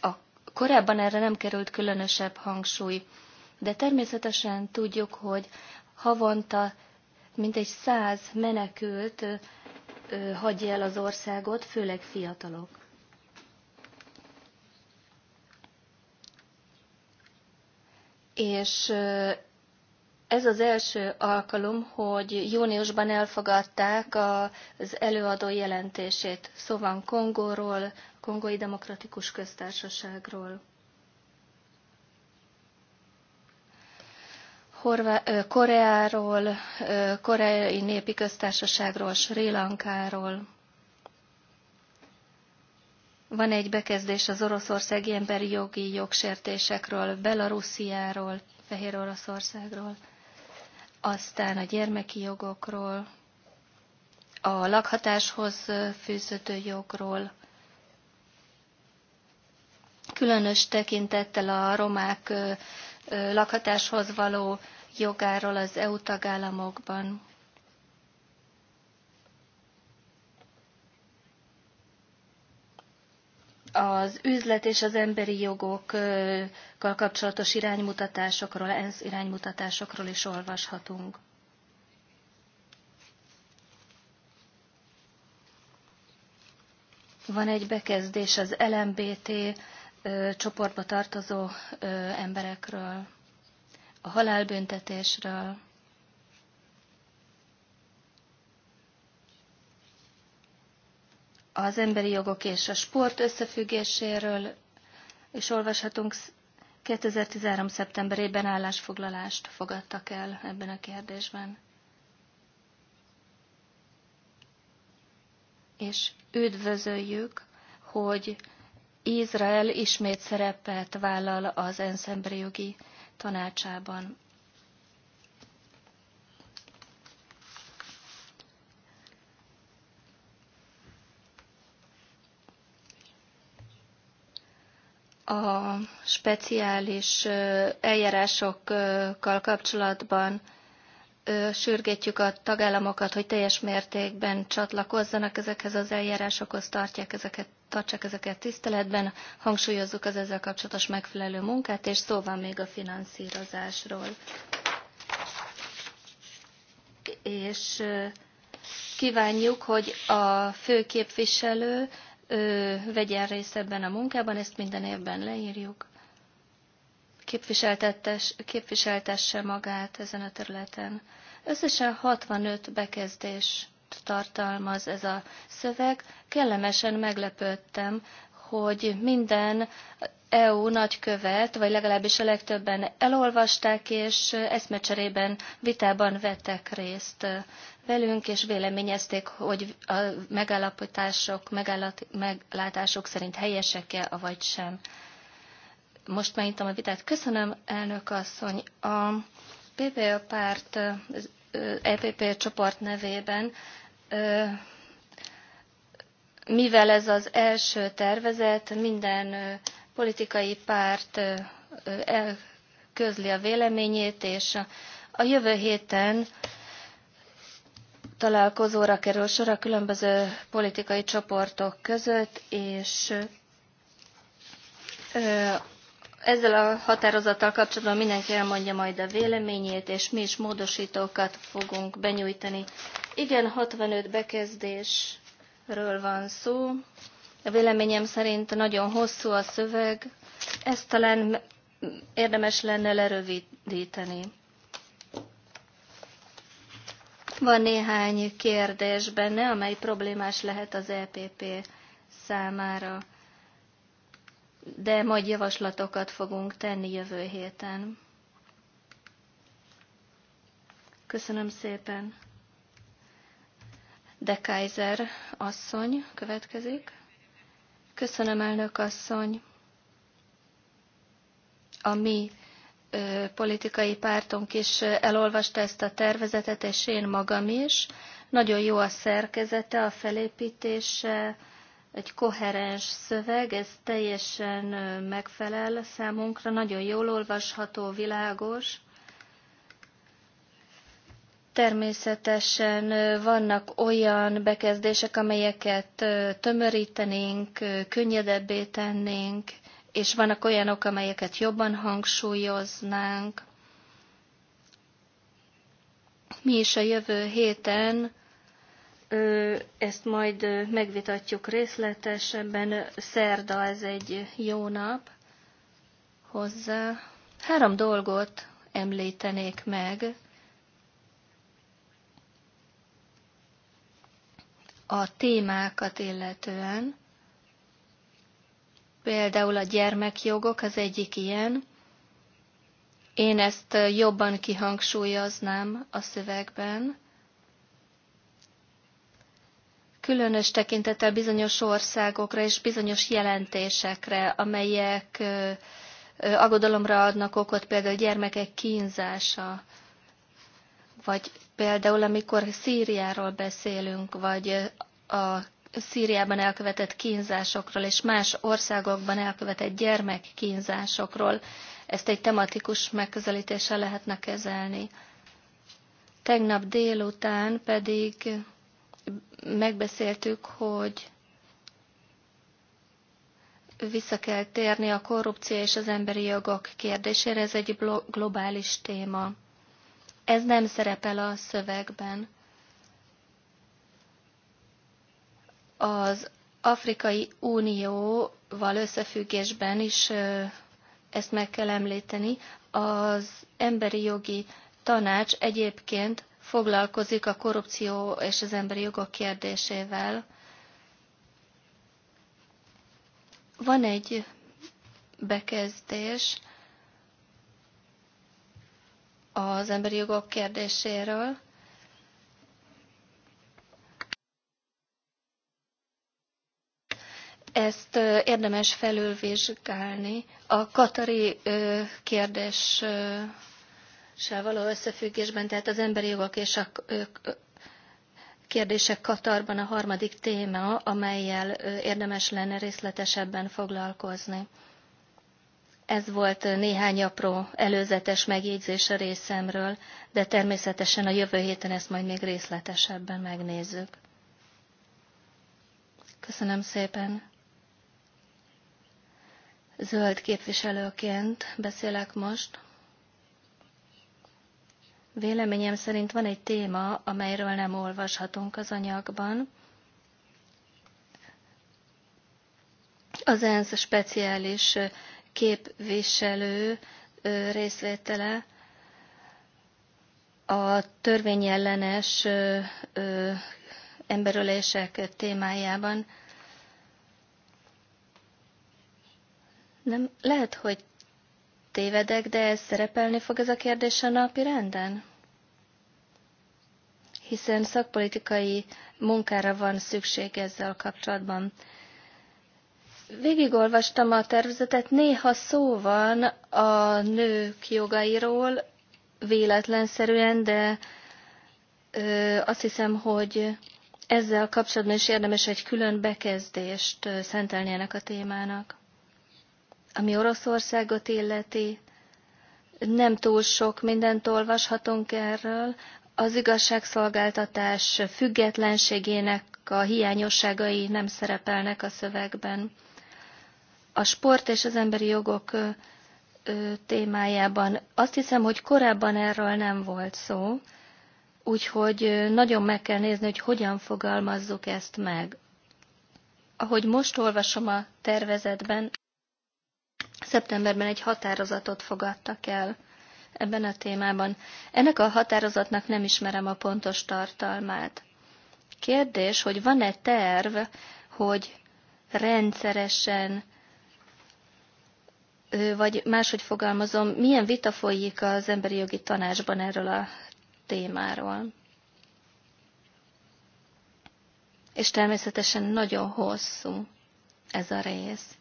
a, korábban erre nem került különösebb hangsúly. De természetesen tudjuk, hogy havonta mintegy száz menekült hagyja el az országot, főleg fiatalok. És ez az első alkalom, hogy júniusban elfogadták az előadó jelentését. szóval Kongóról, Kongói Demokratikus Köztársaságról. Koreáról, Koreai Népi Köztársaságról, Sri Lankáról. Van egy bekezdés az oroszországi emberi jogi jogsértésekről, Belarusziáról, Fehér Oroszországról aztán a gyermeki jogokról, a lakhatáshoz fűződő jogról, különös tekintettel a romák lakhatáshoz való jogáról az EU tagállamokban. az üzlet és az emberi jogokkal kapcsolatos iránymutatásokról, ENSZ iránymutatásokról is olvashatunk. Van egy bekezdés az LMBT csoportba tartozó emberekről, a halálbüntetésről, az emberi jogok és a sport összefüggéséről is olvashatunk. 2013. szeptemberében állásfoglalást fogadtak el ebben a kérdésben. És üdvözöljük, hogy Izrael ismét szerepet vállal az ENSZ emberi jogi tanácsában. a speciális eljárásokkal kapcsolatban sürgetjük a tagállamokat, hogy teljes mértékben csatlakozzanak ezekhez az eljárásokhoz, tartják ezeket, tartsák ezeket tiszteletben, hangsúlyozzuk az ezzel kapcsolatos megfelelő munkát, és szó van még a finanszírozásról. És kívánjuk, hogy a főképviselő ö, vegyen részt ebben a munkában, ezt minden évben leírjuk. Képviseltesse magát ezen a területen. Összesen 65 bekezdést tartalmaz ez a szöveg. Kellemesen meglepődtem, hogy minden EU nagykövet, vagy legalábbis a legtöbben elolvasták, és eszmecserében, vitában vettek részt velünk, és véleményezték, hogy a megállapítások, meglátások szerint helyesek-e, vagy sem. Most megnyitom a vitát. Köszönöm, elnök asszony. A PPA párt EPP e csoport nevében e, mivel ez az első tervezet, minden politikai párt elközli a véleményét, és a jövő héten találkozóra kerül sor a különböző politikai csoportok között, és ezzel a határozattal kapcsolatban mindenki elmondja majd a véleményét, és mi is módosítókat fogunk benyújtani. Igen, 65 bekezdésről van szó. Véleményem szerint nagyon hosszú a szöveg, ezt talán érdemes lenne lerövidíteni. Van néhány kérdés benne, amely problémás lehet az EPP számára, de majd javaslatokat fogunk tenni jövő héten. Köszönöm szépen. De Kaiser asszony következik. Köszönöm, elnök asszony. A mi politikai pártunk is elolvasta ezt a tervezetet, és én magam is. Nagyon jó a szerkezete, a felépítése, egy koherens szöveg, ez teljesen megfelel számunkra, nagyon jól olvasható, világos, Természetesen vannak olyan bekezdések, amelyeket tömörítenénk, könnyedebbé tennénk, és vannak olyanok, amelyeket jobban hangsúlyoznánk. Mi is a jövő héten ezt majd megvitatjuk részletesebben. Szerda ez egy jó nap hozzá. Három dolgot említenék meg a témákat illetően. Például a gyermekjogok az egyik ilyen. Én ezt jobban kihangsúlyoznám a szövegben. Különös tekintettel bizonyos országokra és bizonyos jelentésekre, amelyek aggodalomra adnak okot, például gyermekek kínzása, vagy Például, amikor Szíriáról beszélünk, vagy a Szíriában elkövetett kínzásokról és más országokban elkövetett gyermekkínzásokról, ezt egy tematikus megközelítéssel lehetne kezelni. Tegnap délután pedig megbeszéltük, hogy vissza kell térni a korrupció és az emberi jogok kérdésére, ez egy globális téma. Ez nem szerepel a szövegben. Az Afrikai Unióval összefüggésben is ezt meg kell említeni. Az emberi jogi tanács egyébként foglalkozik a korrupció és az emberi jogok kérdésével. Van egy bekezdés, az emberi jogok kérdéséről. Ezt érdemes felülvizsgálni. A katari kérdéssel való összefüggésben, tehát az emberi jogok és a kérdések Katarban a harmadik téma, amelyel érdemes lenne részletesebben foglalkozni. Ez volt néhány apró előzetes megjegyzés a részemről, de természetesen a jövő héten ezt majd még részletesebben megnézzük. Köszönöm szépen. Zöld képviselőként beszélek most. Véleményem szerint van egy téma, amelyről nem olvashatunk az anyagban. Az ENSZ speciális képviselő részvétele a törvényellenes emberölések témájában. Nem, lehet, hogy tévedek, de ez szerepelni fog ez a kérdés a napi renden? Hiszen szakpolitikai munkára van szükség ezzel kapcsolatban. Végigolvastam a tervezetet, néha szó van a nők jogairól, véletlenszerűen, de ö, azt hiszem, hogy ezzel kapcsolatban is érdemes egy külön bekezdést szentelni ennek a témának. Ami Oroszországot illeti, nem túl sok mindent olvashatunk erről. Az igazságszolgáltatás függetlenségének a hiányosságai nem szerepelnek a szövegben a sport és az emberi jogok témájában. Azt hiszem, hogy korábban erről nem volt szó, úgyhogy nagyon meg kell nézni, hogy hogyan fogalmazzuk ezt meg. Ahogy most olvasom a tervezetben, szeptemberben egy határozatot fogadtak el ebben a témában. Ennek a határozatnak nem ismerem a pontos tartalmát. Kérdés, hogy van-e terv, hogy rendszeresen vagy máshogy fogalmazom, milyen vita folyik az emberi jogi tanácsban erről a témáról. És természetesen nagyon hosszú ez a rész.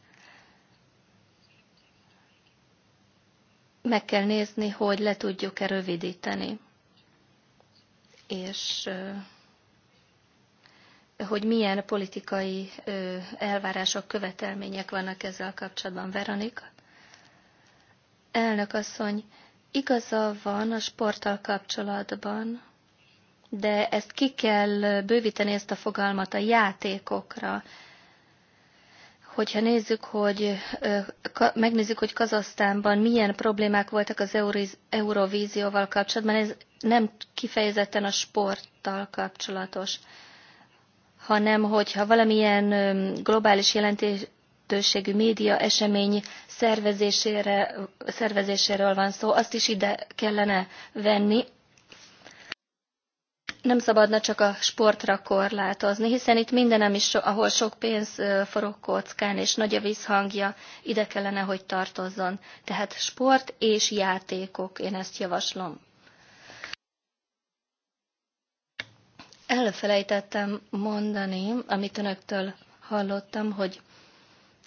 Meg kell nézni, hogy le tudjuk-e rövidíteni. És hogy milyen politikai elvárások, követelmények vannak ezzel kapcsolatban, Veronika. Elnök asszony, igaza van a sporttal kapcsolatban, de ezt ki kell bővíteni ezt a fogalmat a játékokra. Hogyha nézzük, hogy megnézzük, hogy Kazasztánban milyen problémák voltak az Eurovízióval kapcsolatban, ez nem kifejezetten a sporttal kapcsolatos, hanem hogyha valamilyen globális jelentés, jelentőségű média esemény szervezésére, szervezéséről van szó, azt is ide kellene venni. Nem szabadna csak a sportra korlátozni, hiszen itt mindenem is, ahol sok pénz forog kockán és nagy a visszhangja, ide kellene, hogy tartozzon. Tehát sport és játékok, én ezt javaslom. Elfelejtettem mondani, amit önöktől hallottam, hogy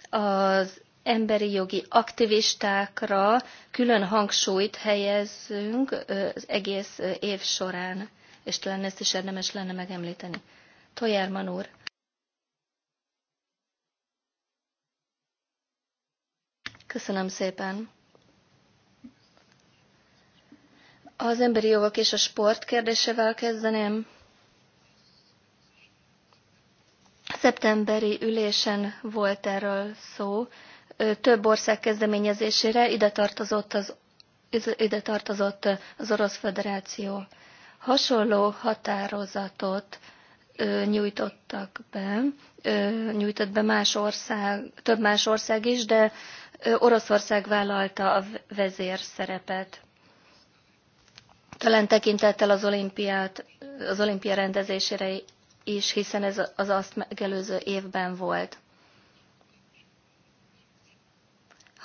az emberi jogi aktivistákra külön hangsúlyt helyezzünk az egész év során, és talán ezt is érdemes lenne megemlíteni. Tojárman úr. Köszönöm szépen. Az emberi jogok és a sport kérdésével kezdeném. szeptemberi ülésen volt erről szó, több ország kezdeményezésére ide tartozott az, ide tartozott az Orosz Föderáció. Hasonló határozatot nyújtottak be, nyújtott be más ország, több más ország is, de Oroszország vállalta a vezérszerepet. Talán tekintettel az, olimpiát, az olimpia rendezésére is, hiszen ez az azt megelőző évben volt.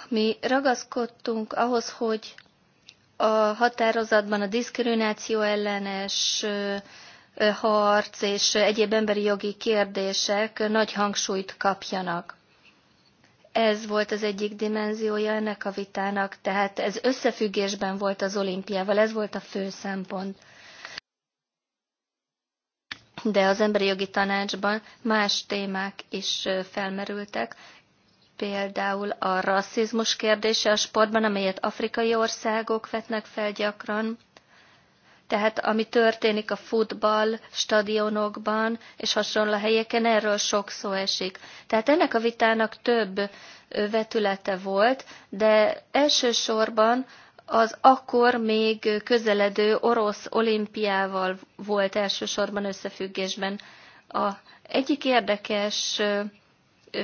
Mi ragaszkodtunk ahhoz, hogy a határozatban a diszkrimináció ellenes harc és egyéb emberi jogi kérdések nagy hangsúlyt kapjanak. Ez volt az egyik dimenziója ennek a vitának, tehát ez összefüggésben volt az olimpiával, ez volt a fő szempont de az emberi jogi tanácsban más témák is felmerültek, például a rasszizmus kérdése a sportban, amelyet afrikai országok vetnek fel gyakran, tehát ami történik a futball stadionokban és hasonló helyeken, erről sok szó esik. Tehát ennek a vitának több vetülete volt, de elsősorban az akkor még közeledő orosz olimpiával volt elsősorban összefüggésben. A egyik érdekes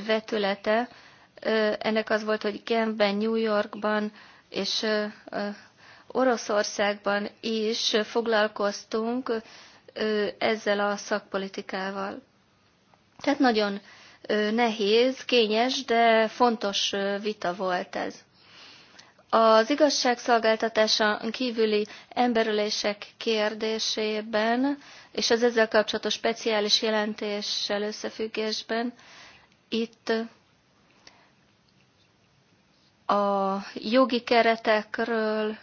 vetülete ennek az volt, hogy Genben, New Yorkban és Oroszországban is foglalkoztunk ezzel a szakpolitikával. Tehát nagyon nehéz, kényes, de fontos vita volt ez. Az igazságszolgáltatáson kívüli emberölések kérdésében és az ezzel kapcsolatos speciális jelentéssel összefüggésben itt a jogi keretekről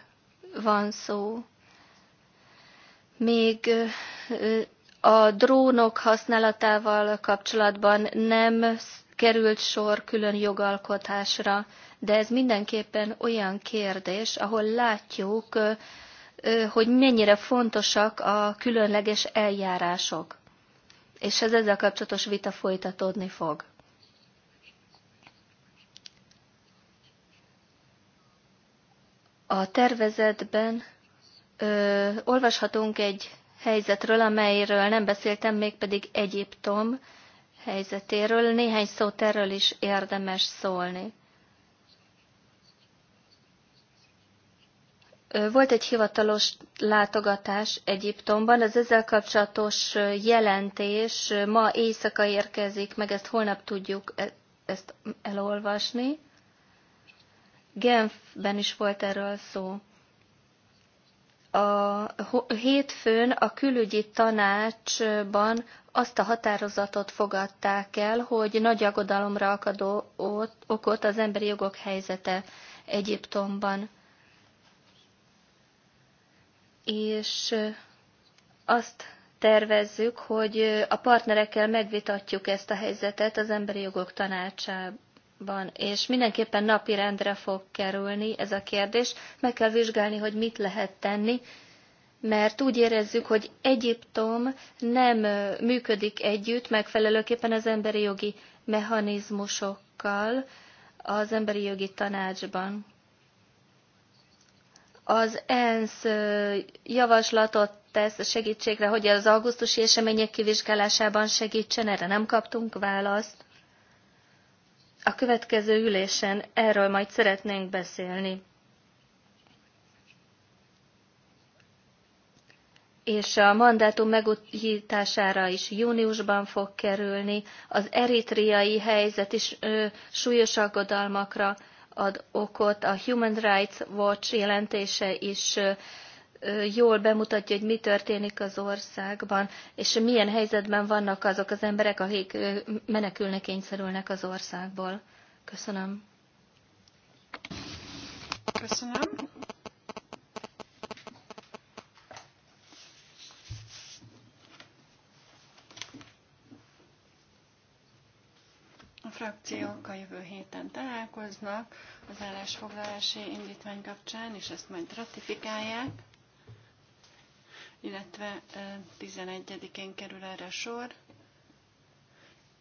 van szó, még a drónok használatával kapcsolatban nem került sor külön jogalkotásra, de ez mindenképpen olyan kérdés, ahol látjuk, hogy mennyire fontosak a különleges eljárások. És ez ezzel kapcsolatos vita folytatódni fog. A tervezetben ö, olvashatunk egy helyzetről, amelyről nem beszéltem, mégpedig Egyiptom, helyzetéről. Néhány szót erről is érdemes szólni. Volt egy hivatalos látogatás Egyiptomban, az ezzel kapcsolatos jelentés ma éjszaka érkezik, meg ezt holnap tudjuk e, ezt elolvasni. Genfben is volt erről szó a hétfőn a külügyi tanácsban azt a határozatot fogadták el, hogy nagy aggodalomra akadó okot az emberi jogok helyzete Egyiptomban. És azt tervezzük, hogy a partnerekkel megvitatjuk ezt a helyzetet az emberi jogok tanácsában van, és mindenképpen napi rendre fog kerülni ez a kérdés. Meg kell vizsgálni, hogy mit lehet tenni, mert úgy érezzük, hogy Egyiptom nem működik együtt megfelelőképpen az emberi jogi mechanizmusokkal az emberi jogi tanácsban. Az ENSZ javaslatot tesz segítségre, hogy az augusztusi események kivizsgálásában segítsen, erre nem kaptunk választ. A következő ülésen erről majd szeretnénk beszélni. és a mandátum megújítására is júniusban fog kerülni. Az eritriai helyzet is ö, súlyos aggodalmakra ad okot, a Human Rights Watch jelentése is jól bemutatja, hogy mi történik az országban, és milyen helyzetben vannak azok az emberek, akik menekülnek, kényszerülnek az országból. Köszönöm. Köszönöm. A frakciók a jövő héten találkoznak az állásfoglalási indítvány kapcsán, és ezt majd ratifikálják illetve 11-én kerül erre sor,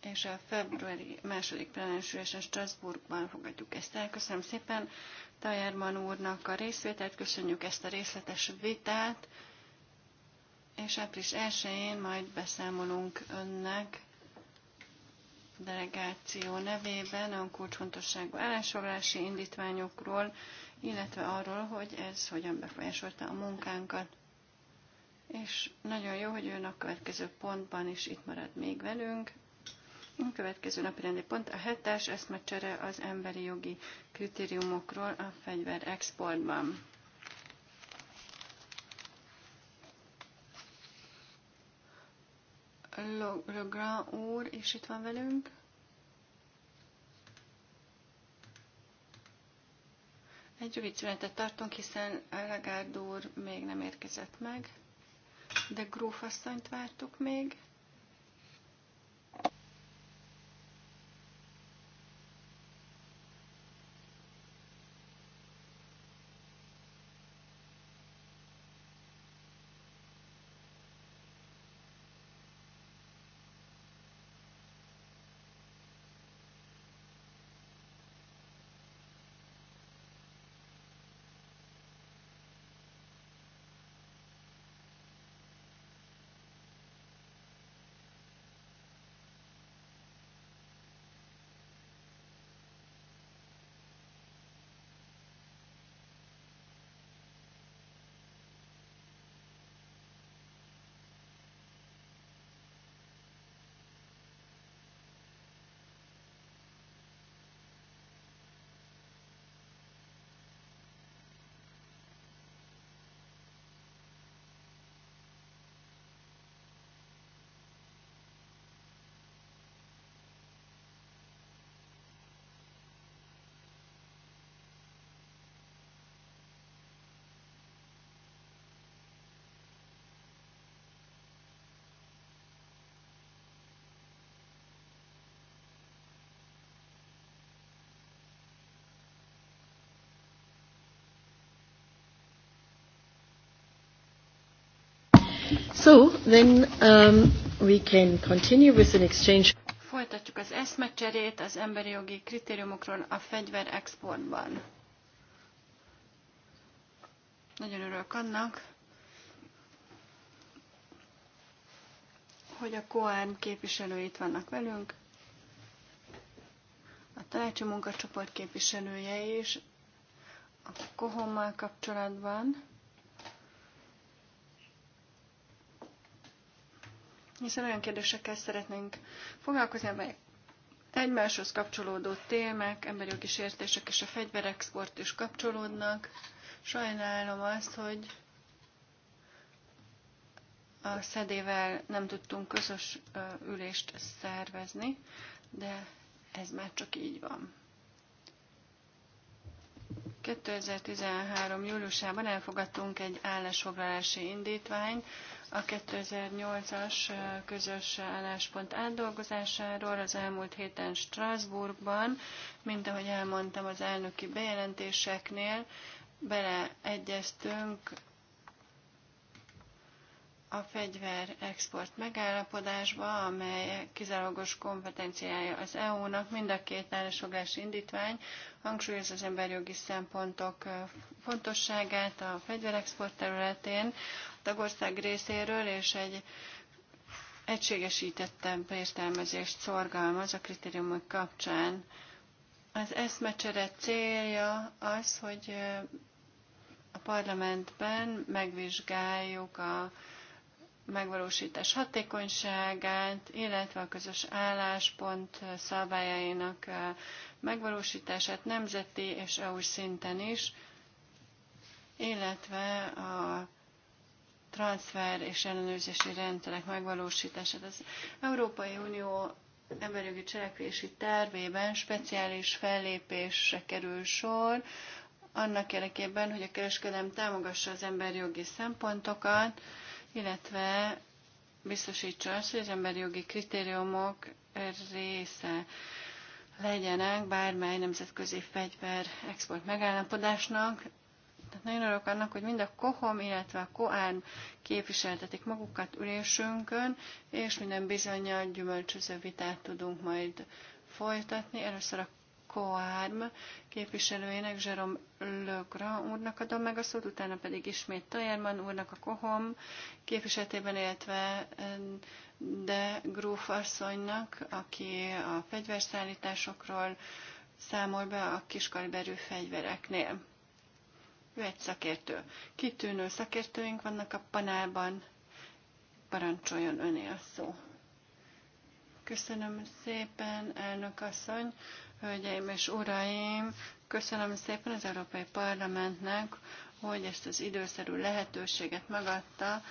és a februári második plenárisülésen Strasbourgban fogadjuk ezt el. Köszönöm szépen Tajerman úrnak a részvételt, köszönjük ezt a részletes vitát, és április 1-én majd beszámolunk önnek delegáció nevében a kulcsfontosságú állásfoglalási indítványokról, illetve arról, hogy ez hogyan befolyásolta a munkánkat és nagyon jó, hogy ön a következő pontban is itt marad még velünk. A következő napi rendi pont a hetes eszmecsere az emberi jogi kritériumokról a fegyver exportban. Le Grand úr is itt van velünk. Egy rövid szünetet tartunk, hiszen Legárd úr még nem érkezett meg de grófasszonyt vártuk még. So, then um, we can continue with an exchange. Folytatjuk az eszmecserét az emberi jogi kritériumokról a fegyver exportban. Nagyon örülök annak, hogy a Koán képviselői itt vannak velünk, a tanácsi munkacsoport képviselője is, a Kohommal kapcsolatban, hiszen olyan kérdésekkel szeretnénk foglalkozni, amelyek egymáshoz kapcsolódó témák, emberi jogi sértések és a fegyverexport is kapcsolódnak. Sajnálom azt, hogy a szedével nem tudtunk közös ülést szervezni, de ez már csak így van. 2013. júliusában elfogadtunk egy állásfoglalási indítványt, a 2008-as közös álláspont átdolgozásáról az elmúlt héten Strasbourgban, mint ahogy elmondtam az elnöki bejelentéseknél, beleegyeztünk a fegyver export megállapodásba, amely kizárólagos kompetenciája az EU-nak, mind a két állásfoglalási indítvány hangsúlyoz az emberjogi szempontok fontosságát a fegyverexport területén, tagország részéről, és egy egységesítettebb értelmezést szorgalmaz a kritériumok kapcsán. Az eszmecsere célja az, hogy a parlamentben megvizsgáljuk a megvalósítás hatékonyságát, illetve a közös álláspont szabályainak megvalósítását nemzeti és EU szinten is, illetve a transfer és ellenőrzési rendszerek megvalósítását. Az Európai Unió emberjogi cselekvési tervében speciális fellépésre kerül sor, annak érdekében, hogy a kereskedelem támogassa az emberjogi szempontokat, illetve biztosítsa azt, hogy az emberjogi kritériumok része legyenek bármely nemzetközi fegyver export megállapodásnak, tehát nagyon örülök annak, hogy mind a KOHOM, illetve a KOÁN képviseltetik magukat ülésünkön, és minden bizonyal gyümölcsöző vitát tudunk majd folytatni. Először a KOÁRM képviselőjének, Zserom Lögra úrnak adom meg a szót, utána pedig ismét Tajerman úrnak a KOHOM képviseletében, illetve eh, de Gróf asszonynak, aki a fegyverszállításokról számol be a kiskaliberű fegyvereknél. Ő egy szakértő. Kitűnő szakértőink vannak a panelban. Parancsoljon öné a szó. Köszönöm szépen, elnök asszony, hölgyeim és uraim, köszönöm szépen az Európai Parlamentnek, hogy ezt az időszerű lehetőséget megadta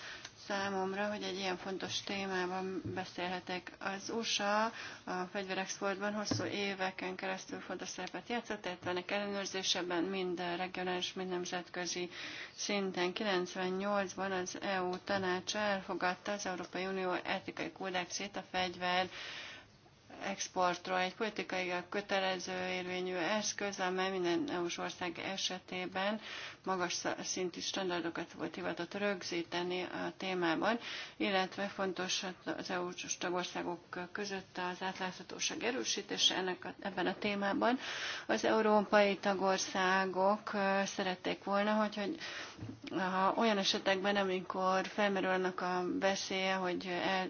számomra, hogy egy ilyen fontos témában beszélhetek. Az USA a fegyverexportban hosszú éveken keresztül fontos szerepet játszott, tehát ennek ellenőrzéseben mind regionális, mind nemzetközi szinten. 98-ban az EU tanácsa elfogadta az Európai Unió etikai kódexét a fegyver exportról egy politikai kötelező érvényű eszköz, amely minden EU-s ország esetében magas szintű standardokat volt hivatott rögzíteni a témában, illetve fontos hát az EU tagországok között az átláthatóság erősítése ennek a, ebben a témában. Az európai tagországok szerették volna, hogy, hogy ha olyan esetekben, amikor felmerül annak a veszélye, hogy el,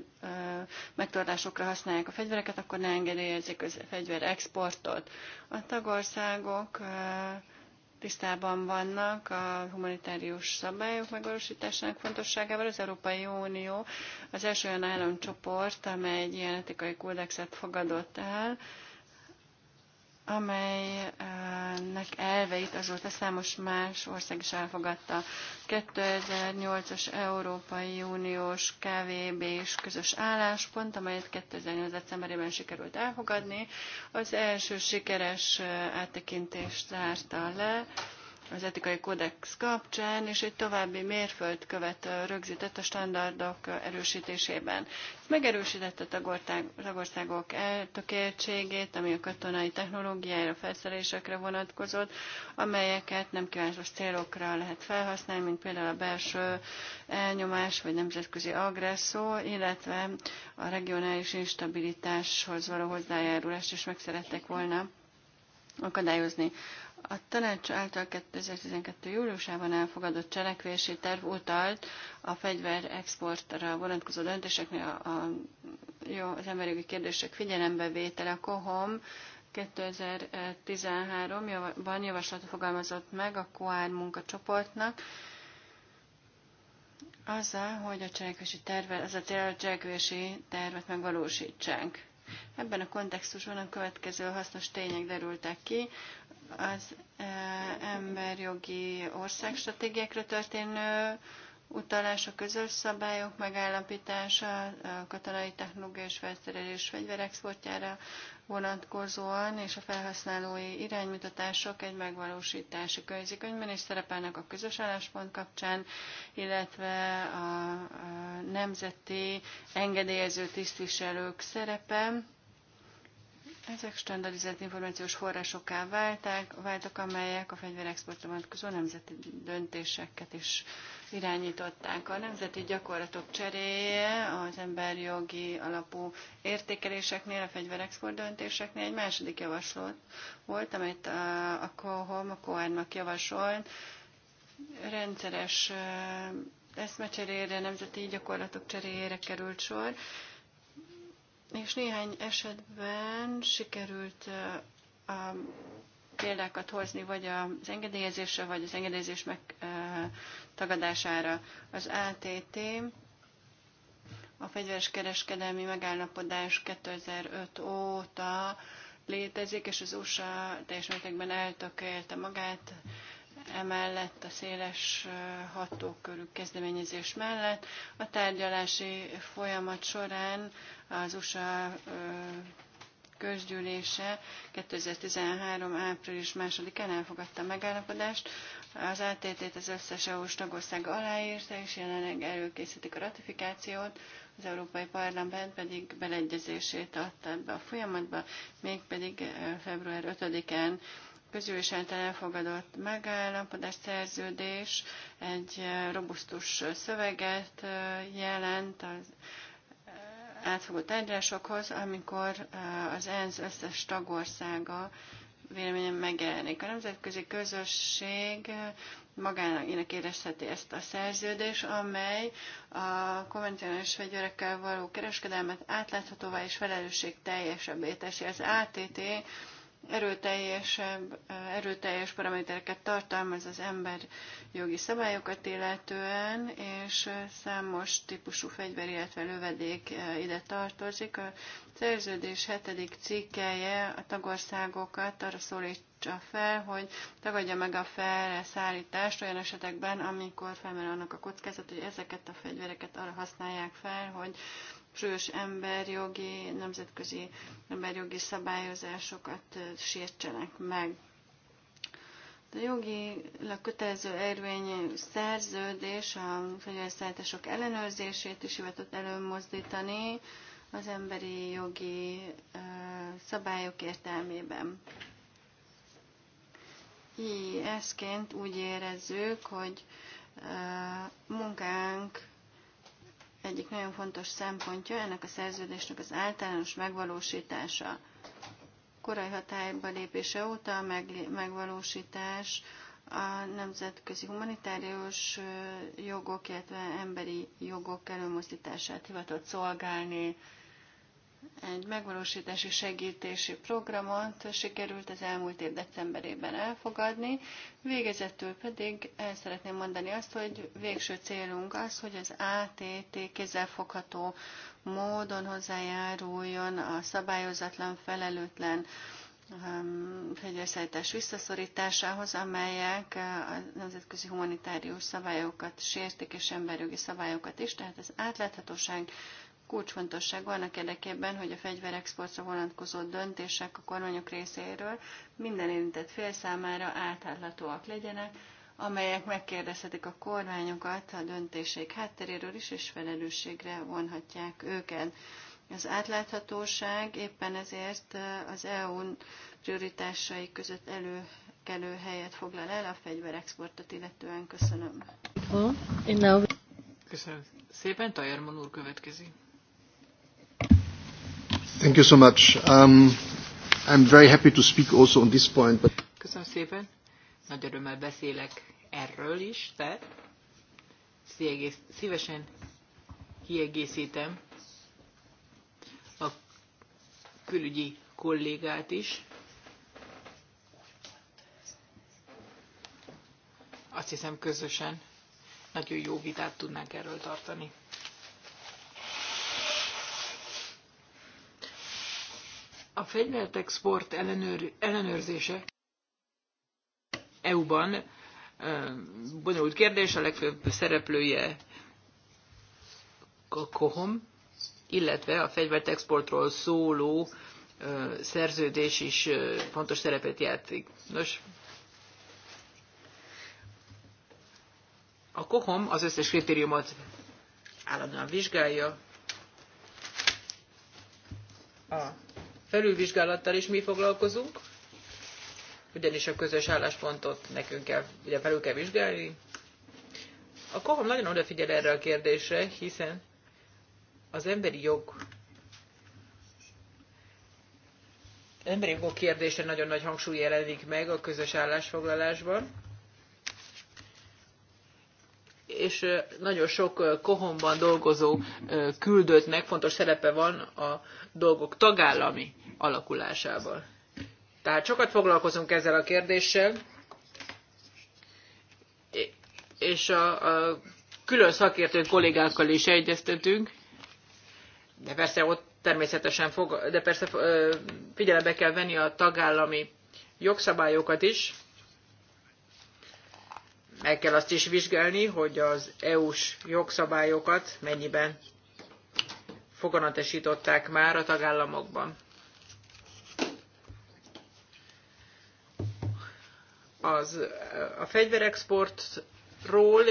megtorlásokra használják a fegyvereket, akkor ne engedélyezzék a fegyver exportot. A tagországok tisztában vannak a humanitárius szabályok megvalósításának fontosságával. Az Európai Unió az első olyan államcsoport, amely egy ilyen etikai kódexet fogadott el, amelynek elveit azóta számos más ország is elfogadta. 2008-as Európai Uniós KVB és közös álláspont, amelyet 2008. decemberében sikerült elfogadni, az első sikeres áttekintést zárta le, az etikai kódex kapcsán, és egy további mérföldkövet rögzített a standardok erősítésében. Ez megerősítette a tagországok eltökéltségét, ami a katonai technológiára, felszerelésekre vonatkozott, amelyeket nem kívánatos célokra lehet felhasználni, mint például a belső elnyomás vagy nemzetközi agresszó, illetve a regionális instabilitáshoz való hozzájárulást is meg szerettek volna akadályozni. A tanács által 2012. júliusában elfogadott cselekvési terv utalt a fegyver exportra vonatkozó döntéseknél a, a, jó, az emberi kérdések figyelembevétele. A COHOM 2013-ban javaslatot fogalmazott meg a COAR munkacsoportnak, azzal, hogy a cselekvési tervet, az a cél, a cselekvési tervet megvalósítsák. Ebben a kontextusban a következő hasznos tények derültek ki. Az eh, emberjogi országstratégiákra történő utalás, a közös szabályok megállapítása, a katonai technológia és felszerelés fegyverexportjára vonatkozóan, és a felhasználói iránymutatások egy megvalósítási könyvzikönyvben is szerepelnek a közös álláspont kapcsán, illetve a nemzeti engedélyező tisztviselők szerepe. Ezek standardizált információs forrásokká válták, váltak, amelyek a fegyverexportra vonatkozó nemzeti döntéseket is irányították. A nemzeti gyakorlatok cseréje az emberjogi alapú értékeléseknél, a fegyverexport döntéseknél egy második javaslat volt, amit a, a COHOM, a COHERMAK javasolt. Rendszeres eszmecserére, nemzeti gyakorlatok cseréjére került sor, és néhány esetben sikerült a példákat hozni, vagy az engedélyezésre, vagy az engedélyezés megtagadására. Az ATT, a fegyveres kereskedelmi megállapodás 2005 óta létezik, és az USA teljes mértékben eltökélte magát emellett a széles hatókörű kezdeményezés mellett. A tárgyalási folyamat során az USA közgyűlése 2013. április 2-án elfogadta a megállapodást. Az ATT-t az összes EU-s tagország aláírta, és jelenleg előkészítik a ratifikációt, az Európai Parlament pedig beleegyezését adta ebbe a folyamatba, mégpedig eh, február 5-án közülés által elfogadott megállapodás, szerződés egy eh, robusztus szöveget eh, jelent az átfogó tárgyalásokhoz, amikor eh, az ENSZ összes tagországa véleményem megjelenik. A nemzetközi közösség eh, magának érezheti ezt a szerződés, amely a konvencionális fegyverekkel való kereskedelmet átláthatóvá és felelősség teljesebbé teszi. Az ATT erőteljesebb, erőteljes paramétereket tartalmaz az ember jogi szabályokat illetően, és számos típusú fegyver, illetve lövedék ide tartozik. A szerződés hetedik cikkelje a tagországokat arra szólítsa fel, hogy tagadja meg a felszállítást olyan esetekben, amikor felmerül annak a kockázat, hogy ezeket a fegyvereket arra használják fel, hogy súlyos emberjogi, nemzetközi emberjogi szabályozásokat sértsenek meg. A jogi kötelező érvény szerződés a fegyverszállítások ellenőrzését is hivatott előmozdítani az emberi jogi szabályok értelmében. Így eszként úgy érezzük, hogy munkánk egyik nagyon fontos szempontja ennek a szerződésnek az általános megvalósítása. Korai hatályba lépése óta a meg, megvalósítás a nemzetközi humanitárius jogok, illetve emberi jogok előmozdítását hivatott szolgálni egy megvalósítási segítési programot sikerült az elmúlt év decemberében elfogadni. Végezetül pedig el szeretném mondani azt, hogy végső célunk az, hogy az ATT kézzelfogható módon hozzájáruljon a szabályozatlan, felelőtlen um, fegyverszállítás visszaszorításához, amelyek a nemzetközi humanitárius szabályokat sértik és emberjogi szabályokat is, tehát az átláthatóság, kulcsfontosságú annak érdekében, hogy a fegyverexportra vonatkozó döntések a kormányok részéről minden érintett fél számára átláthatóak legyenek, amelyek megkérdezhetik a kormányokat a döntéseik hátteréről is, és felelősségre vonhatják őket. Az átláthatóság éppen ezért az EU-n prioritásai között előkelő helyet foglal el a fegyverexportot illetően. Köszönöm. Köszönöm. Szépen Tajerman úr következik. Köszönöm szépen. Nagy örömmel beszélek erről is, de szívesen kiegészítem a külügyi kollégát is. Azt hiszem közösen nagyon jó vitát tudnánk erről tartani. A fegyvert ellenőr, ellenőrzése EU-ban bonyolult kérdés, a legfőbb szereplője a COHOM, illetve a fegyvert szóló szerződés is fontos szerepet játszik. Nos, a COHOM az összes kritériumot állandóan vizsgálja, a felülvizsgálattal is mi foglalkozunk, ugyanis a közös álláspontot nekünk kell, ugye felül kell vizsgálni. A kohom nagyon odafigyel erre a kérdésre, hiszen az emberi jog emberi jogok kérdése nagyon nagy hangsúly jelenik meg a közös állásfoglalásban. És nagyon sok kohomban dolgozó küldöttnek fontos szerepe van a dolgok tagállami alakulásával. Tehát sokat foglalkozunk ezzel a kérdéssel, és a, a külön szakértő kollégákkal is egyeztetünk, de persze ott természetesen fog, de persze figyelembe kell venni a tagállami jogszabályokat is, meg kell azt is vizsgálni, hogy az EU-s jogszabályokat mennyiben foganatosították már a tagállamokban. az, a fegyverexportról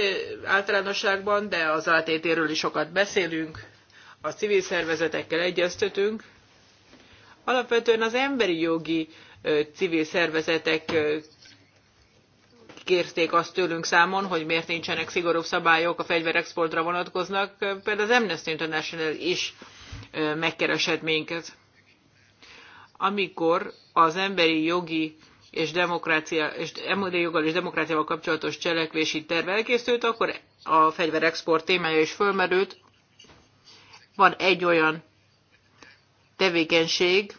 általánosságban, de az ATT-ről is sokat beszélünk, a civil szervezetekkel egyeztetünk. Alapvetően az emberi jogi civil szervezetek kérték azt tőlünk számon, hogy miért nincsenek szigorúbb szabályok a fegyverexportra vonatkoznak. Például az Amnesty International is megkeresett minket. Amikor az emberi jogi és demokrácia, és emberi joggal és demokráciával kapcsolatos cselekvési terv elkészült, akkor a fegyverexport témája is fölmerült. Van egy olyan tevékenység,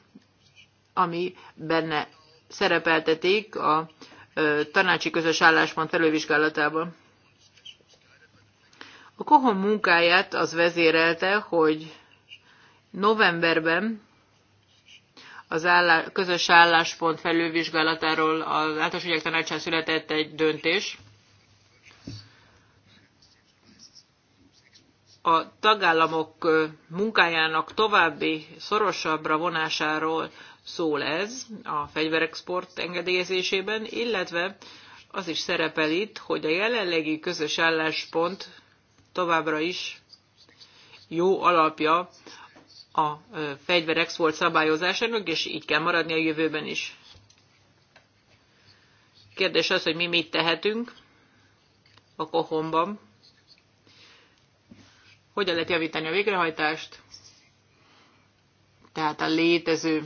ami benne szerepeltetik a tanácsi közös álláspont felővizsgálatában. A Kohon munkáját az vezérelte, hogy novemberben az állá, közös álláspont felülvizsgálatáról az általános ügyek tanácsán született egy döntés. A tagállamok munkájának további szorosabbra vonásáról szól ez a fegyverexport engedélyezésében, illetve az is szerepel itt, hogy a jelenlegi közös álláspont továbbra is jó alapja a fegyverexport szabályozásának, és így kell maradni a jövőben is. Kérdés az, hogy mi mit tehetünk a kohomban. Hogyan lehet javítani a végrehajtást? Tehát a létező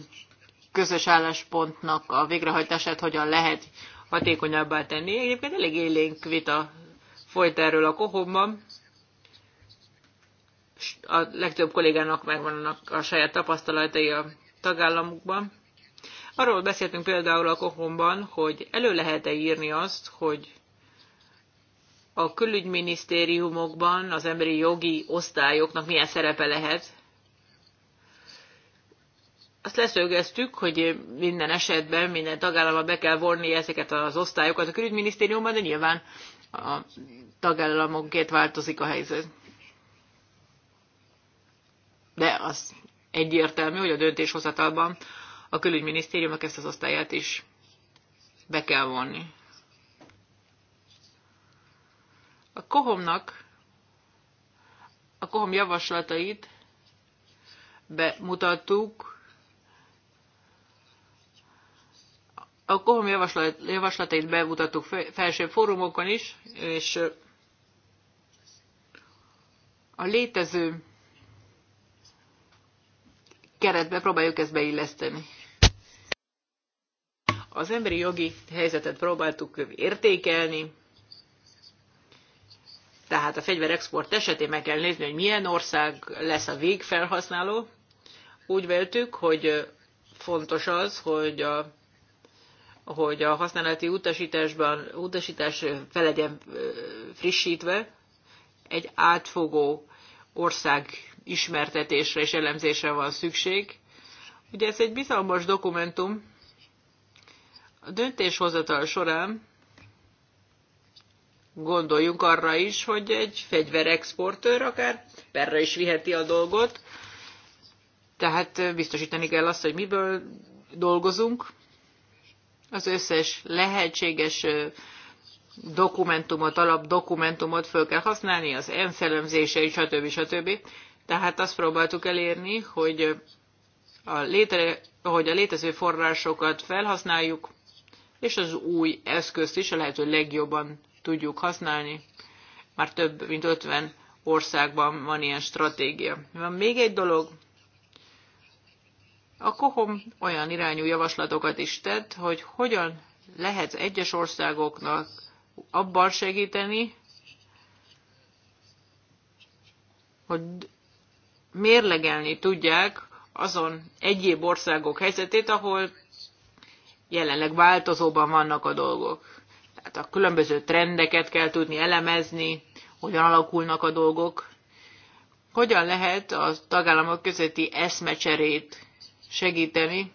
közös álláspontnak a végrehajtását hogyan lehet hatékonyabbá tenni. Egyébként elég élénk vita folyt erről a kohomban a legtöbb kollégának megvannak a saját tapasztalatai a tagállamokban. Arról beszéltünk például a Kohomban, hogy elő lehet-e írni azt, hogy a külügyminisztériumokban az emberi jogi osztályoknak milyen szerepe lehet. Azt leszögeztük, hogy minden esetben, minden tagállamban be kell vonni ezeket az osztályokat a külügyminisztériumban, de nyilván a tagállamokért változik a helyzet de az egyértelmű, hogy a döntéshozatalban a külügyminisztériumnak ezt az osztályát is be kell vonni. A kohomnak a kohom javaslatait bemutattuk, a kohom javaslat, javaslatait bemutattuk felső fórumokon is, és a létező keretbe próbáljuk ezt beilleszteni. Az emberi jogi helyzetet próbáltuk értékelni, tehát a fegyverexport esetén meg kell nézni, hogy milyen ország lesz a végfelhasználó. Úgy véltük, hogy fontos az, hogy a, hogy a használati utasításban, utasítás fel legyen frissítve, egy átfogó ország ismertetésre és elemzésre van szükség. Ugye ez egy bizalmas dokumentum. A döntéshozatal során gondoljunk arra is, hogy egy fegyverexportőr akár perre is viheti a dolgot, tehát biztosítani kell azt, hogy miből dolgozunk. Az összes lehetséges dokumentumot, alapdokumentumot föl kell használni, az ENSZ elemzése, stb. stb. Tehát azt próbáltuk elérni, hogy a, létre, hogy a létező forrásokat felhasználjuk, és az új eszközt is a lehető legjobban tudjuk használni. Már több mint 50 országban van ilyen stratégia. Van még egy dolog, a COHOM olyan irányú javaslatokat is tett, hogy hogyan lehet egyes országoknak abban segíteni, hogy mérlegelni tudják azon egyéb országok helyzetét, ahol jelenleg változóban vannak a dolgok. Tehát a különböző trendeket kell tudni elemezni, hogyan alakulnak a dolgok, hogyan lehet a tagállamok közötti eszmecserét segíteni,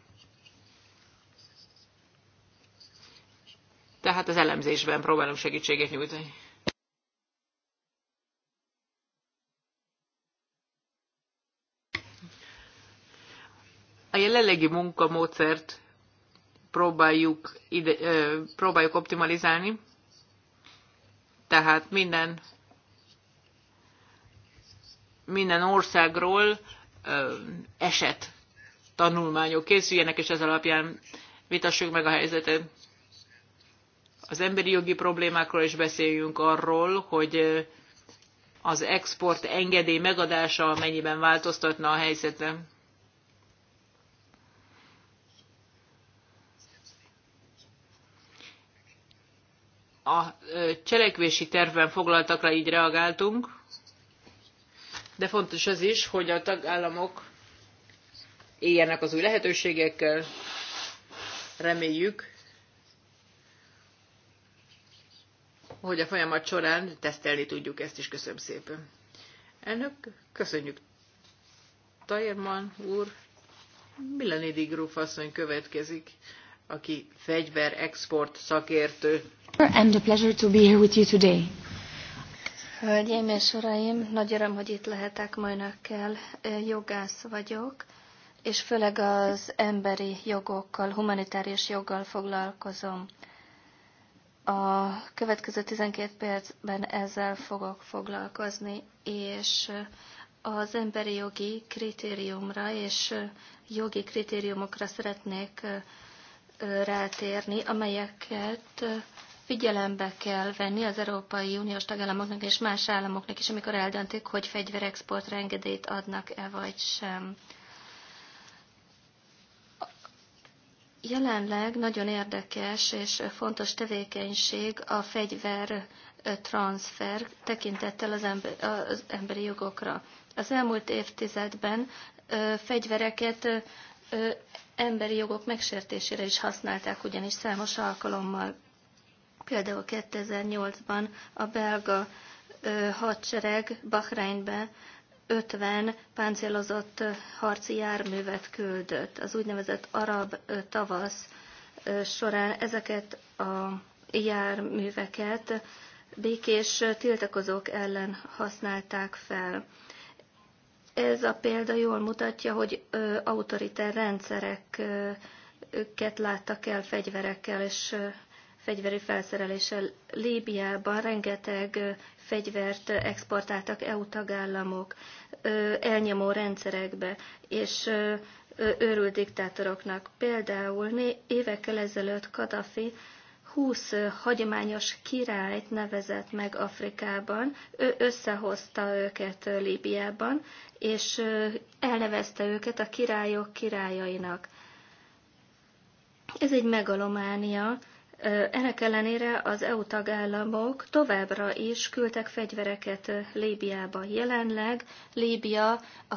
tehát az elemzésben próbálom segítséget nyújtani. A jelenlegi munkamódszert próbáljuk, ide, próbáljuk optimalizálni, tehát minden, minden országról eset tanulmányok készüljenek, és ez alapján vitassuk meg a helyzetet. Az emberi jogi problémákról is beszéljünk arról, hogy az export engedély megadása mennyiben változtatna a helyzetet. a cselekvési tervben foglaltakra így reagáltunk, de fontos az is, hogy a tagállamok éljenek az új lehetőségekkel. Reméljük, hogy a folyamat során tesztelni tudjuk ezt is. Köszönöm szépen. Elnök, köszönjük. Tajerman úr, Milanidi Digróf asszony következik aki fegyver export szakértő. And a pleasure to be here with you today. Hölgyeim és uraim, nagy öröm, hogy itt lehetek ma önökkel. Jogász vagyok, és főleg az emberi jogokkal, humanitárius joggal foglalkozom. A következő 12 percben ezzel fogok foglalkozni, és az emberi jogi kritériumra és jogi kritériumokra szeretnék rátérni, amelyeket figyelembe kell venni az Európai Uniós tagállamoknak és más államoknak is, amikor eldöntik, hogy fegyverexportra engedélyt adnak-e vagy sem. Jelenleg nagyon érdekes és fontos tevékenység a fegyver transfer tekintettel az, ember, az emberi jogokra. Az elmúlt évtizedben fegyvereket emberi jogok megsértésére is használták ugyanis számos alkalommal. Például 2008-ban a belga ö, hadsereg Bahreinbe 50 páncélozott harci járművet küldött. Az úgynevezett arab tavasz során ezeket a járműveket békés tiltakozók ellen használták fel. Ez a példa jól mutatja, hogy autoritár rendszereket láttak el fegyverekkel és fegyveri felszereléssel. Líbiában rengeteg fegyvert exportáltak EU tagállamok elnyomó rendszerekbe, és őrült diktátoroknak. Például évekkel ezelőtt Kadafi 20 hagyományos királyt nevezett meg Afrikában, ő összehozta őket Líbiában, és elnevezte őket a királyok királyainak. Ez egy megalománia, ennek ellenére az EU tagállamok továbbra is küldtek fegyvereket Líbiába. Jelenleg Líbia a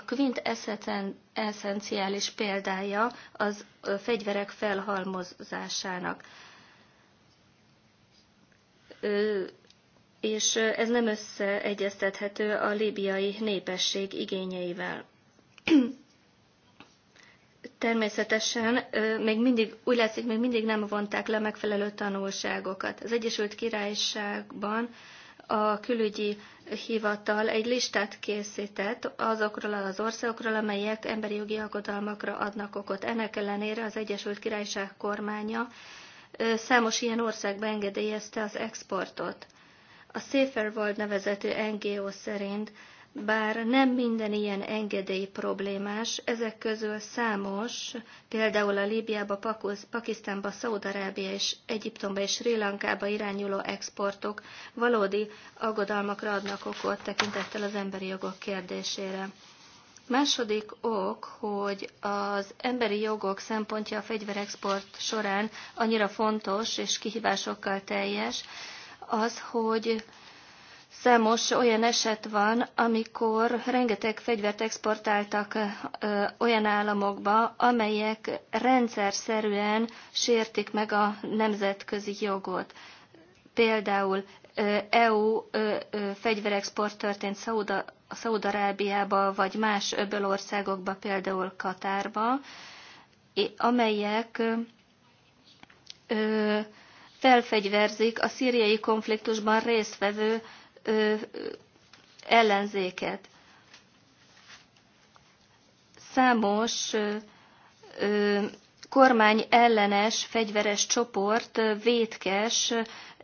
eszenciális példája az fegyverek felhalmozásának és ez nem összeegyeztethető a líbiai népesség igényeivel. [clears throat] Természetesen még mindig, úgy látszik, még mindig nem vonták le megfelelő tanulságokat. Az Egyesült Királyságban a külügyi hivatal egy listát készített azokról az országokról, amelyek emberi jogi aggodalmakra adnak okot. Ennek ellenére az Egyesült Királyság kormánya számos ilyen ország engedélyezte az exportot. A Safer World nevezető NGO szerint, bár nem minden ilyen engedély problémás, ezek közül számos, például a Líbiába, Pakusz, Pakisztánba, Szaudarábia és Egyiptomba és Sri Lankába irányuló exportok valódi aggodalmakra adnak okot tekintettel az emberi jogok kérdésére. Második ok, hogy az emberi jogok szempontja a fegyverexport során annyira fontos és kihívásokkal teljes, az, hogy számos olyan eset van, amikor rengeteg fegyvert exportáltak olyan államokba, amelyek rendszer szerűen sértik meg a nemzetközi jogot. Például EU fegyverexport történt Szauda, a szaúd vagy más öböl országokba, például Katárba, amelyek ö, felfegyverzik a szíriai konfliktusban résztvevő ö, ellenzéket. Számos ö, kormány ellenes fegyveres csoport vétkes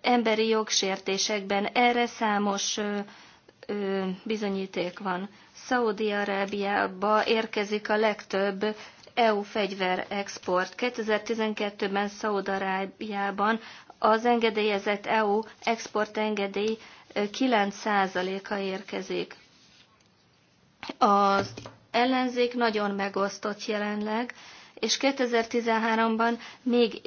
emberi jogsértésekben. Erre számos bizonyíték van. Szaudi-Arábiába érkezik a legtöbb EU fegyver export. 2012-ben Szaudarábiában az engedélyezett EU exportengedély 9%-a érkezik. Az ellenzék nagyon megosztott jelenleg, és 2013-ban még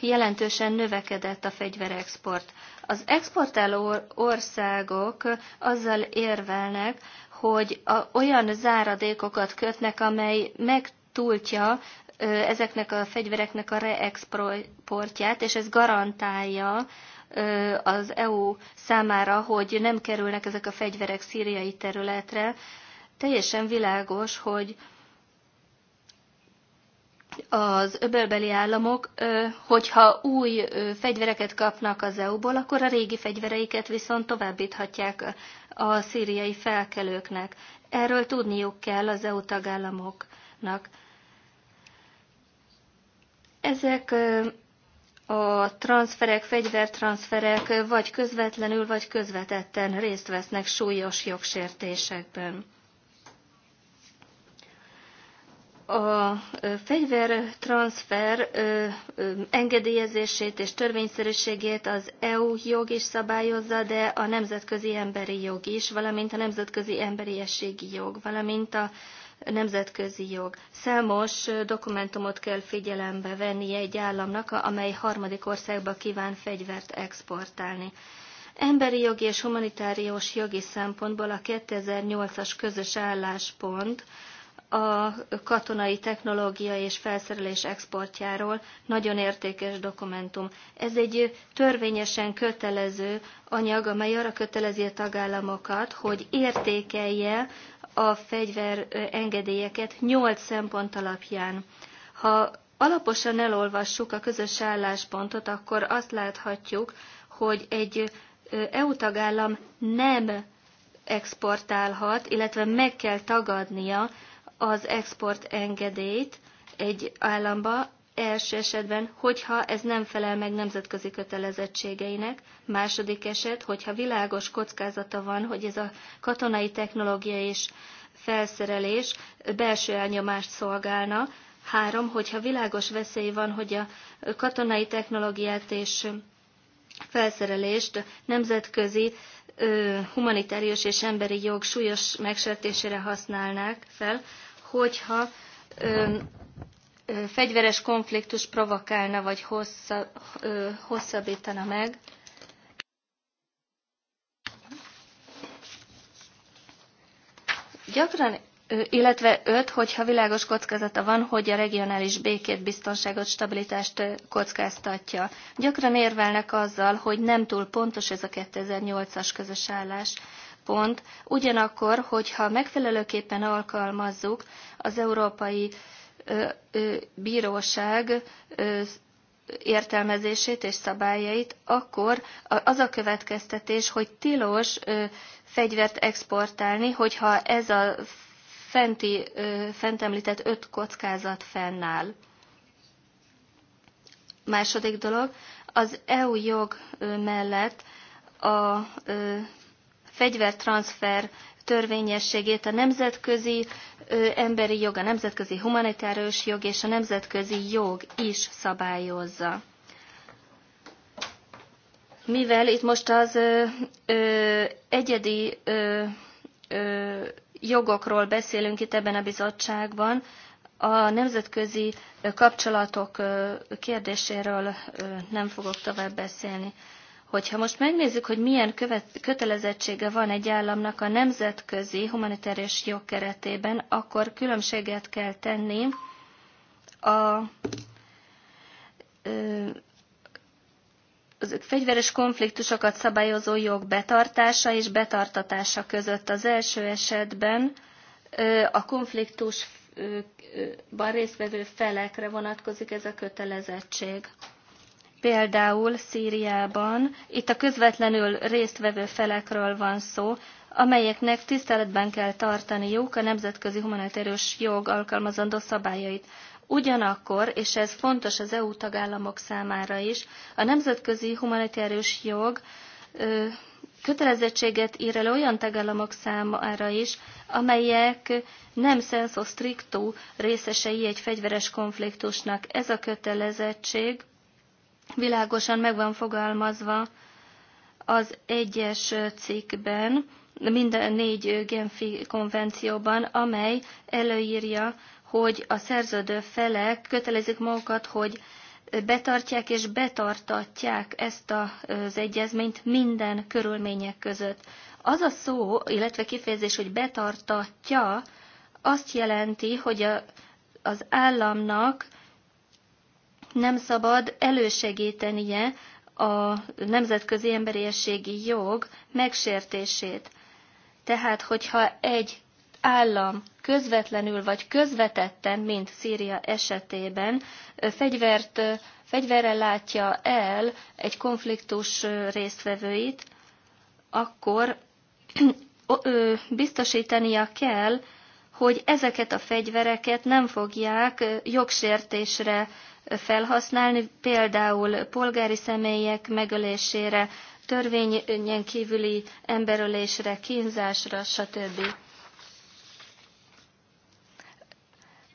jelentősen növekedett a fegyverexport. Az exportáló országok azzal érvelnek, hogy a, olyan záradékokat kötnek, amely megtúltja ezeknek a fegyvereknek a reexportját, és ez garantálja az EU számára, hogy nem kerülnek ezek a fegyverek szíriai területre. Teljesen világos, hogy az öbölbeli államok, hogyha új fegyvereket kapnak az EU-ból, akkor a régi fegyvereiket viszont továbbíthatják a szíriai felkelőknek. Erről tudniuk kell az EU tagállamoknak. Ezek a transferek, fegyvertranszferek vagy közvetlenül, vagy közvetetten részt vesznek súlyos jogsértésekben. a fegyvertranszfer engedélyezését és törvényszerűségét az EU jog is szabályozza, de a nemzetközi emberi jog is, valamint a nemzetközi emberiességi jog, valamint a nemzetközi jog. Számos dokumentumot kell figyelembe venni egy államnak, amely harmadik országba kíván fegyvert exportálni. Emberi jogi és humanitárius jogi szempontból a 2008-as közös álláspont, a katonai technológia és felszerelés exportjáról. Nagyon értékes dokumentum. Ez egy törvényesen kötelező anyag, amely arra kötelezi a tagállamokat, hogy értékelje a engedélyeket nyolc szempont alapján. Ha alaposan elolvassuk a közös álláspontot, akkor azt láthatjuk, hogy egy EU tagállam nem exportálhat, illetve meg kell tagadnia az export engedélyt egy államba, első esetben, hogyha ez nem felel meg nemzetközi kötelezettségeinek, második eset, hogyha világos kockázata van, hogy ez a katonai technológia és felszerelés belső elnyomást szolgálna, három, hogyha világos veszély van, hogy a katonai technológiát és felszerelést nemzetközi humanitárius és emberi jog súlyos megsértésére használnák fel, hogyha ö, ö, fegyveres konfliktus provokálna, vagy hossza, ö, hosszabbítana meg. Gyakran, illetve öt, hogyha világos kockázata van, hogy a regionális békét, biztonságot, stabilitást kockáztatja. Gyakran érvelnek azzal, hogy nem túl pontos ez a 2008-as közös állás pont, ugyanakkor, hogyha megfelelőképpen alkalmazzuk az Európai Bíróság értelmezését és szabályait, akkor az a következtetés, hogy tilos fegyvert exportálni, hogyha ez a fenti, fent említett öt kockázat fennáll. Második dolog, az EU jog mellett a fegyvertranszfer törvényességét a nemzetközi ö, emberi jog, a nemzetközi humanitárius jog és a nemzetközi jog is szabályozza. Mivel itt most az ö, ö, egyedi ö, ö, jogokról beszélünk itt ebben a bizottságban, a nemzetközi kapcsolatok kérdéséről nem fogok tovább beszélni. Hogyha most megnézzük, hogy milyen követ, kötelezettsége van egy államnak a nemzetközi humanitárius jog keretében, akkor különbséget kell tenni a az fegyveres konfliktusokat szabályozó jog betartása és betartatása között. Az első esetben a konfliktusban résztvevő felekre vonatkozik ez a kötelezettség például Szíriában. Itt a közvetlenül résztvevő felekről van szó, amelyeknek tiszteletben kell tartaniuk a nemzetközi humanitárius jog alkalmazandó szabályait. Ugyanakkor, és ez fontos az EU tagállamok számára is, a nemzetközi humanitárius jog ö, kötelezettséget ír el olyan tagállamok számára is, amelyek nem senso strictu részesei egy fegyveres konfliktusnak. Ez a kötelezettség világosan meg van fogalmazva az egyes cikkben, minden négy Genfi konvencióban, amely előírja, hogy a szerződő felek kötelezik magukat, hogy betartják és betartatják ezt az egyezményt minden körülmények között. Az a szó, illetve kifejezés, hogy betartatja, azt jelenti, hogy a, az államnak nem szabad elősegítenie a nemzetközi emberiességi jog megsértését. Tehát, hogyha egy állam közvetlenül vagy közvetetten, mint Szíria esetében, fegyvert, fegyverrel látja el egy konfliktus résztvevőit, akkor [clears throat] biztosítania kell, hogy ezeket a fegyvereket nem fogják jogsértésre felhasználni, például polgári személyek megölésére, törvényen kívüli emberölésre, kínzásra, stb.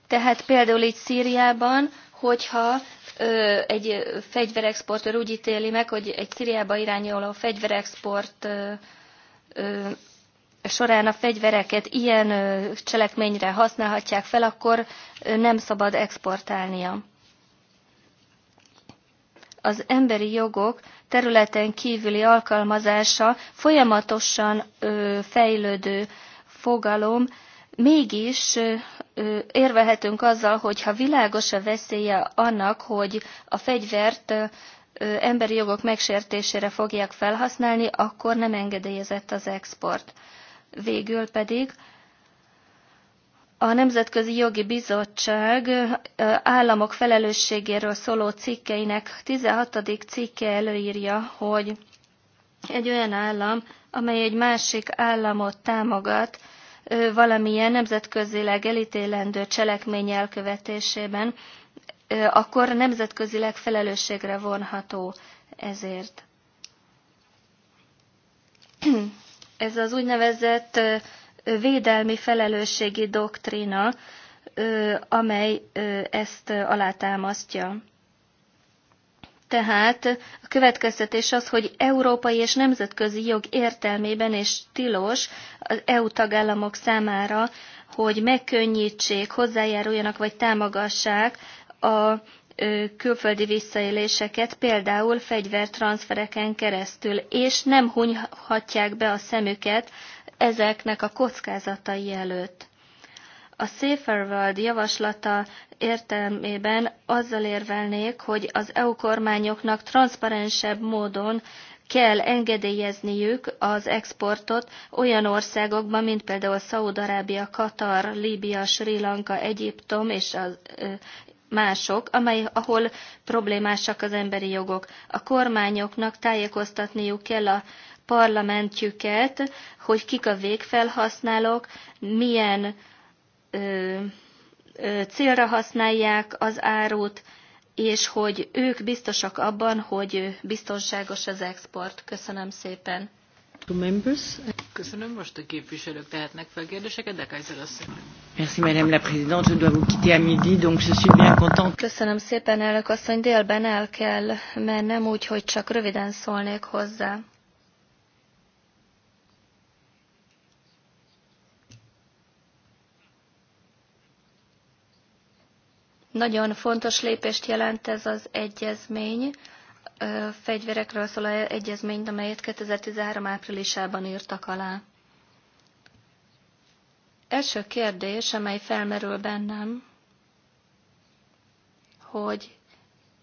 Tehát például itt Szíriában, hogyha ö, egy fegyverexportőr úgy ítéli meg, hogy egy Szíriába irányuló fegyverexport ö, ö, során a fegyvereket ilyen ö, cselekményre használhatják fel, akkor ö, nem szabad exportálnia az emberi jogok területen kívüli alkalmazása folyamatosan fejlődő fogalom, mégis érvehetünk azzal, hogyha világos a veszélye annak, hogy a fegyvert emberi jogok megsértésére fogják felhasználni, akkor nem engedélyezett az export. Végül pedig a Nemzetközi Jogi Bizottság államok felelősségéről szóló cikkeinek 16. cikke előírja, hogy egy olyan állam, amely egy másik államot támogat valamilyen nemzetközileg elítélendő cselekmény elkövetésében, akkor nemzetközileg felelősségre vonható ezért. Ez az úgynevezett védelmi felelősségi doktrína, amely ezt alátámasztja. Tehát a következtetés az, hogy európai és nemzetközi jog értelmében és tilos az EU tagállamok számára, hogy megkönnyítsék, hozzájáruljanak vagy támogassák a külföldi visszaéléseket, például fegyvertranszfereken keresztül, és nem hunyhatják be a szemüket ezeknek a kockázatai előtt. A Safer World javaslata értelmében azzal érvelnék, hogy az EU kormányoknak transzparensebb módon kell engedélyezniük az exportot olyan országokba, mint például Szaúd-Arábia, Katar, Líbia, Sri Lanka, Egyiptom és az, mások, amely, ahol problémásak az emberi jogok. A kormányoknak tájékoztatniuk kell a parlamentjüket, hogy kik a végfelhasználók, milyen ö, ö, célra használják az árut, és hogy ők biztosak abban, hogy biztonságos az export. Köszönöm szépen. Köszönöm, most a képviselők tehetnek fel kérdéseket, de Kaiser asszony. Merci Madame la Présidente, je dois vous quitter à midi, donc je suis bien contente. Köszönöm szépen, elnök asszony, délben el kell mennem, úgyhogy csak röviden szólnék hozzá. Nagyon fontos lépést jelent ez az egyezmény, fegyverekről szóló egyezményt, amelyet 2013 áprilisában írtak alá. Első kérdés, amely felmerül bennem, hogy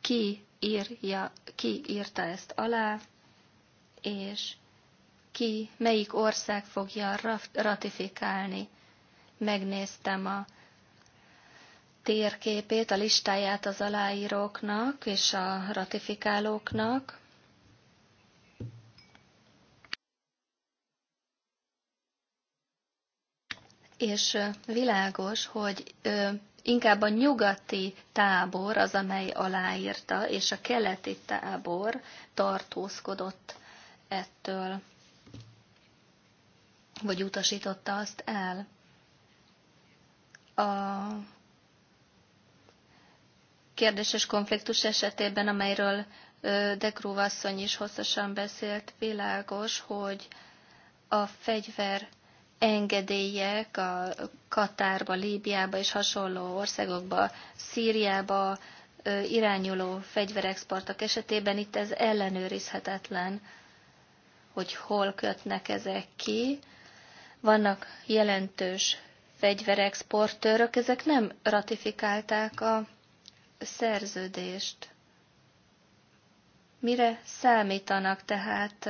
ki, írja, ki írta ezt alá, és ki, melyik ország fogja ratifikálni. Megnéztem a térképét, a listáját az aláíróknak és a ratifikálóknak. És világos, hogy inkább a nyugati tábor az, amely aláírta, és a keleti tábor tartózkodott ettől, vagy utasította azt el. A kérdéses konfliktus esetében, amelyről de Grúva asszony is hosszasan beszélt, világos, hogy a fegyver engedélyek a Katárba, Líbiába és hasonló országokba, Szíriába irányuló fegyverexportok esetében itt ez ellenőrizhetetlen, hogy hol kötnek ezek ki. Vannak jelentős fegyverexportőrök, ezek nem ratifikálták a szerződést. Mire számítanak tehát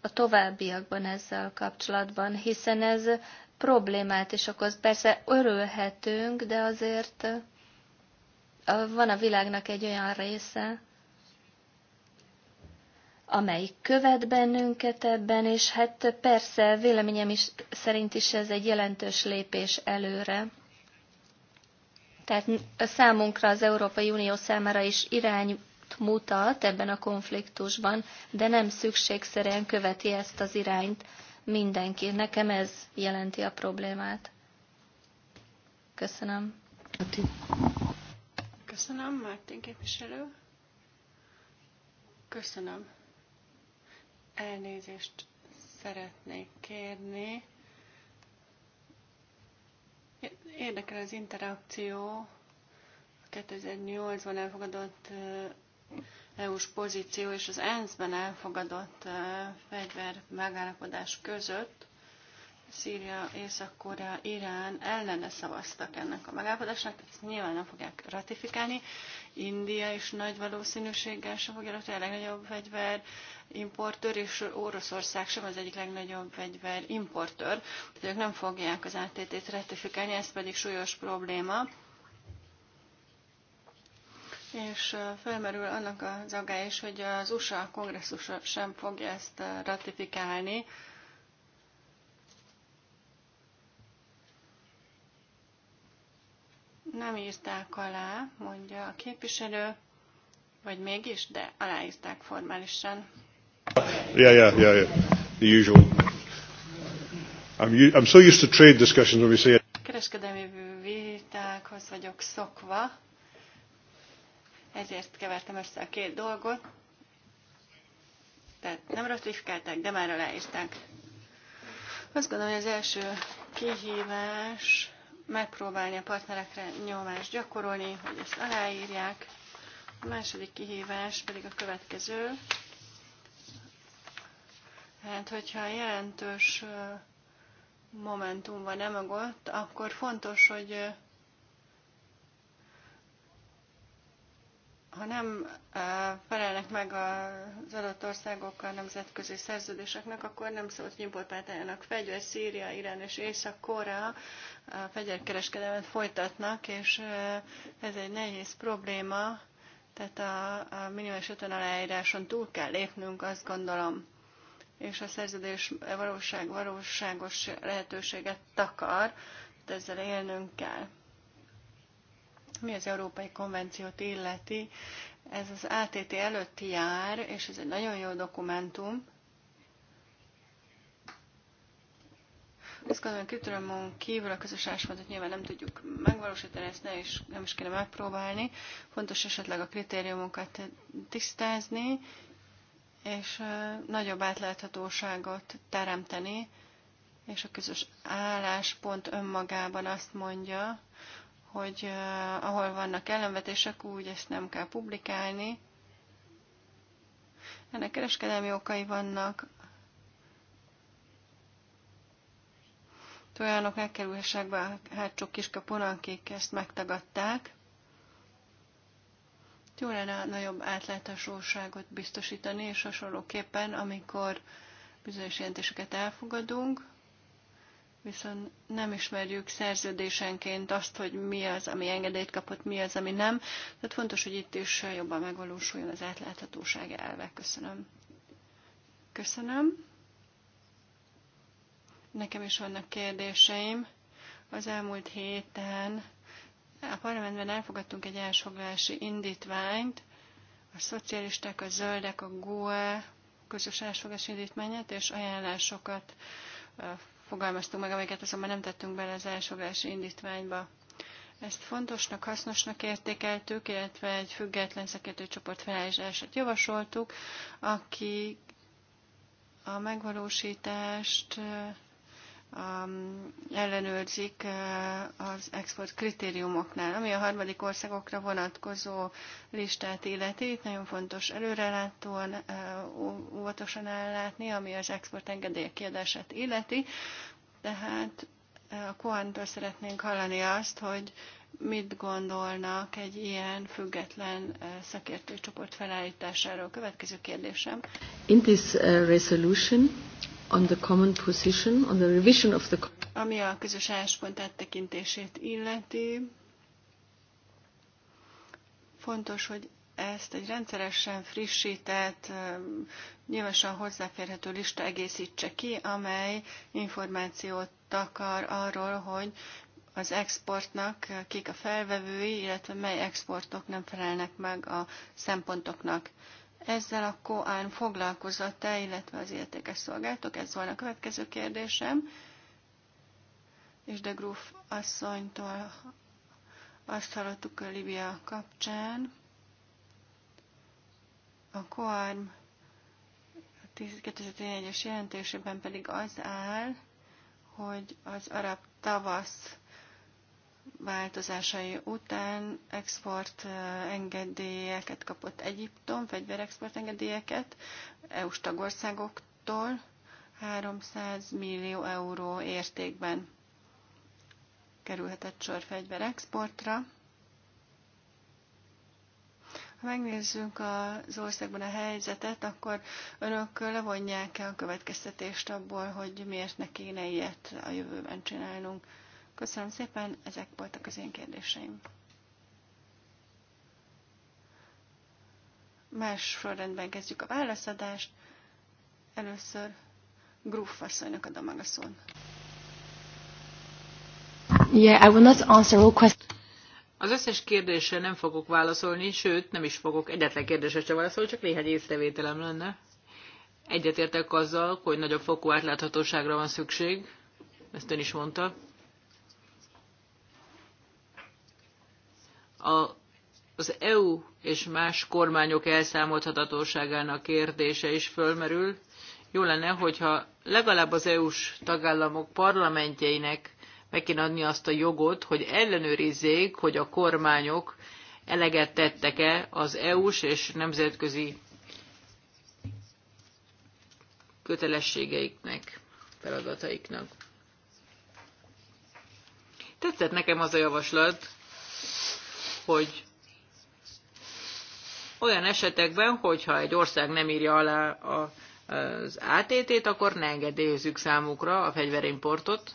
a továbbiakban ezzel kapcsolatban, hiszen ez problémát is okoz. Persze örülhetünk, de azért van a világnak egy olyan része, amelyik követ bennünket ebben, és hát persze véleményem is szerint is ez egy jelentős lépés előre. Tehát a számunkra az Európai Unió számára is irányt mutat ebben a konfliktusban, de nem szükségszerűen követi ezt az irányt mindenki. Nekem ez jelenti a problémát. Köszönöm. Köszönöm, Mártin képviselő. Köszönöm. Elnézést szeretnék kérni Érdekel az interakció a 2008-ban elfogadott EU-s pozíció és az ENSZ-ben elfogadott fegyver megállapodás között. Szíria, Észak-Korea, Irán ellene szavaztak ennek a megállapodásnak, tehát ezt nyilván nem fogják ratifikálni. India is nagy valószínűséggel sem fogja ratifikálni, a legnagyobb fegyver importőr, és Oroszország sem az egyik legnagyobb fegyver importőr, tehát ők nem fogják az ATT-t ratifikálni, ez pedig súlyos probléma. És felmerül annak az aggály is, hogy az USA kongresszus sem fogja ezt ratifikálni, Nem írták alá, mondja a képviselő, vagy mégis, de aláírták formálisan. Yeah, yeah, yeah, yeah. The usual. I'm, I'm so used to trade discussions when we say it. Kereskedelmi vitákhoz vagyok szokva, ezért kevertem össze a két dolgot. Tehát nem ratifikálták, de már aláírták. Azt gondolom, hogy az első kihívás megpróbálni a partnerekre nyomást gyakorolni, hogy ezt aláírják. A második kihívás pedig a következő. Hát, hogyha jelentős momentum van emögött, akkor fontos, hogy ha nem felelnek meg az adott országok a nemzetközi szerződéseknek, akkor nem szólt hogy fegyver, Szíria, Irán és Észak-Korea fegyverkereskedelmet folytatnak, és ez egy nehéz probléma, tehát a, a minimális 50 aláíráson túl kell lépnünk, azt gondolom, és a szerződés valóság valóságos lehetőséget takar, tehát ezzel élnünk kell mi az Európai Konvenciót illeti, ez az ATT előtti jár, és ez egy nagyon jó dokumentum. Azt gondolom, hogy kívül a közös ásmatot nyilván nem tudjuk megvalósítani, ezt ne is, nem is kéne megpróbálni. Fontos esetleg a kritériumokat tisztázni, és nagyobb átláthatóságot teremteni, és a közös álláspont önmagában azt mondja, hogy uh, ahol vannak ellenvetések, úgy ezt nem kell publikálni. Ennek kereskedelmi okai vannak. Olyanok megkerülhessek be a hátsó kiskapun, akik ezt megtagadták. Jó lenne nagyobb átláthatóságot biztosítani, és hasonlóképpen, amikor bizonyos jelentéseket elfogadunk, viszont nem ismerjük szerződésenként azt, hogy mi az, ami engedélyt kapott, mi az, ami nem. Tehát fontos, hogy itt is jobban megvalósuljon az átláthatóság elve. Köszönöm. Köszönöm. Nekem is vannak kérdéseim. Az elmúlt héten a parlamentben elfogadtunk egy elsoglási indítványt, a szocialisták, a zöldek, a GUE közös elsoglási indítványát, és ajánlásokat fogalmaztunk meg, amiket azonban nem tettünk bele az elsoglási indítványba. Ezt fontosnak, hasznosnak értékeltük, illetve egy független szakértőcsoport felállítását javasoltuk, aki a megvalósítást um, ellenőrzik uh, az export kritériumoknál. Ami a harmadik országokra vonatkozó listát illeti, itt nagyon fontos előrelátóan, uh, óvatosan ellátni, ami az export engedélyek kiadását illeti. Tehát uh, a Koantól szeretnénk hallani azt, hogy mit gondolnak egy ilyen független szakértőcsoport felállításáról. Következő kérdésem. In this resolution, on the common position, on the revision of the... Ami a közös álláspont áttekintését illeti, fontos, hogy ezt egy rendszeresen frissített, nyilvánosan hozzáférhető lista egészítse ki, amely információt takar arról, hogy az exportnak kik a felvevői, illetve mely exportok nem felelnek meg a szempontoknak ezzel a koán foglalkozott-e, illetve az értékes szolgáltok? Ez volna a következő kérdésem. És de Gruff asszonytól azt hallottuk a Libia kapcsán. A COARM 2011-es jelentésében pedig az áll, hogy az arab tavasz változásai után export eh, engedélyeket kapott Egyiptom, fegyverexport engedélyeket EU-s tagországoktól 300 millió euró értékben kerülhetett sor fegyverexportra. Ha megnézzünk az országban a helyzetet, akkor önök levonják-e a következtetést abból, hogy miért ne kéne ilyet a jövőben csinálnunk? Köszönöm szépen, ezek voltak az én kérdéseim. Más sorrendben kezdjük a válaszadást. Először Gruff asszonynak adom meg a szót. Yeah, I will not answer all questions. Az összes kérdésre nem fogok válaszolni, sőt, nem is fogok egyetlen kérdésre sem válaszolni, csak néhány észrevételem lenne. Egyetértek azzal, hogy nagyobb fokú átláthatóságra van szükség, ezt ön is mondta. a, az EU és más kormányok elszámolthatatóságának kérdése is fölmerül. Jó lenne, hogyha legalább az EU-s tagállamok parlamentjeinek meg kéne adni azt a jogot, hogy ellenőrizzék, hogy a kormányok eleget tettek-e az EU-s és nemzetközi kötelességeiknek, feladataiknak. Tetszett nekem az a javaslat, hogy olyan esetekben, hogyha egy ország nem írja alá a, az ATT-t, akkor ne engedélyezzük számukra a fegyverimportot.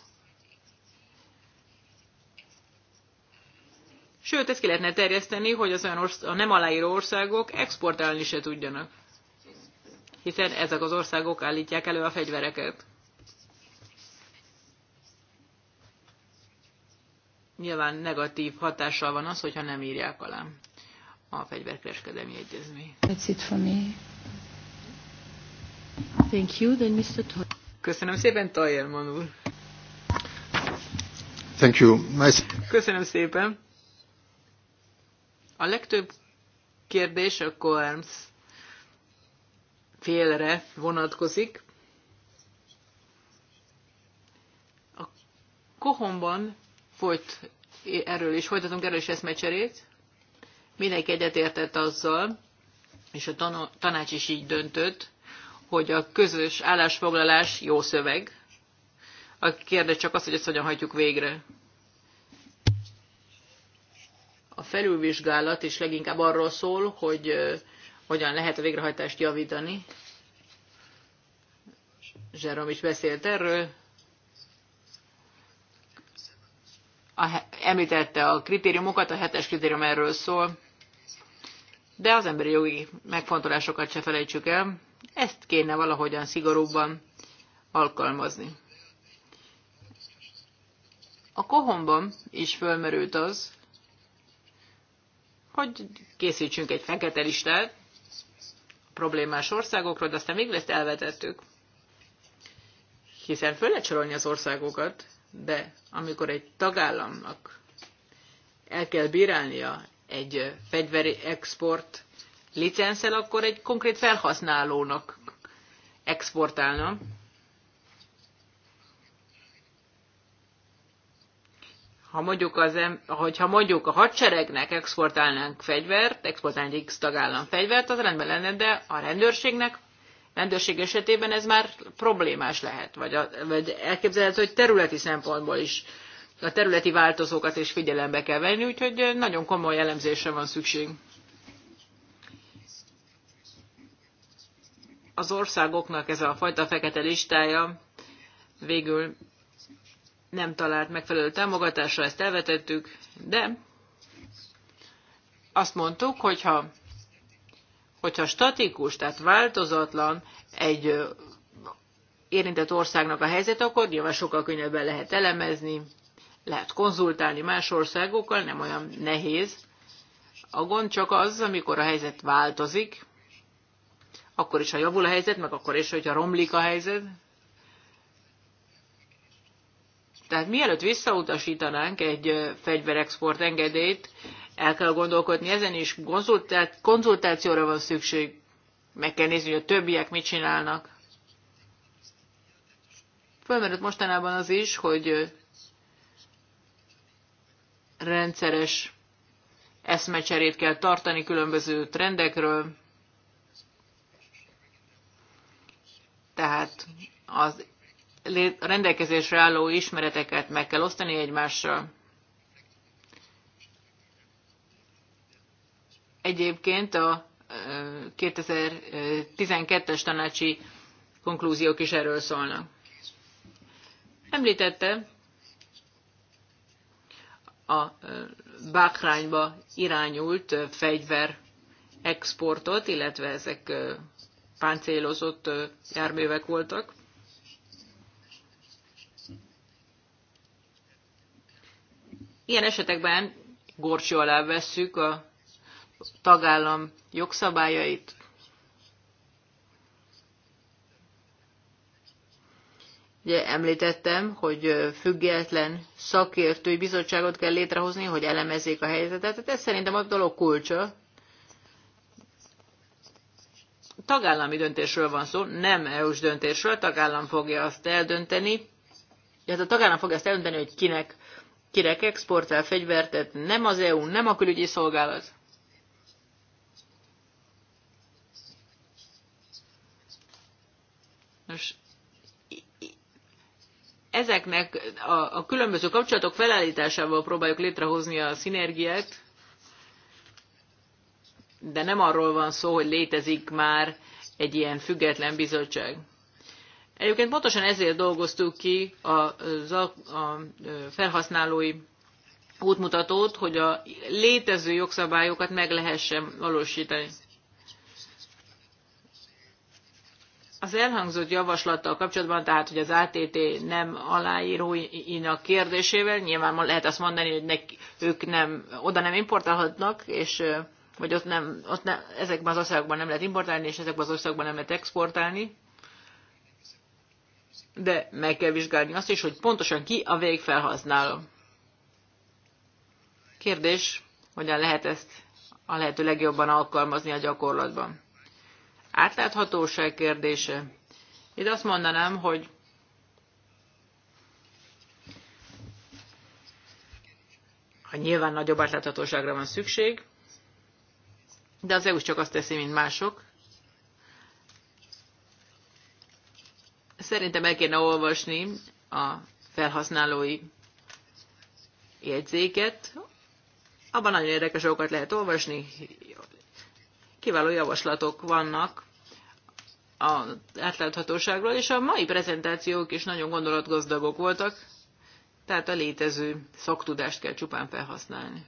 Sőt, ezt ki lehetne terjeszteni, hogy az olyan orsz- a nem aláíró országok exportálni se tudjanak, hiszen ezek az országok állítják elő a fegyvereket. nyilván negatív hatással van az, hogyha nem írják alá a fegyverkereskedelmi egyezmény. That's it for me. Thank you, then Mr. Köszönöm szépen, Tajerman úr. Thank you. Nice. Köszönöm szépen. A legtöbb kérdés a Coarms félre vonatkozik. A Kohomban folyt, erről is folytatunk erről is eszmecserét. Mindenki egyetértett azzal, és a tanács is így döntött, hogy a közös állásfoglalás jó szöveg. A kérdés csak az, hogy ezt hogyan hagyjuk végre. A felülvizsgálat is leginkább arról szól, hogy hogyan lehet a végrehajtást javítani. Zserom is beszélt erről, a, említette a kritériumokat, a hetes kritérium erről szól, de az emberi jogi megfontolásokat se felejtsük el, ezt kéne valahogyan szigorúbban alkalmazni. A kohomban is fölmerült az, hogy készítsünk egy fekete listát problémás országokról, de aztán még ezt elvetettük. Hiszen föl lehet sorolni az országokat, de amikor egy tagállamnak el kell bírálnia egy fegyveri export licenszel, akkor egy konkrét felhasználónak exportálna. Ha mondjuk, az, hogyha mondjuk a hadseregnek exportálnánk fegyvert, exportálnánk X tagállam fegyvert, az rendben lenne, de a rendőrségnek rendőrség esetében ez már problémás lehet, vagy, a, vagy elképzelhető, hogy területi szempontból is a területi változókat is figyelembe kell venni, úgyhogy nagyon komoly elemzésre van szükség. Az országoknak ez a fajta fekete listája végül nem talált megfelelő támogatásra, ezt elvetettük, de azt mondtuk, hogy ha hogyha statikus, tehát változatlan egy érintett országnak a helyzet, akkor nyilván sokkal könnyebben lehet elemezni, lehet konzultálni más országokkal, nem olyan nehéz. A gond csak az, amikor a helyzet változik, akkor is, ha javul a helyzet, meg akkor is, hogyha romlik a helyzet. Tehát mielőtt visszautasítanánk egy fegyverexport engedélyt, el kell gondolkodni ezen is, konzultá- konzultációra van szükség, meg kell nézni, hogy a többiek mit csinálnak. Fölmerült mostanában az is, hogy rendszeres eszmecserét kell tartani különböző trendekről, tehát az rendelkezésre álló ismereteket meg kell osztani egymással. Egyébként a 2012-es tanácsi konklúziók is erről szólnak. Említette a Bákrányba irányult fegyver exportot, illetve ezek páncélozott járművek voltak. Ilyen esetekben gorcsó alá vesszük a tagállam jogszabályait. Ugye említettem, hogy független szakértői bizottságot kell létrehozni, hogy elemezzék a helyzetet. Tehát ez szerintem a dolog kulcsa. Tagállami döntésről van szó, nem EU-s döntésről, a tagállam fogja azt eldönteni, tehát a tagállam fogja azt eldönteni, hogy kinek, kinek exportál fegyvertet, nem az EU, nem a külügyi szolgálat. Nos, ezeknek a, a különböző kapcsolatok felállításával próbáljuk létrehozni a szinergiát, de nem arról van szó, hogy létezik már egy ilyen független bizottság. Egyébként pontosan ezért dolgoztuk ki a, a, a felhasználói útmutatót, hogy a létező jogszabályokat meg lehessen valósítani. Az elhangzott javaslattal kapcsolatban, tehát, hogy az ATT nem aláíróinak kérdésével, nyilván lehet azt mondani, hogy neki, ők nem, oda nem importálhatnak, és vagy ott nem, ott nem, ezekben az országokban nem lehet importálni, és ezekben az országokban nem lehet exportálni. De meg kell vizsgálni azt is, hogy pontosan ki a végfelhasználó. Kérdés, hogyan lehet ezt a lehető legjobban alkalmazni a gyakorlatban. Átláthatóság kérdése. Itt azt mondanám, hogy ha nyilván nagyobb átláthatóságra van szükség, de az EU csak azt teszi, mint mások. Szerintem el kéne olvasni a felhasználói jegyzéket. Abban nagyon érdekes okat lehet olvasni. Kiváló javaslatok vannak az átláthatóságról, és a mai prezentációk is nagyon gondolatgazdagok voltak, tehát a létező szaktudást kell csupán felhasználni.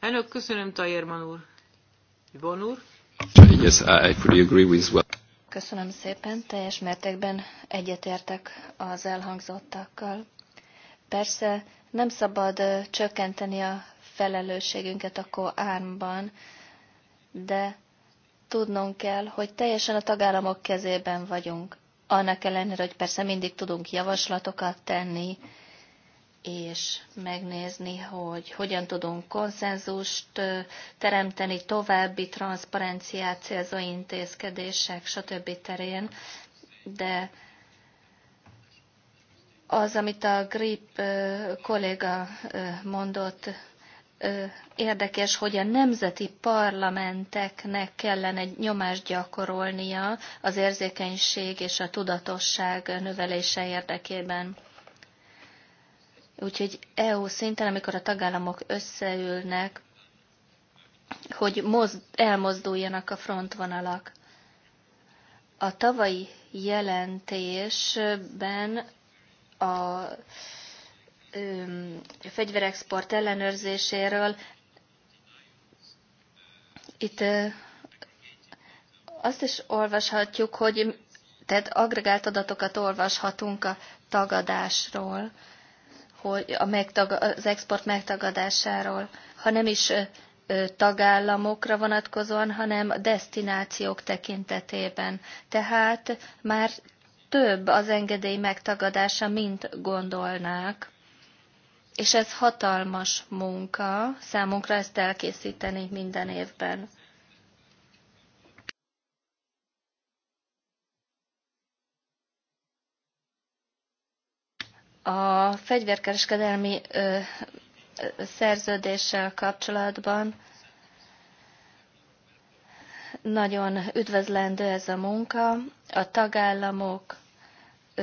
Elnök, köszönöm, Tajérman úr. Ivon úr? Yes, I fully agree with what... Köszönöm szépen, teljes mértékben egyetértek az elhangzottakkal. Persze nem szabad csökkenteni a felelősségünket a koánban, de tudnunk kell, hogy teljesen a tagállamok kezében vagyunk. Annak ellenére, hogy persze mindig tudunk javaslatokat tenni, és megnézni, hogy hogyan tudunk konszenzust teremteni további transzparenciát célzó intézkedések, stb. terén, de az, amit a GRIP kolléga mondott, érdekes, hogy a nemzeti parlamenteknek kellene nyomást gyakorolnia az érzékenység és a tudatosság növelése érdekében. Úgyhogy EU szinten, amikor a tagállamok összeülnek, hogy elmozduljanak a frontvonalak. A tavalyi jelentésben a fegyverexport ellenőrzéséről. Itt azt is olvashatjuk, hogy tehát agregált adatokat olvashatunk a tagadásról, hogy a megtag, az export megtagadásáról, ha nem is tagállamokra vonatkozóan, hanem a destinációk tekintetében. Tehát már több az engedély megtagadása, mint gondolnák és ez hatalmas munka számunkra ezt elkészíteni minden évben. A fegyverkereskedelmi ö, ö, szerződéssel kapcsolatban nagyon üdvözlendő ez a munka. A tagállamok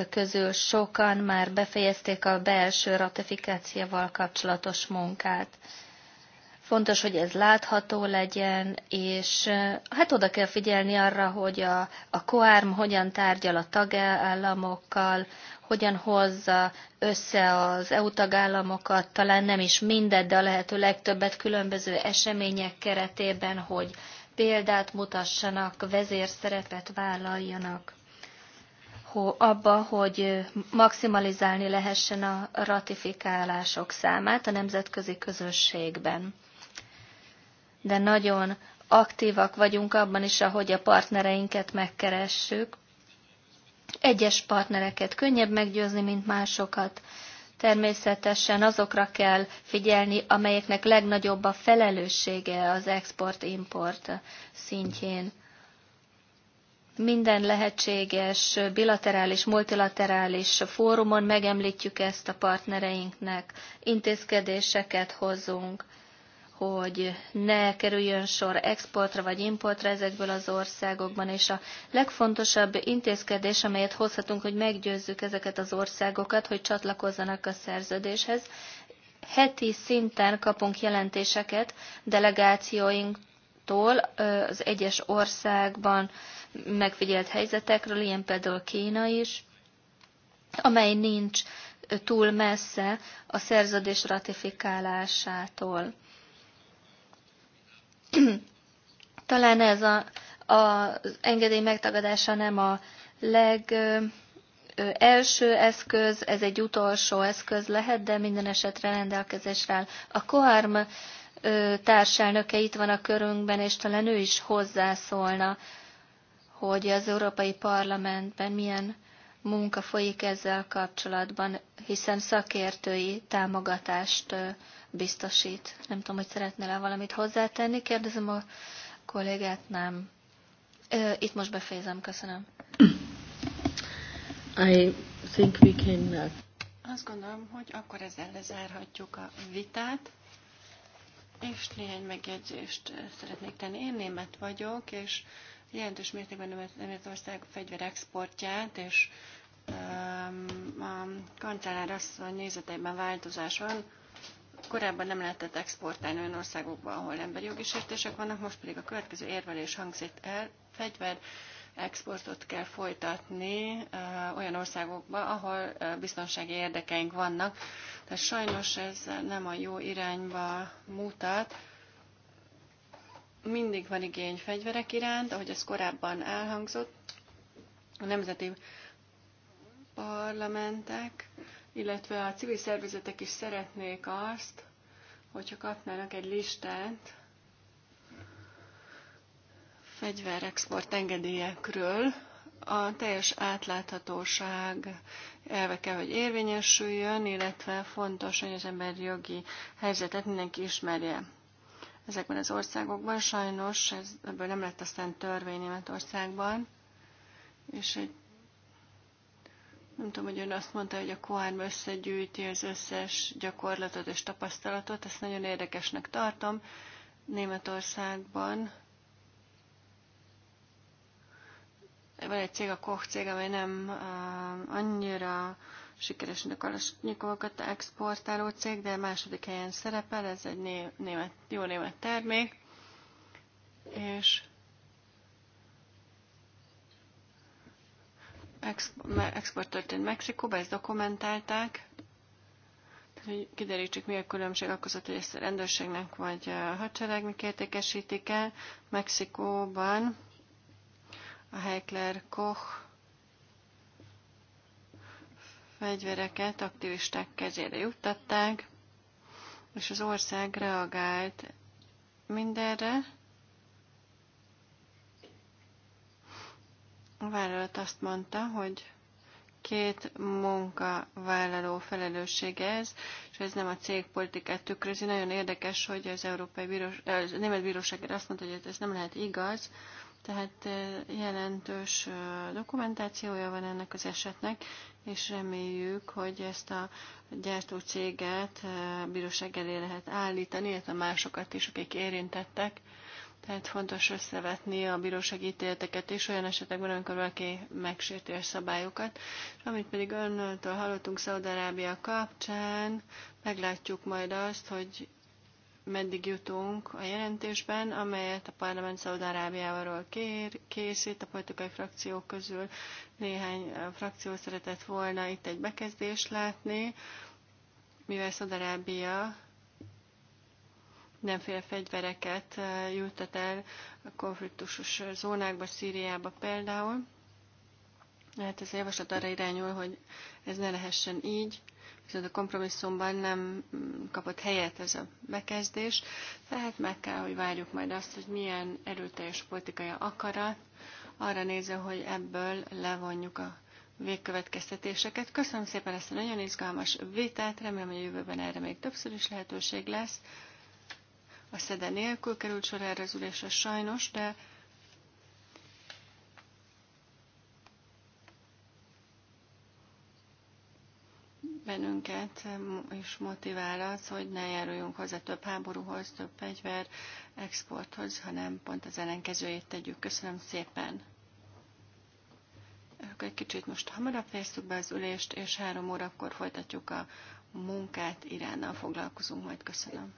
közül sokan már befejezték a belső ratifikációval kapcsolatos munkát. Fontos, hogy ez látható legyen, és eh, hát oda kell figyelni arra, hogy a, a COARM hogyan tárgyal a tagállamokkal, hogyan hozza össze az EU tagállamokat, talán nem is mindet, de a lehető legtöbbet különböző események keretében, hogy példát mutassanak, vezérszerepet vállaljanak abba, hogy maximalizálni lehessen a ratifikálások számát a nemzetközi közösségben. De nagyon aktívak vagyunk abban is, ahogy a partnereinket megkeressük. Egyes partnereket könnyebb meggyőzni, mint másokat. Természetesen azokra kell figyelni, amelyeknek legnagyobb a felelőssége az export-import szintjén minden lehetséges bilaterális, multilaterális fórumon megemlítjük ezt a partnereinknek, intézkedéseket hozunk, hogy ne kerüljön sor exportra vagy importra ezekből az országokban, és a legfontosabb intézkedés, amelyet hozhatunk, hogy meggyőzzük ezeket az országokat, hogy csatlakozzanak a szerződéshez. Heti szinten kapunk jelentéseket delegációink attól az egyes országban megfigyelt helyzetekről, ilyen például Kína is, amely nincs túl messze a szerződés ratifikálásától. [clears throat] Talán ez a, az engedély megtagadása nem a leg első eszköz, ez egy utolsó eszköz lehet, de minden esetre rendelkezésre áll. A COARM társelnöke itt van a körünkben, és talán ő is hozzászólna, hogy az Európai Parlamentben milyen munka folyik ezzel kapcsolatban, hiszen szakértői támogatást biztosít. Nem tudom, hogy szeretnél e valamit hozzátenni, kérdezem a kollégát, nem. Itt most befejezem, köszönöm. I think we can... Uh, Azt gondolom, hogy akkor ezzel lezárhatjuk a vitát. És néhány megjegyzést szeretnék tenni. Én német vagyok, és jelentős mértékben Németország exportját, és a kancellár asszony nézeteiben változás van. Korábban nem lehetett exportálni olyan országokba, ahol emberi jogi sértések vannak, most pedig a következő érvelés hangzik el. Fegyver exportot kell folytatni eh, olyan országokba, ahol eh, biztonsági érdekeink vannak. Tehát sajnos ez nem a jó irányba mutat. Mindig van igény fegyverek iránt, ahogy ez korábban elhangzott. A nemzeti parlamentek, illetve a civil szervezetek is szeretnék azt, hogyha kapnának egy listát fegyverexport engedélyekről a teljes átláthatóság elve kell, hogy érvényesüljön, illetve fontos, hogy az emberi jogi helyzetet mindenki ismerje. Ezekben az országokban sajnos ez, ebből nem lett aztán törvény Németországban, és egy nem tudom, hogy ön azt mondta, hogy a Koán összegyűjti az összes gyakorlatot és tapasztalatot, ezt nagyon érdekesnek tartom. Németországban Van egy cég, a Koch cég, amely nem eh, annyira sikeres, mint a kalasnyikovokat exportáló cég, de második helyen szerepel, ez egy német, jó német termék, és export történt Mexikóba, ezt dokumentálták, hogy kiderítsük, mi a különbség között, szóval, hogy ezt a rendőrségnek vagy hadseregnek értékesítik el Mexikóban a Heckler Koch fegyvereket aktivisták kezére juttatták, és az ország reagált mindenre. A vállalat azt mondta, hogy két munkavállaló felelőssége ez, és ez nem a cég politikát tükrözi. Nagyon érdekes, hogy az Európai bíróság, az Német Bíróság azt mondta, hogy ez nem lehet igaz, tehát jelentős dokumentációja van ennek az esetnek, és reméljük, hogy ezt a gyártócéget bíróság elé lehet állítani, illetve másokat is, akik érintettek. Tehát fontos összevetni a bírósági ítéleteket is olyan esetekben, amikor valaki megsérti a szabályokat. amit pedig önnöltől hallottunk Szaudarábia kapcsán, meglátjuk majd azt, hogy meddig jutunk a jelentésben, amelyet a parlament Szaudarábiáról kér, készít, a politikai frakciók közül néhány frakció szeretett volna itt egy bekezdést látni, mivel Szaudarábia fél fegyvereket juttat el a konfliktusos zónákba, Szíriába például. Hát ez a javaslat arra irányul, hogy ez ne lehessen így, viszont a kompromisszumban nem mm, kapott helyet ez a bekezdés, tehát meg kell, hogy várjuk majd azt, hogy milyen erőteljes politikai akarat arra nézve, hogy ebből levonjuk a végkövetkeztetéseket. Köszönöm szépen ezt a nagyon izgalmas vitát, remélem, hogy a jövőben erre még többször is lehetőség lesz. A szede nélkül került sor erre az ülésre sajnos, de bennünket és motivál az, hogy ne járuljunk hozzá több háborúhoz, több fegyver exporthoz, hanem pont az ellenkezőjét tegyük. Köszönöm szépen! Akkor egy kicsit most hamarabb fejeztük be az ülést, és három órakor folytatjuk a munkát, Iránnal foglalkozunk majd. Köszönöm!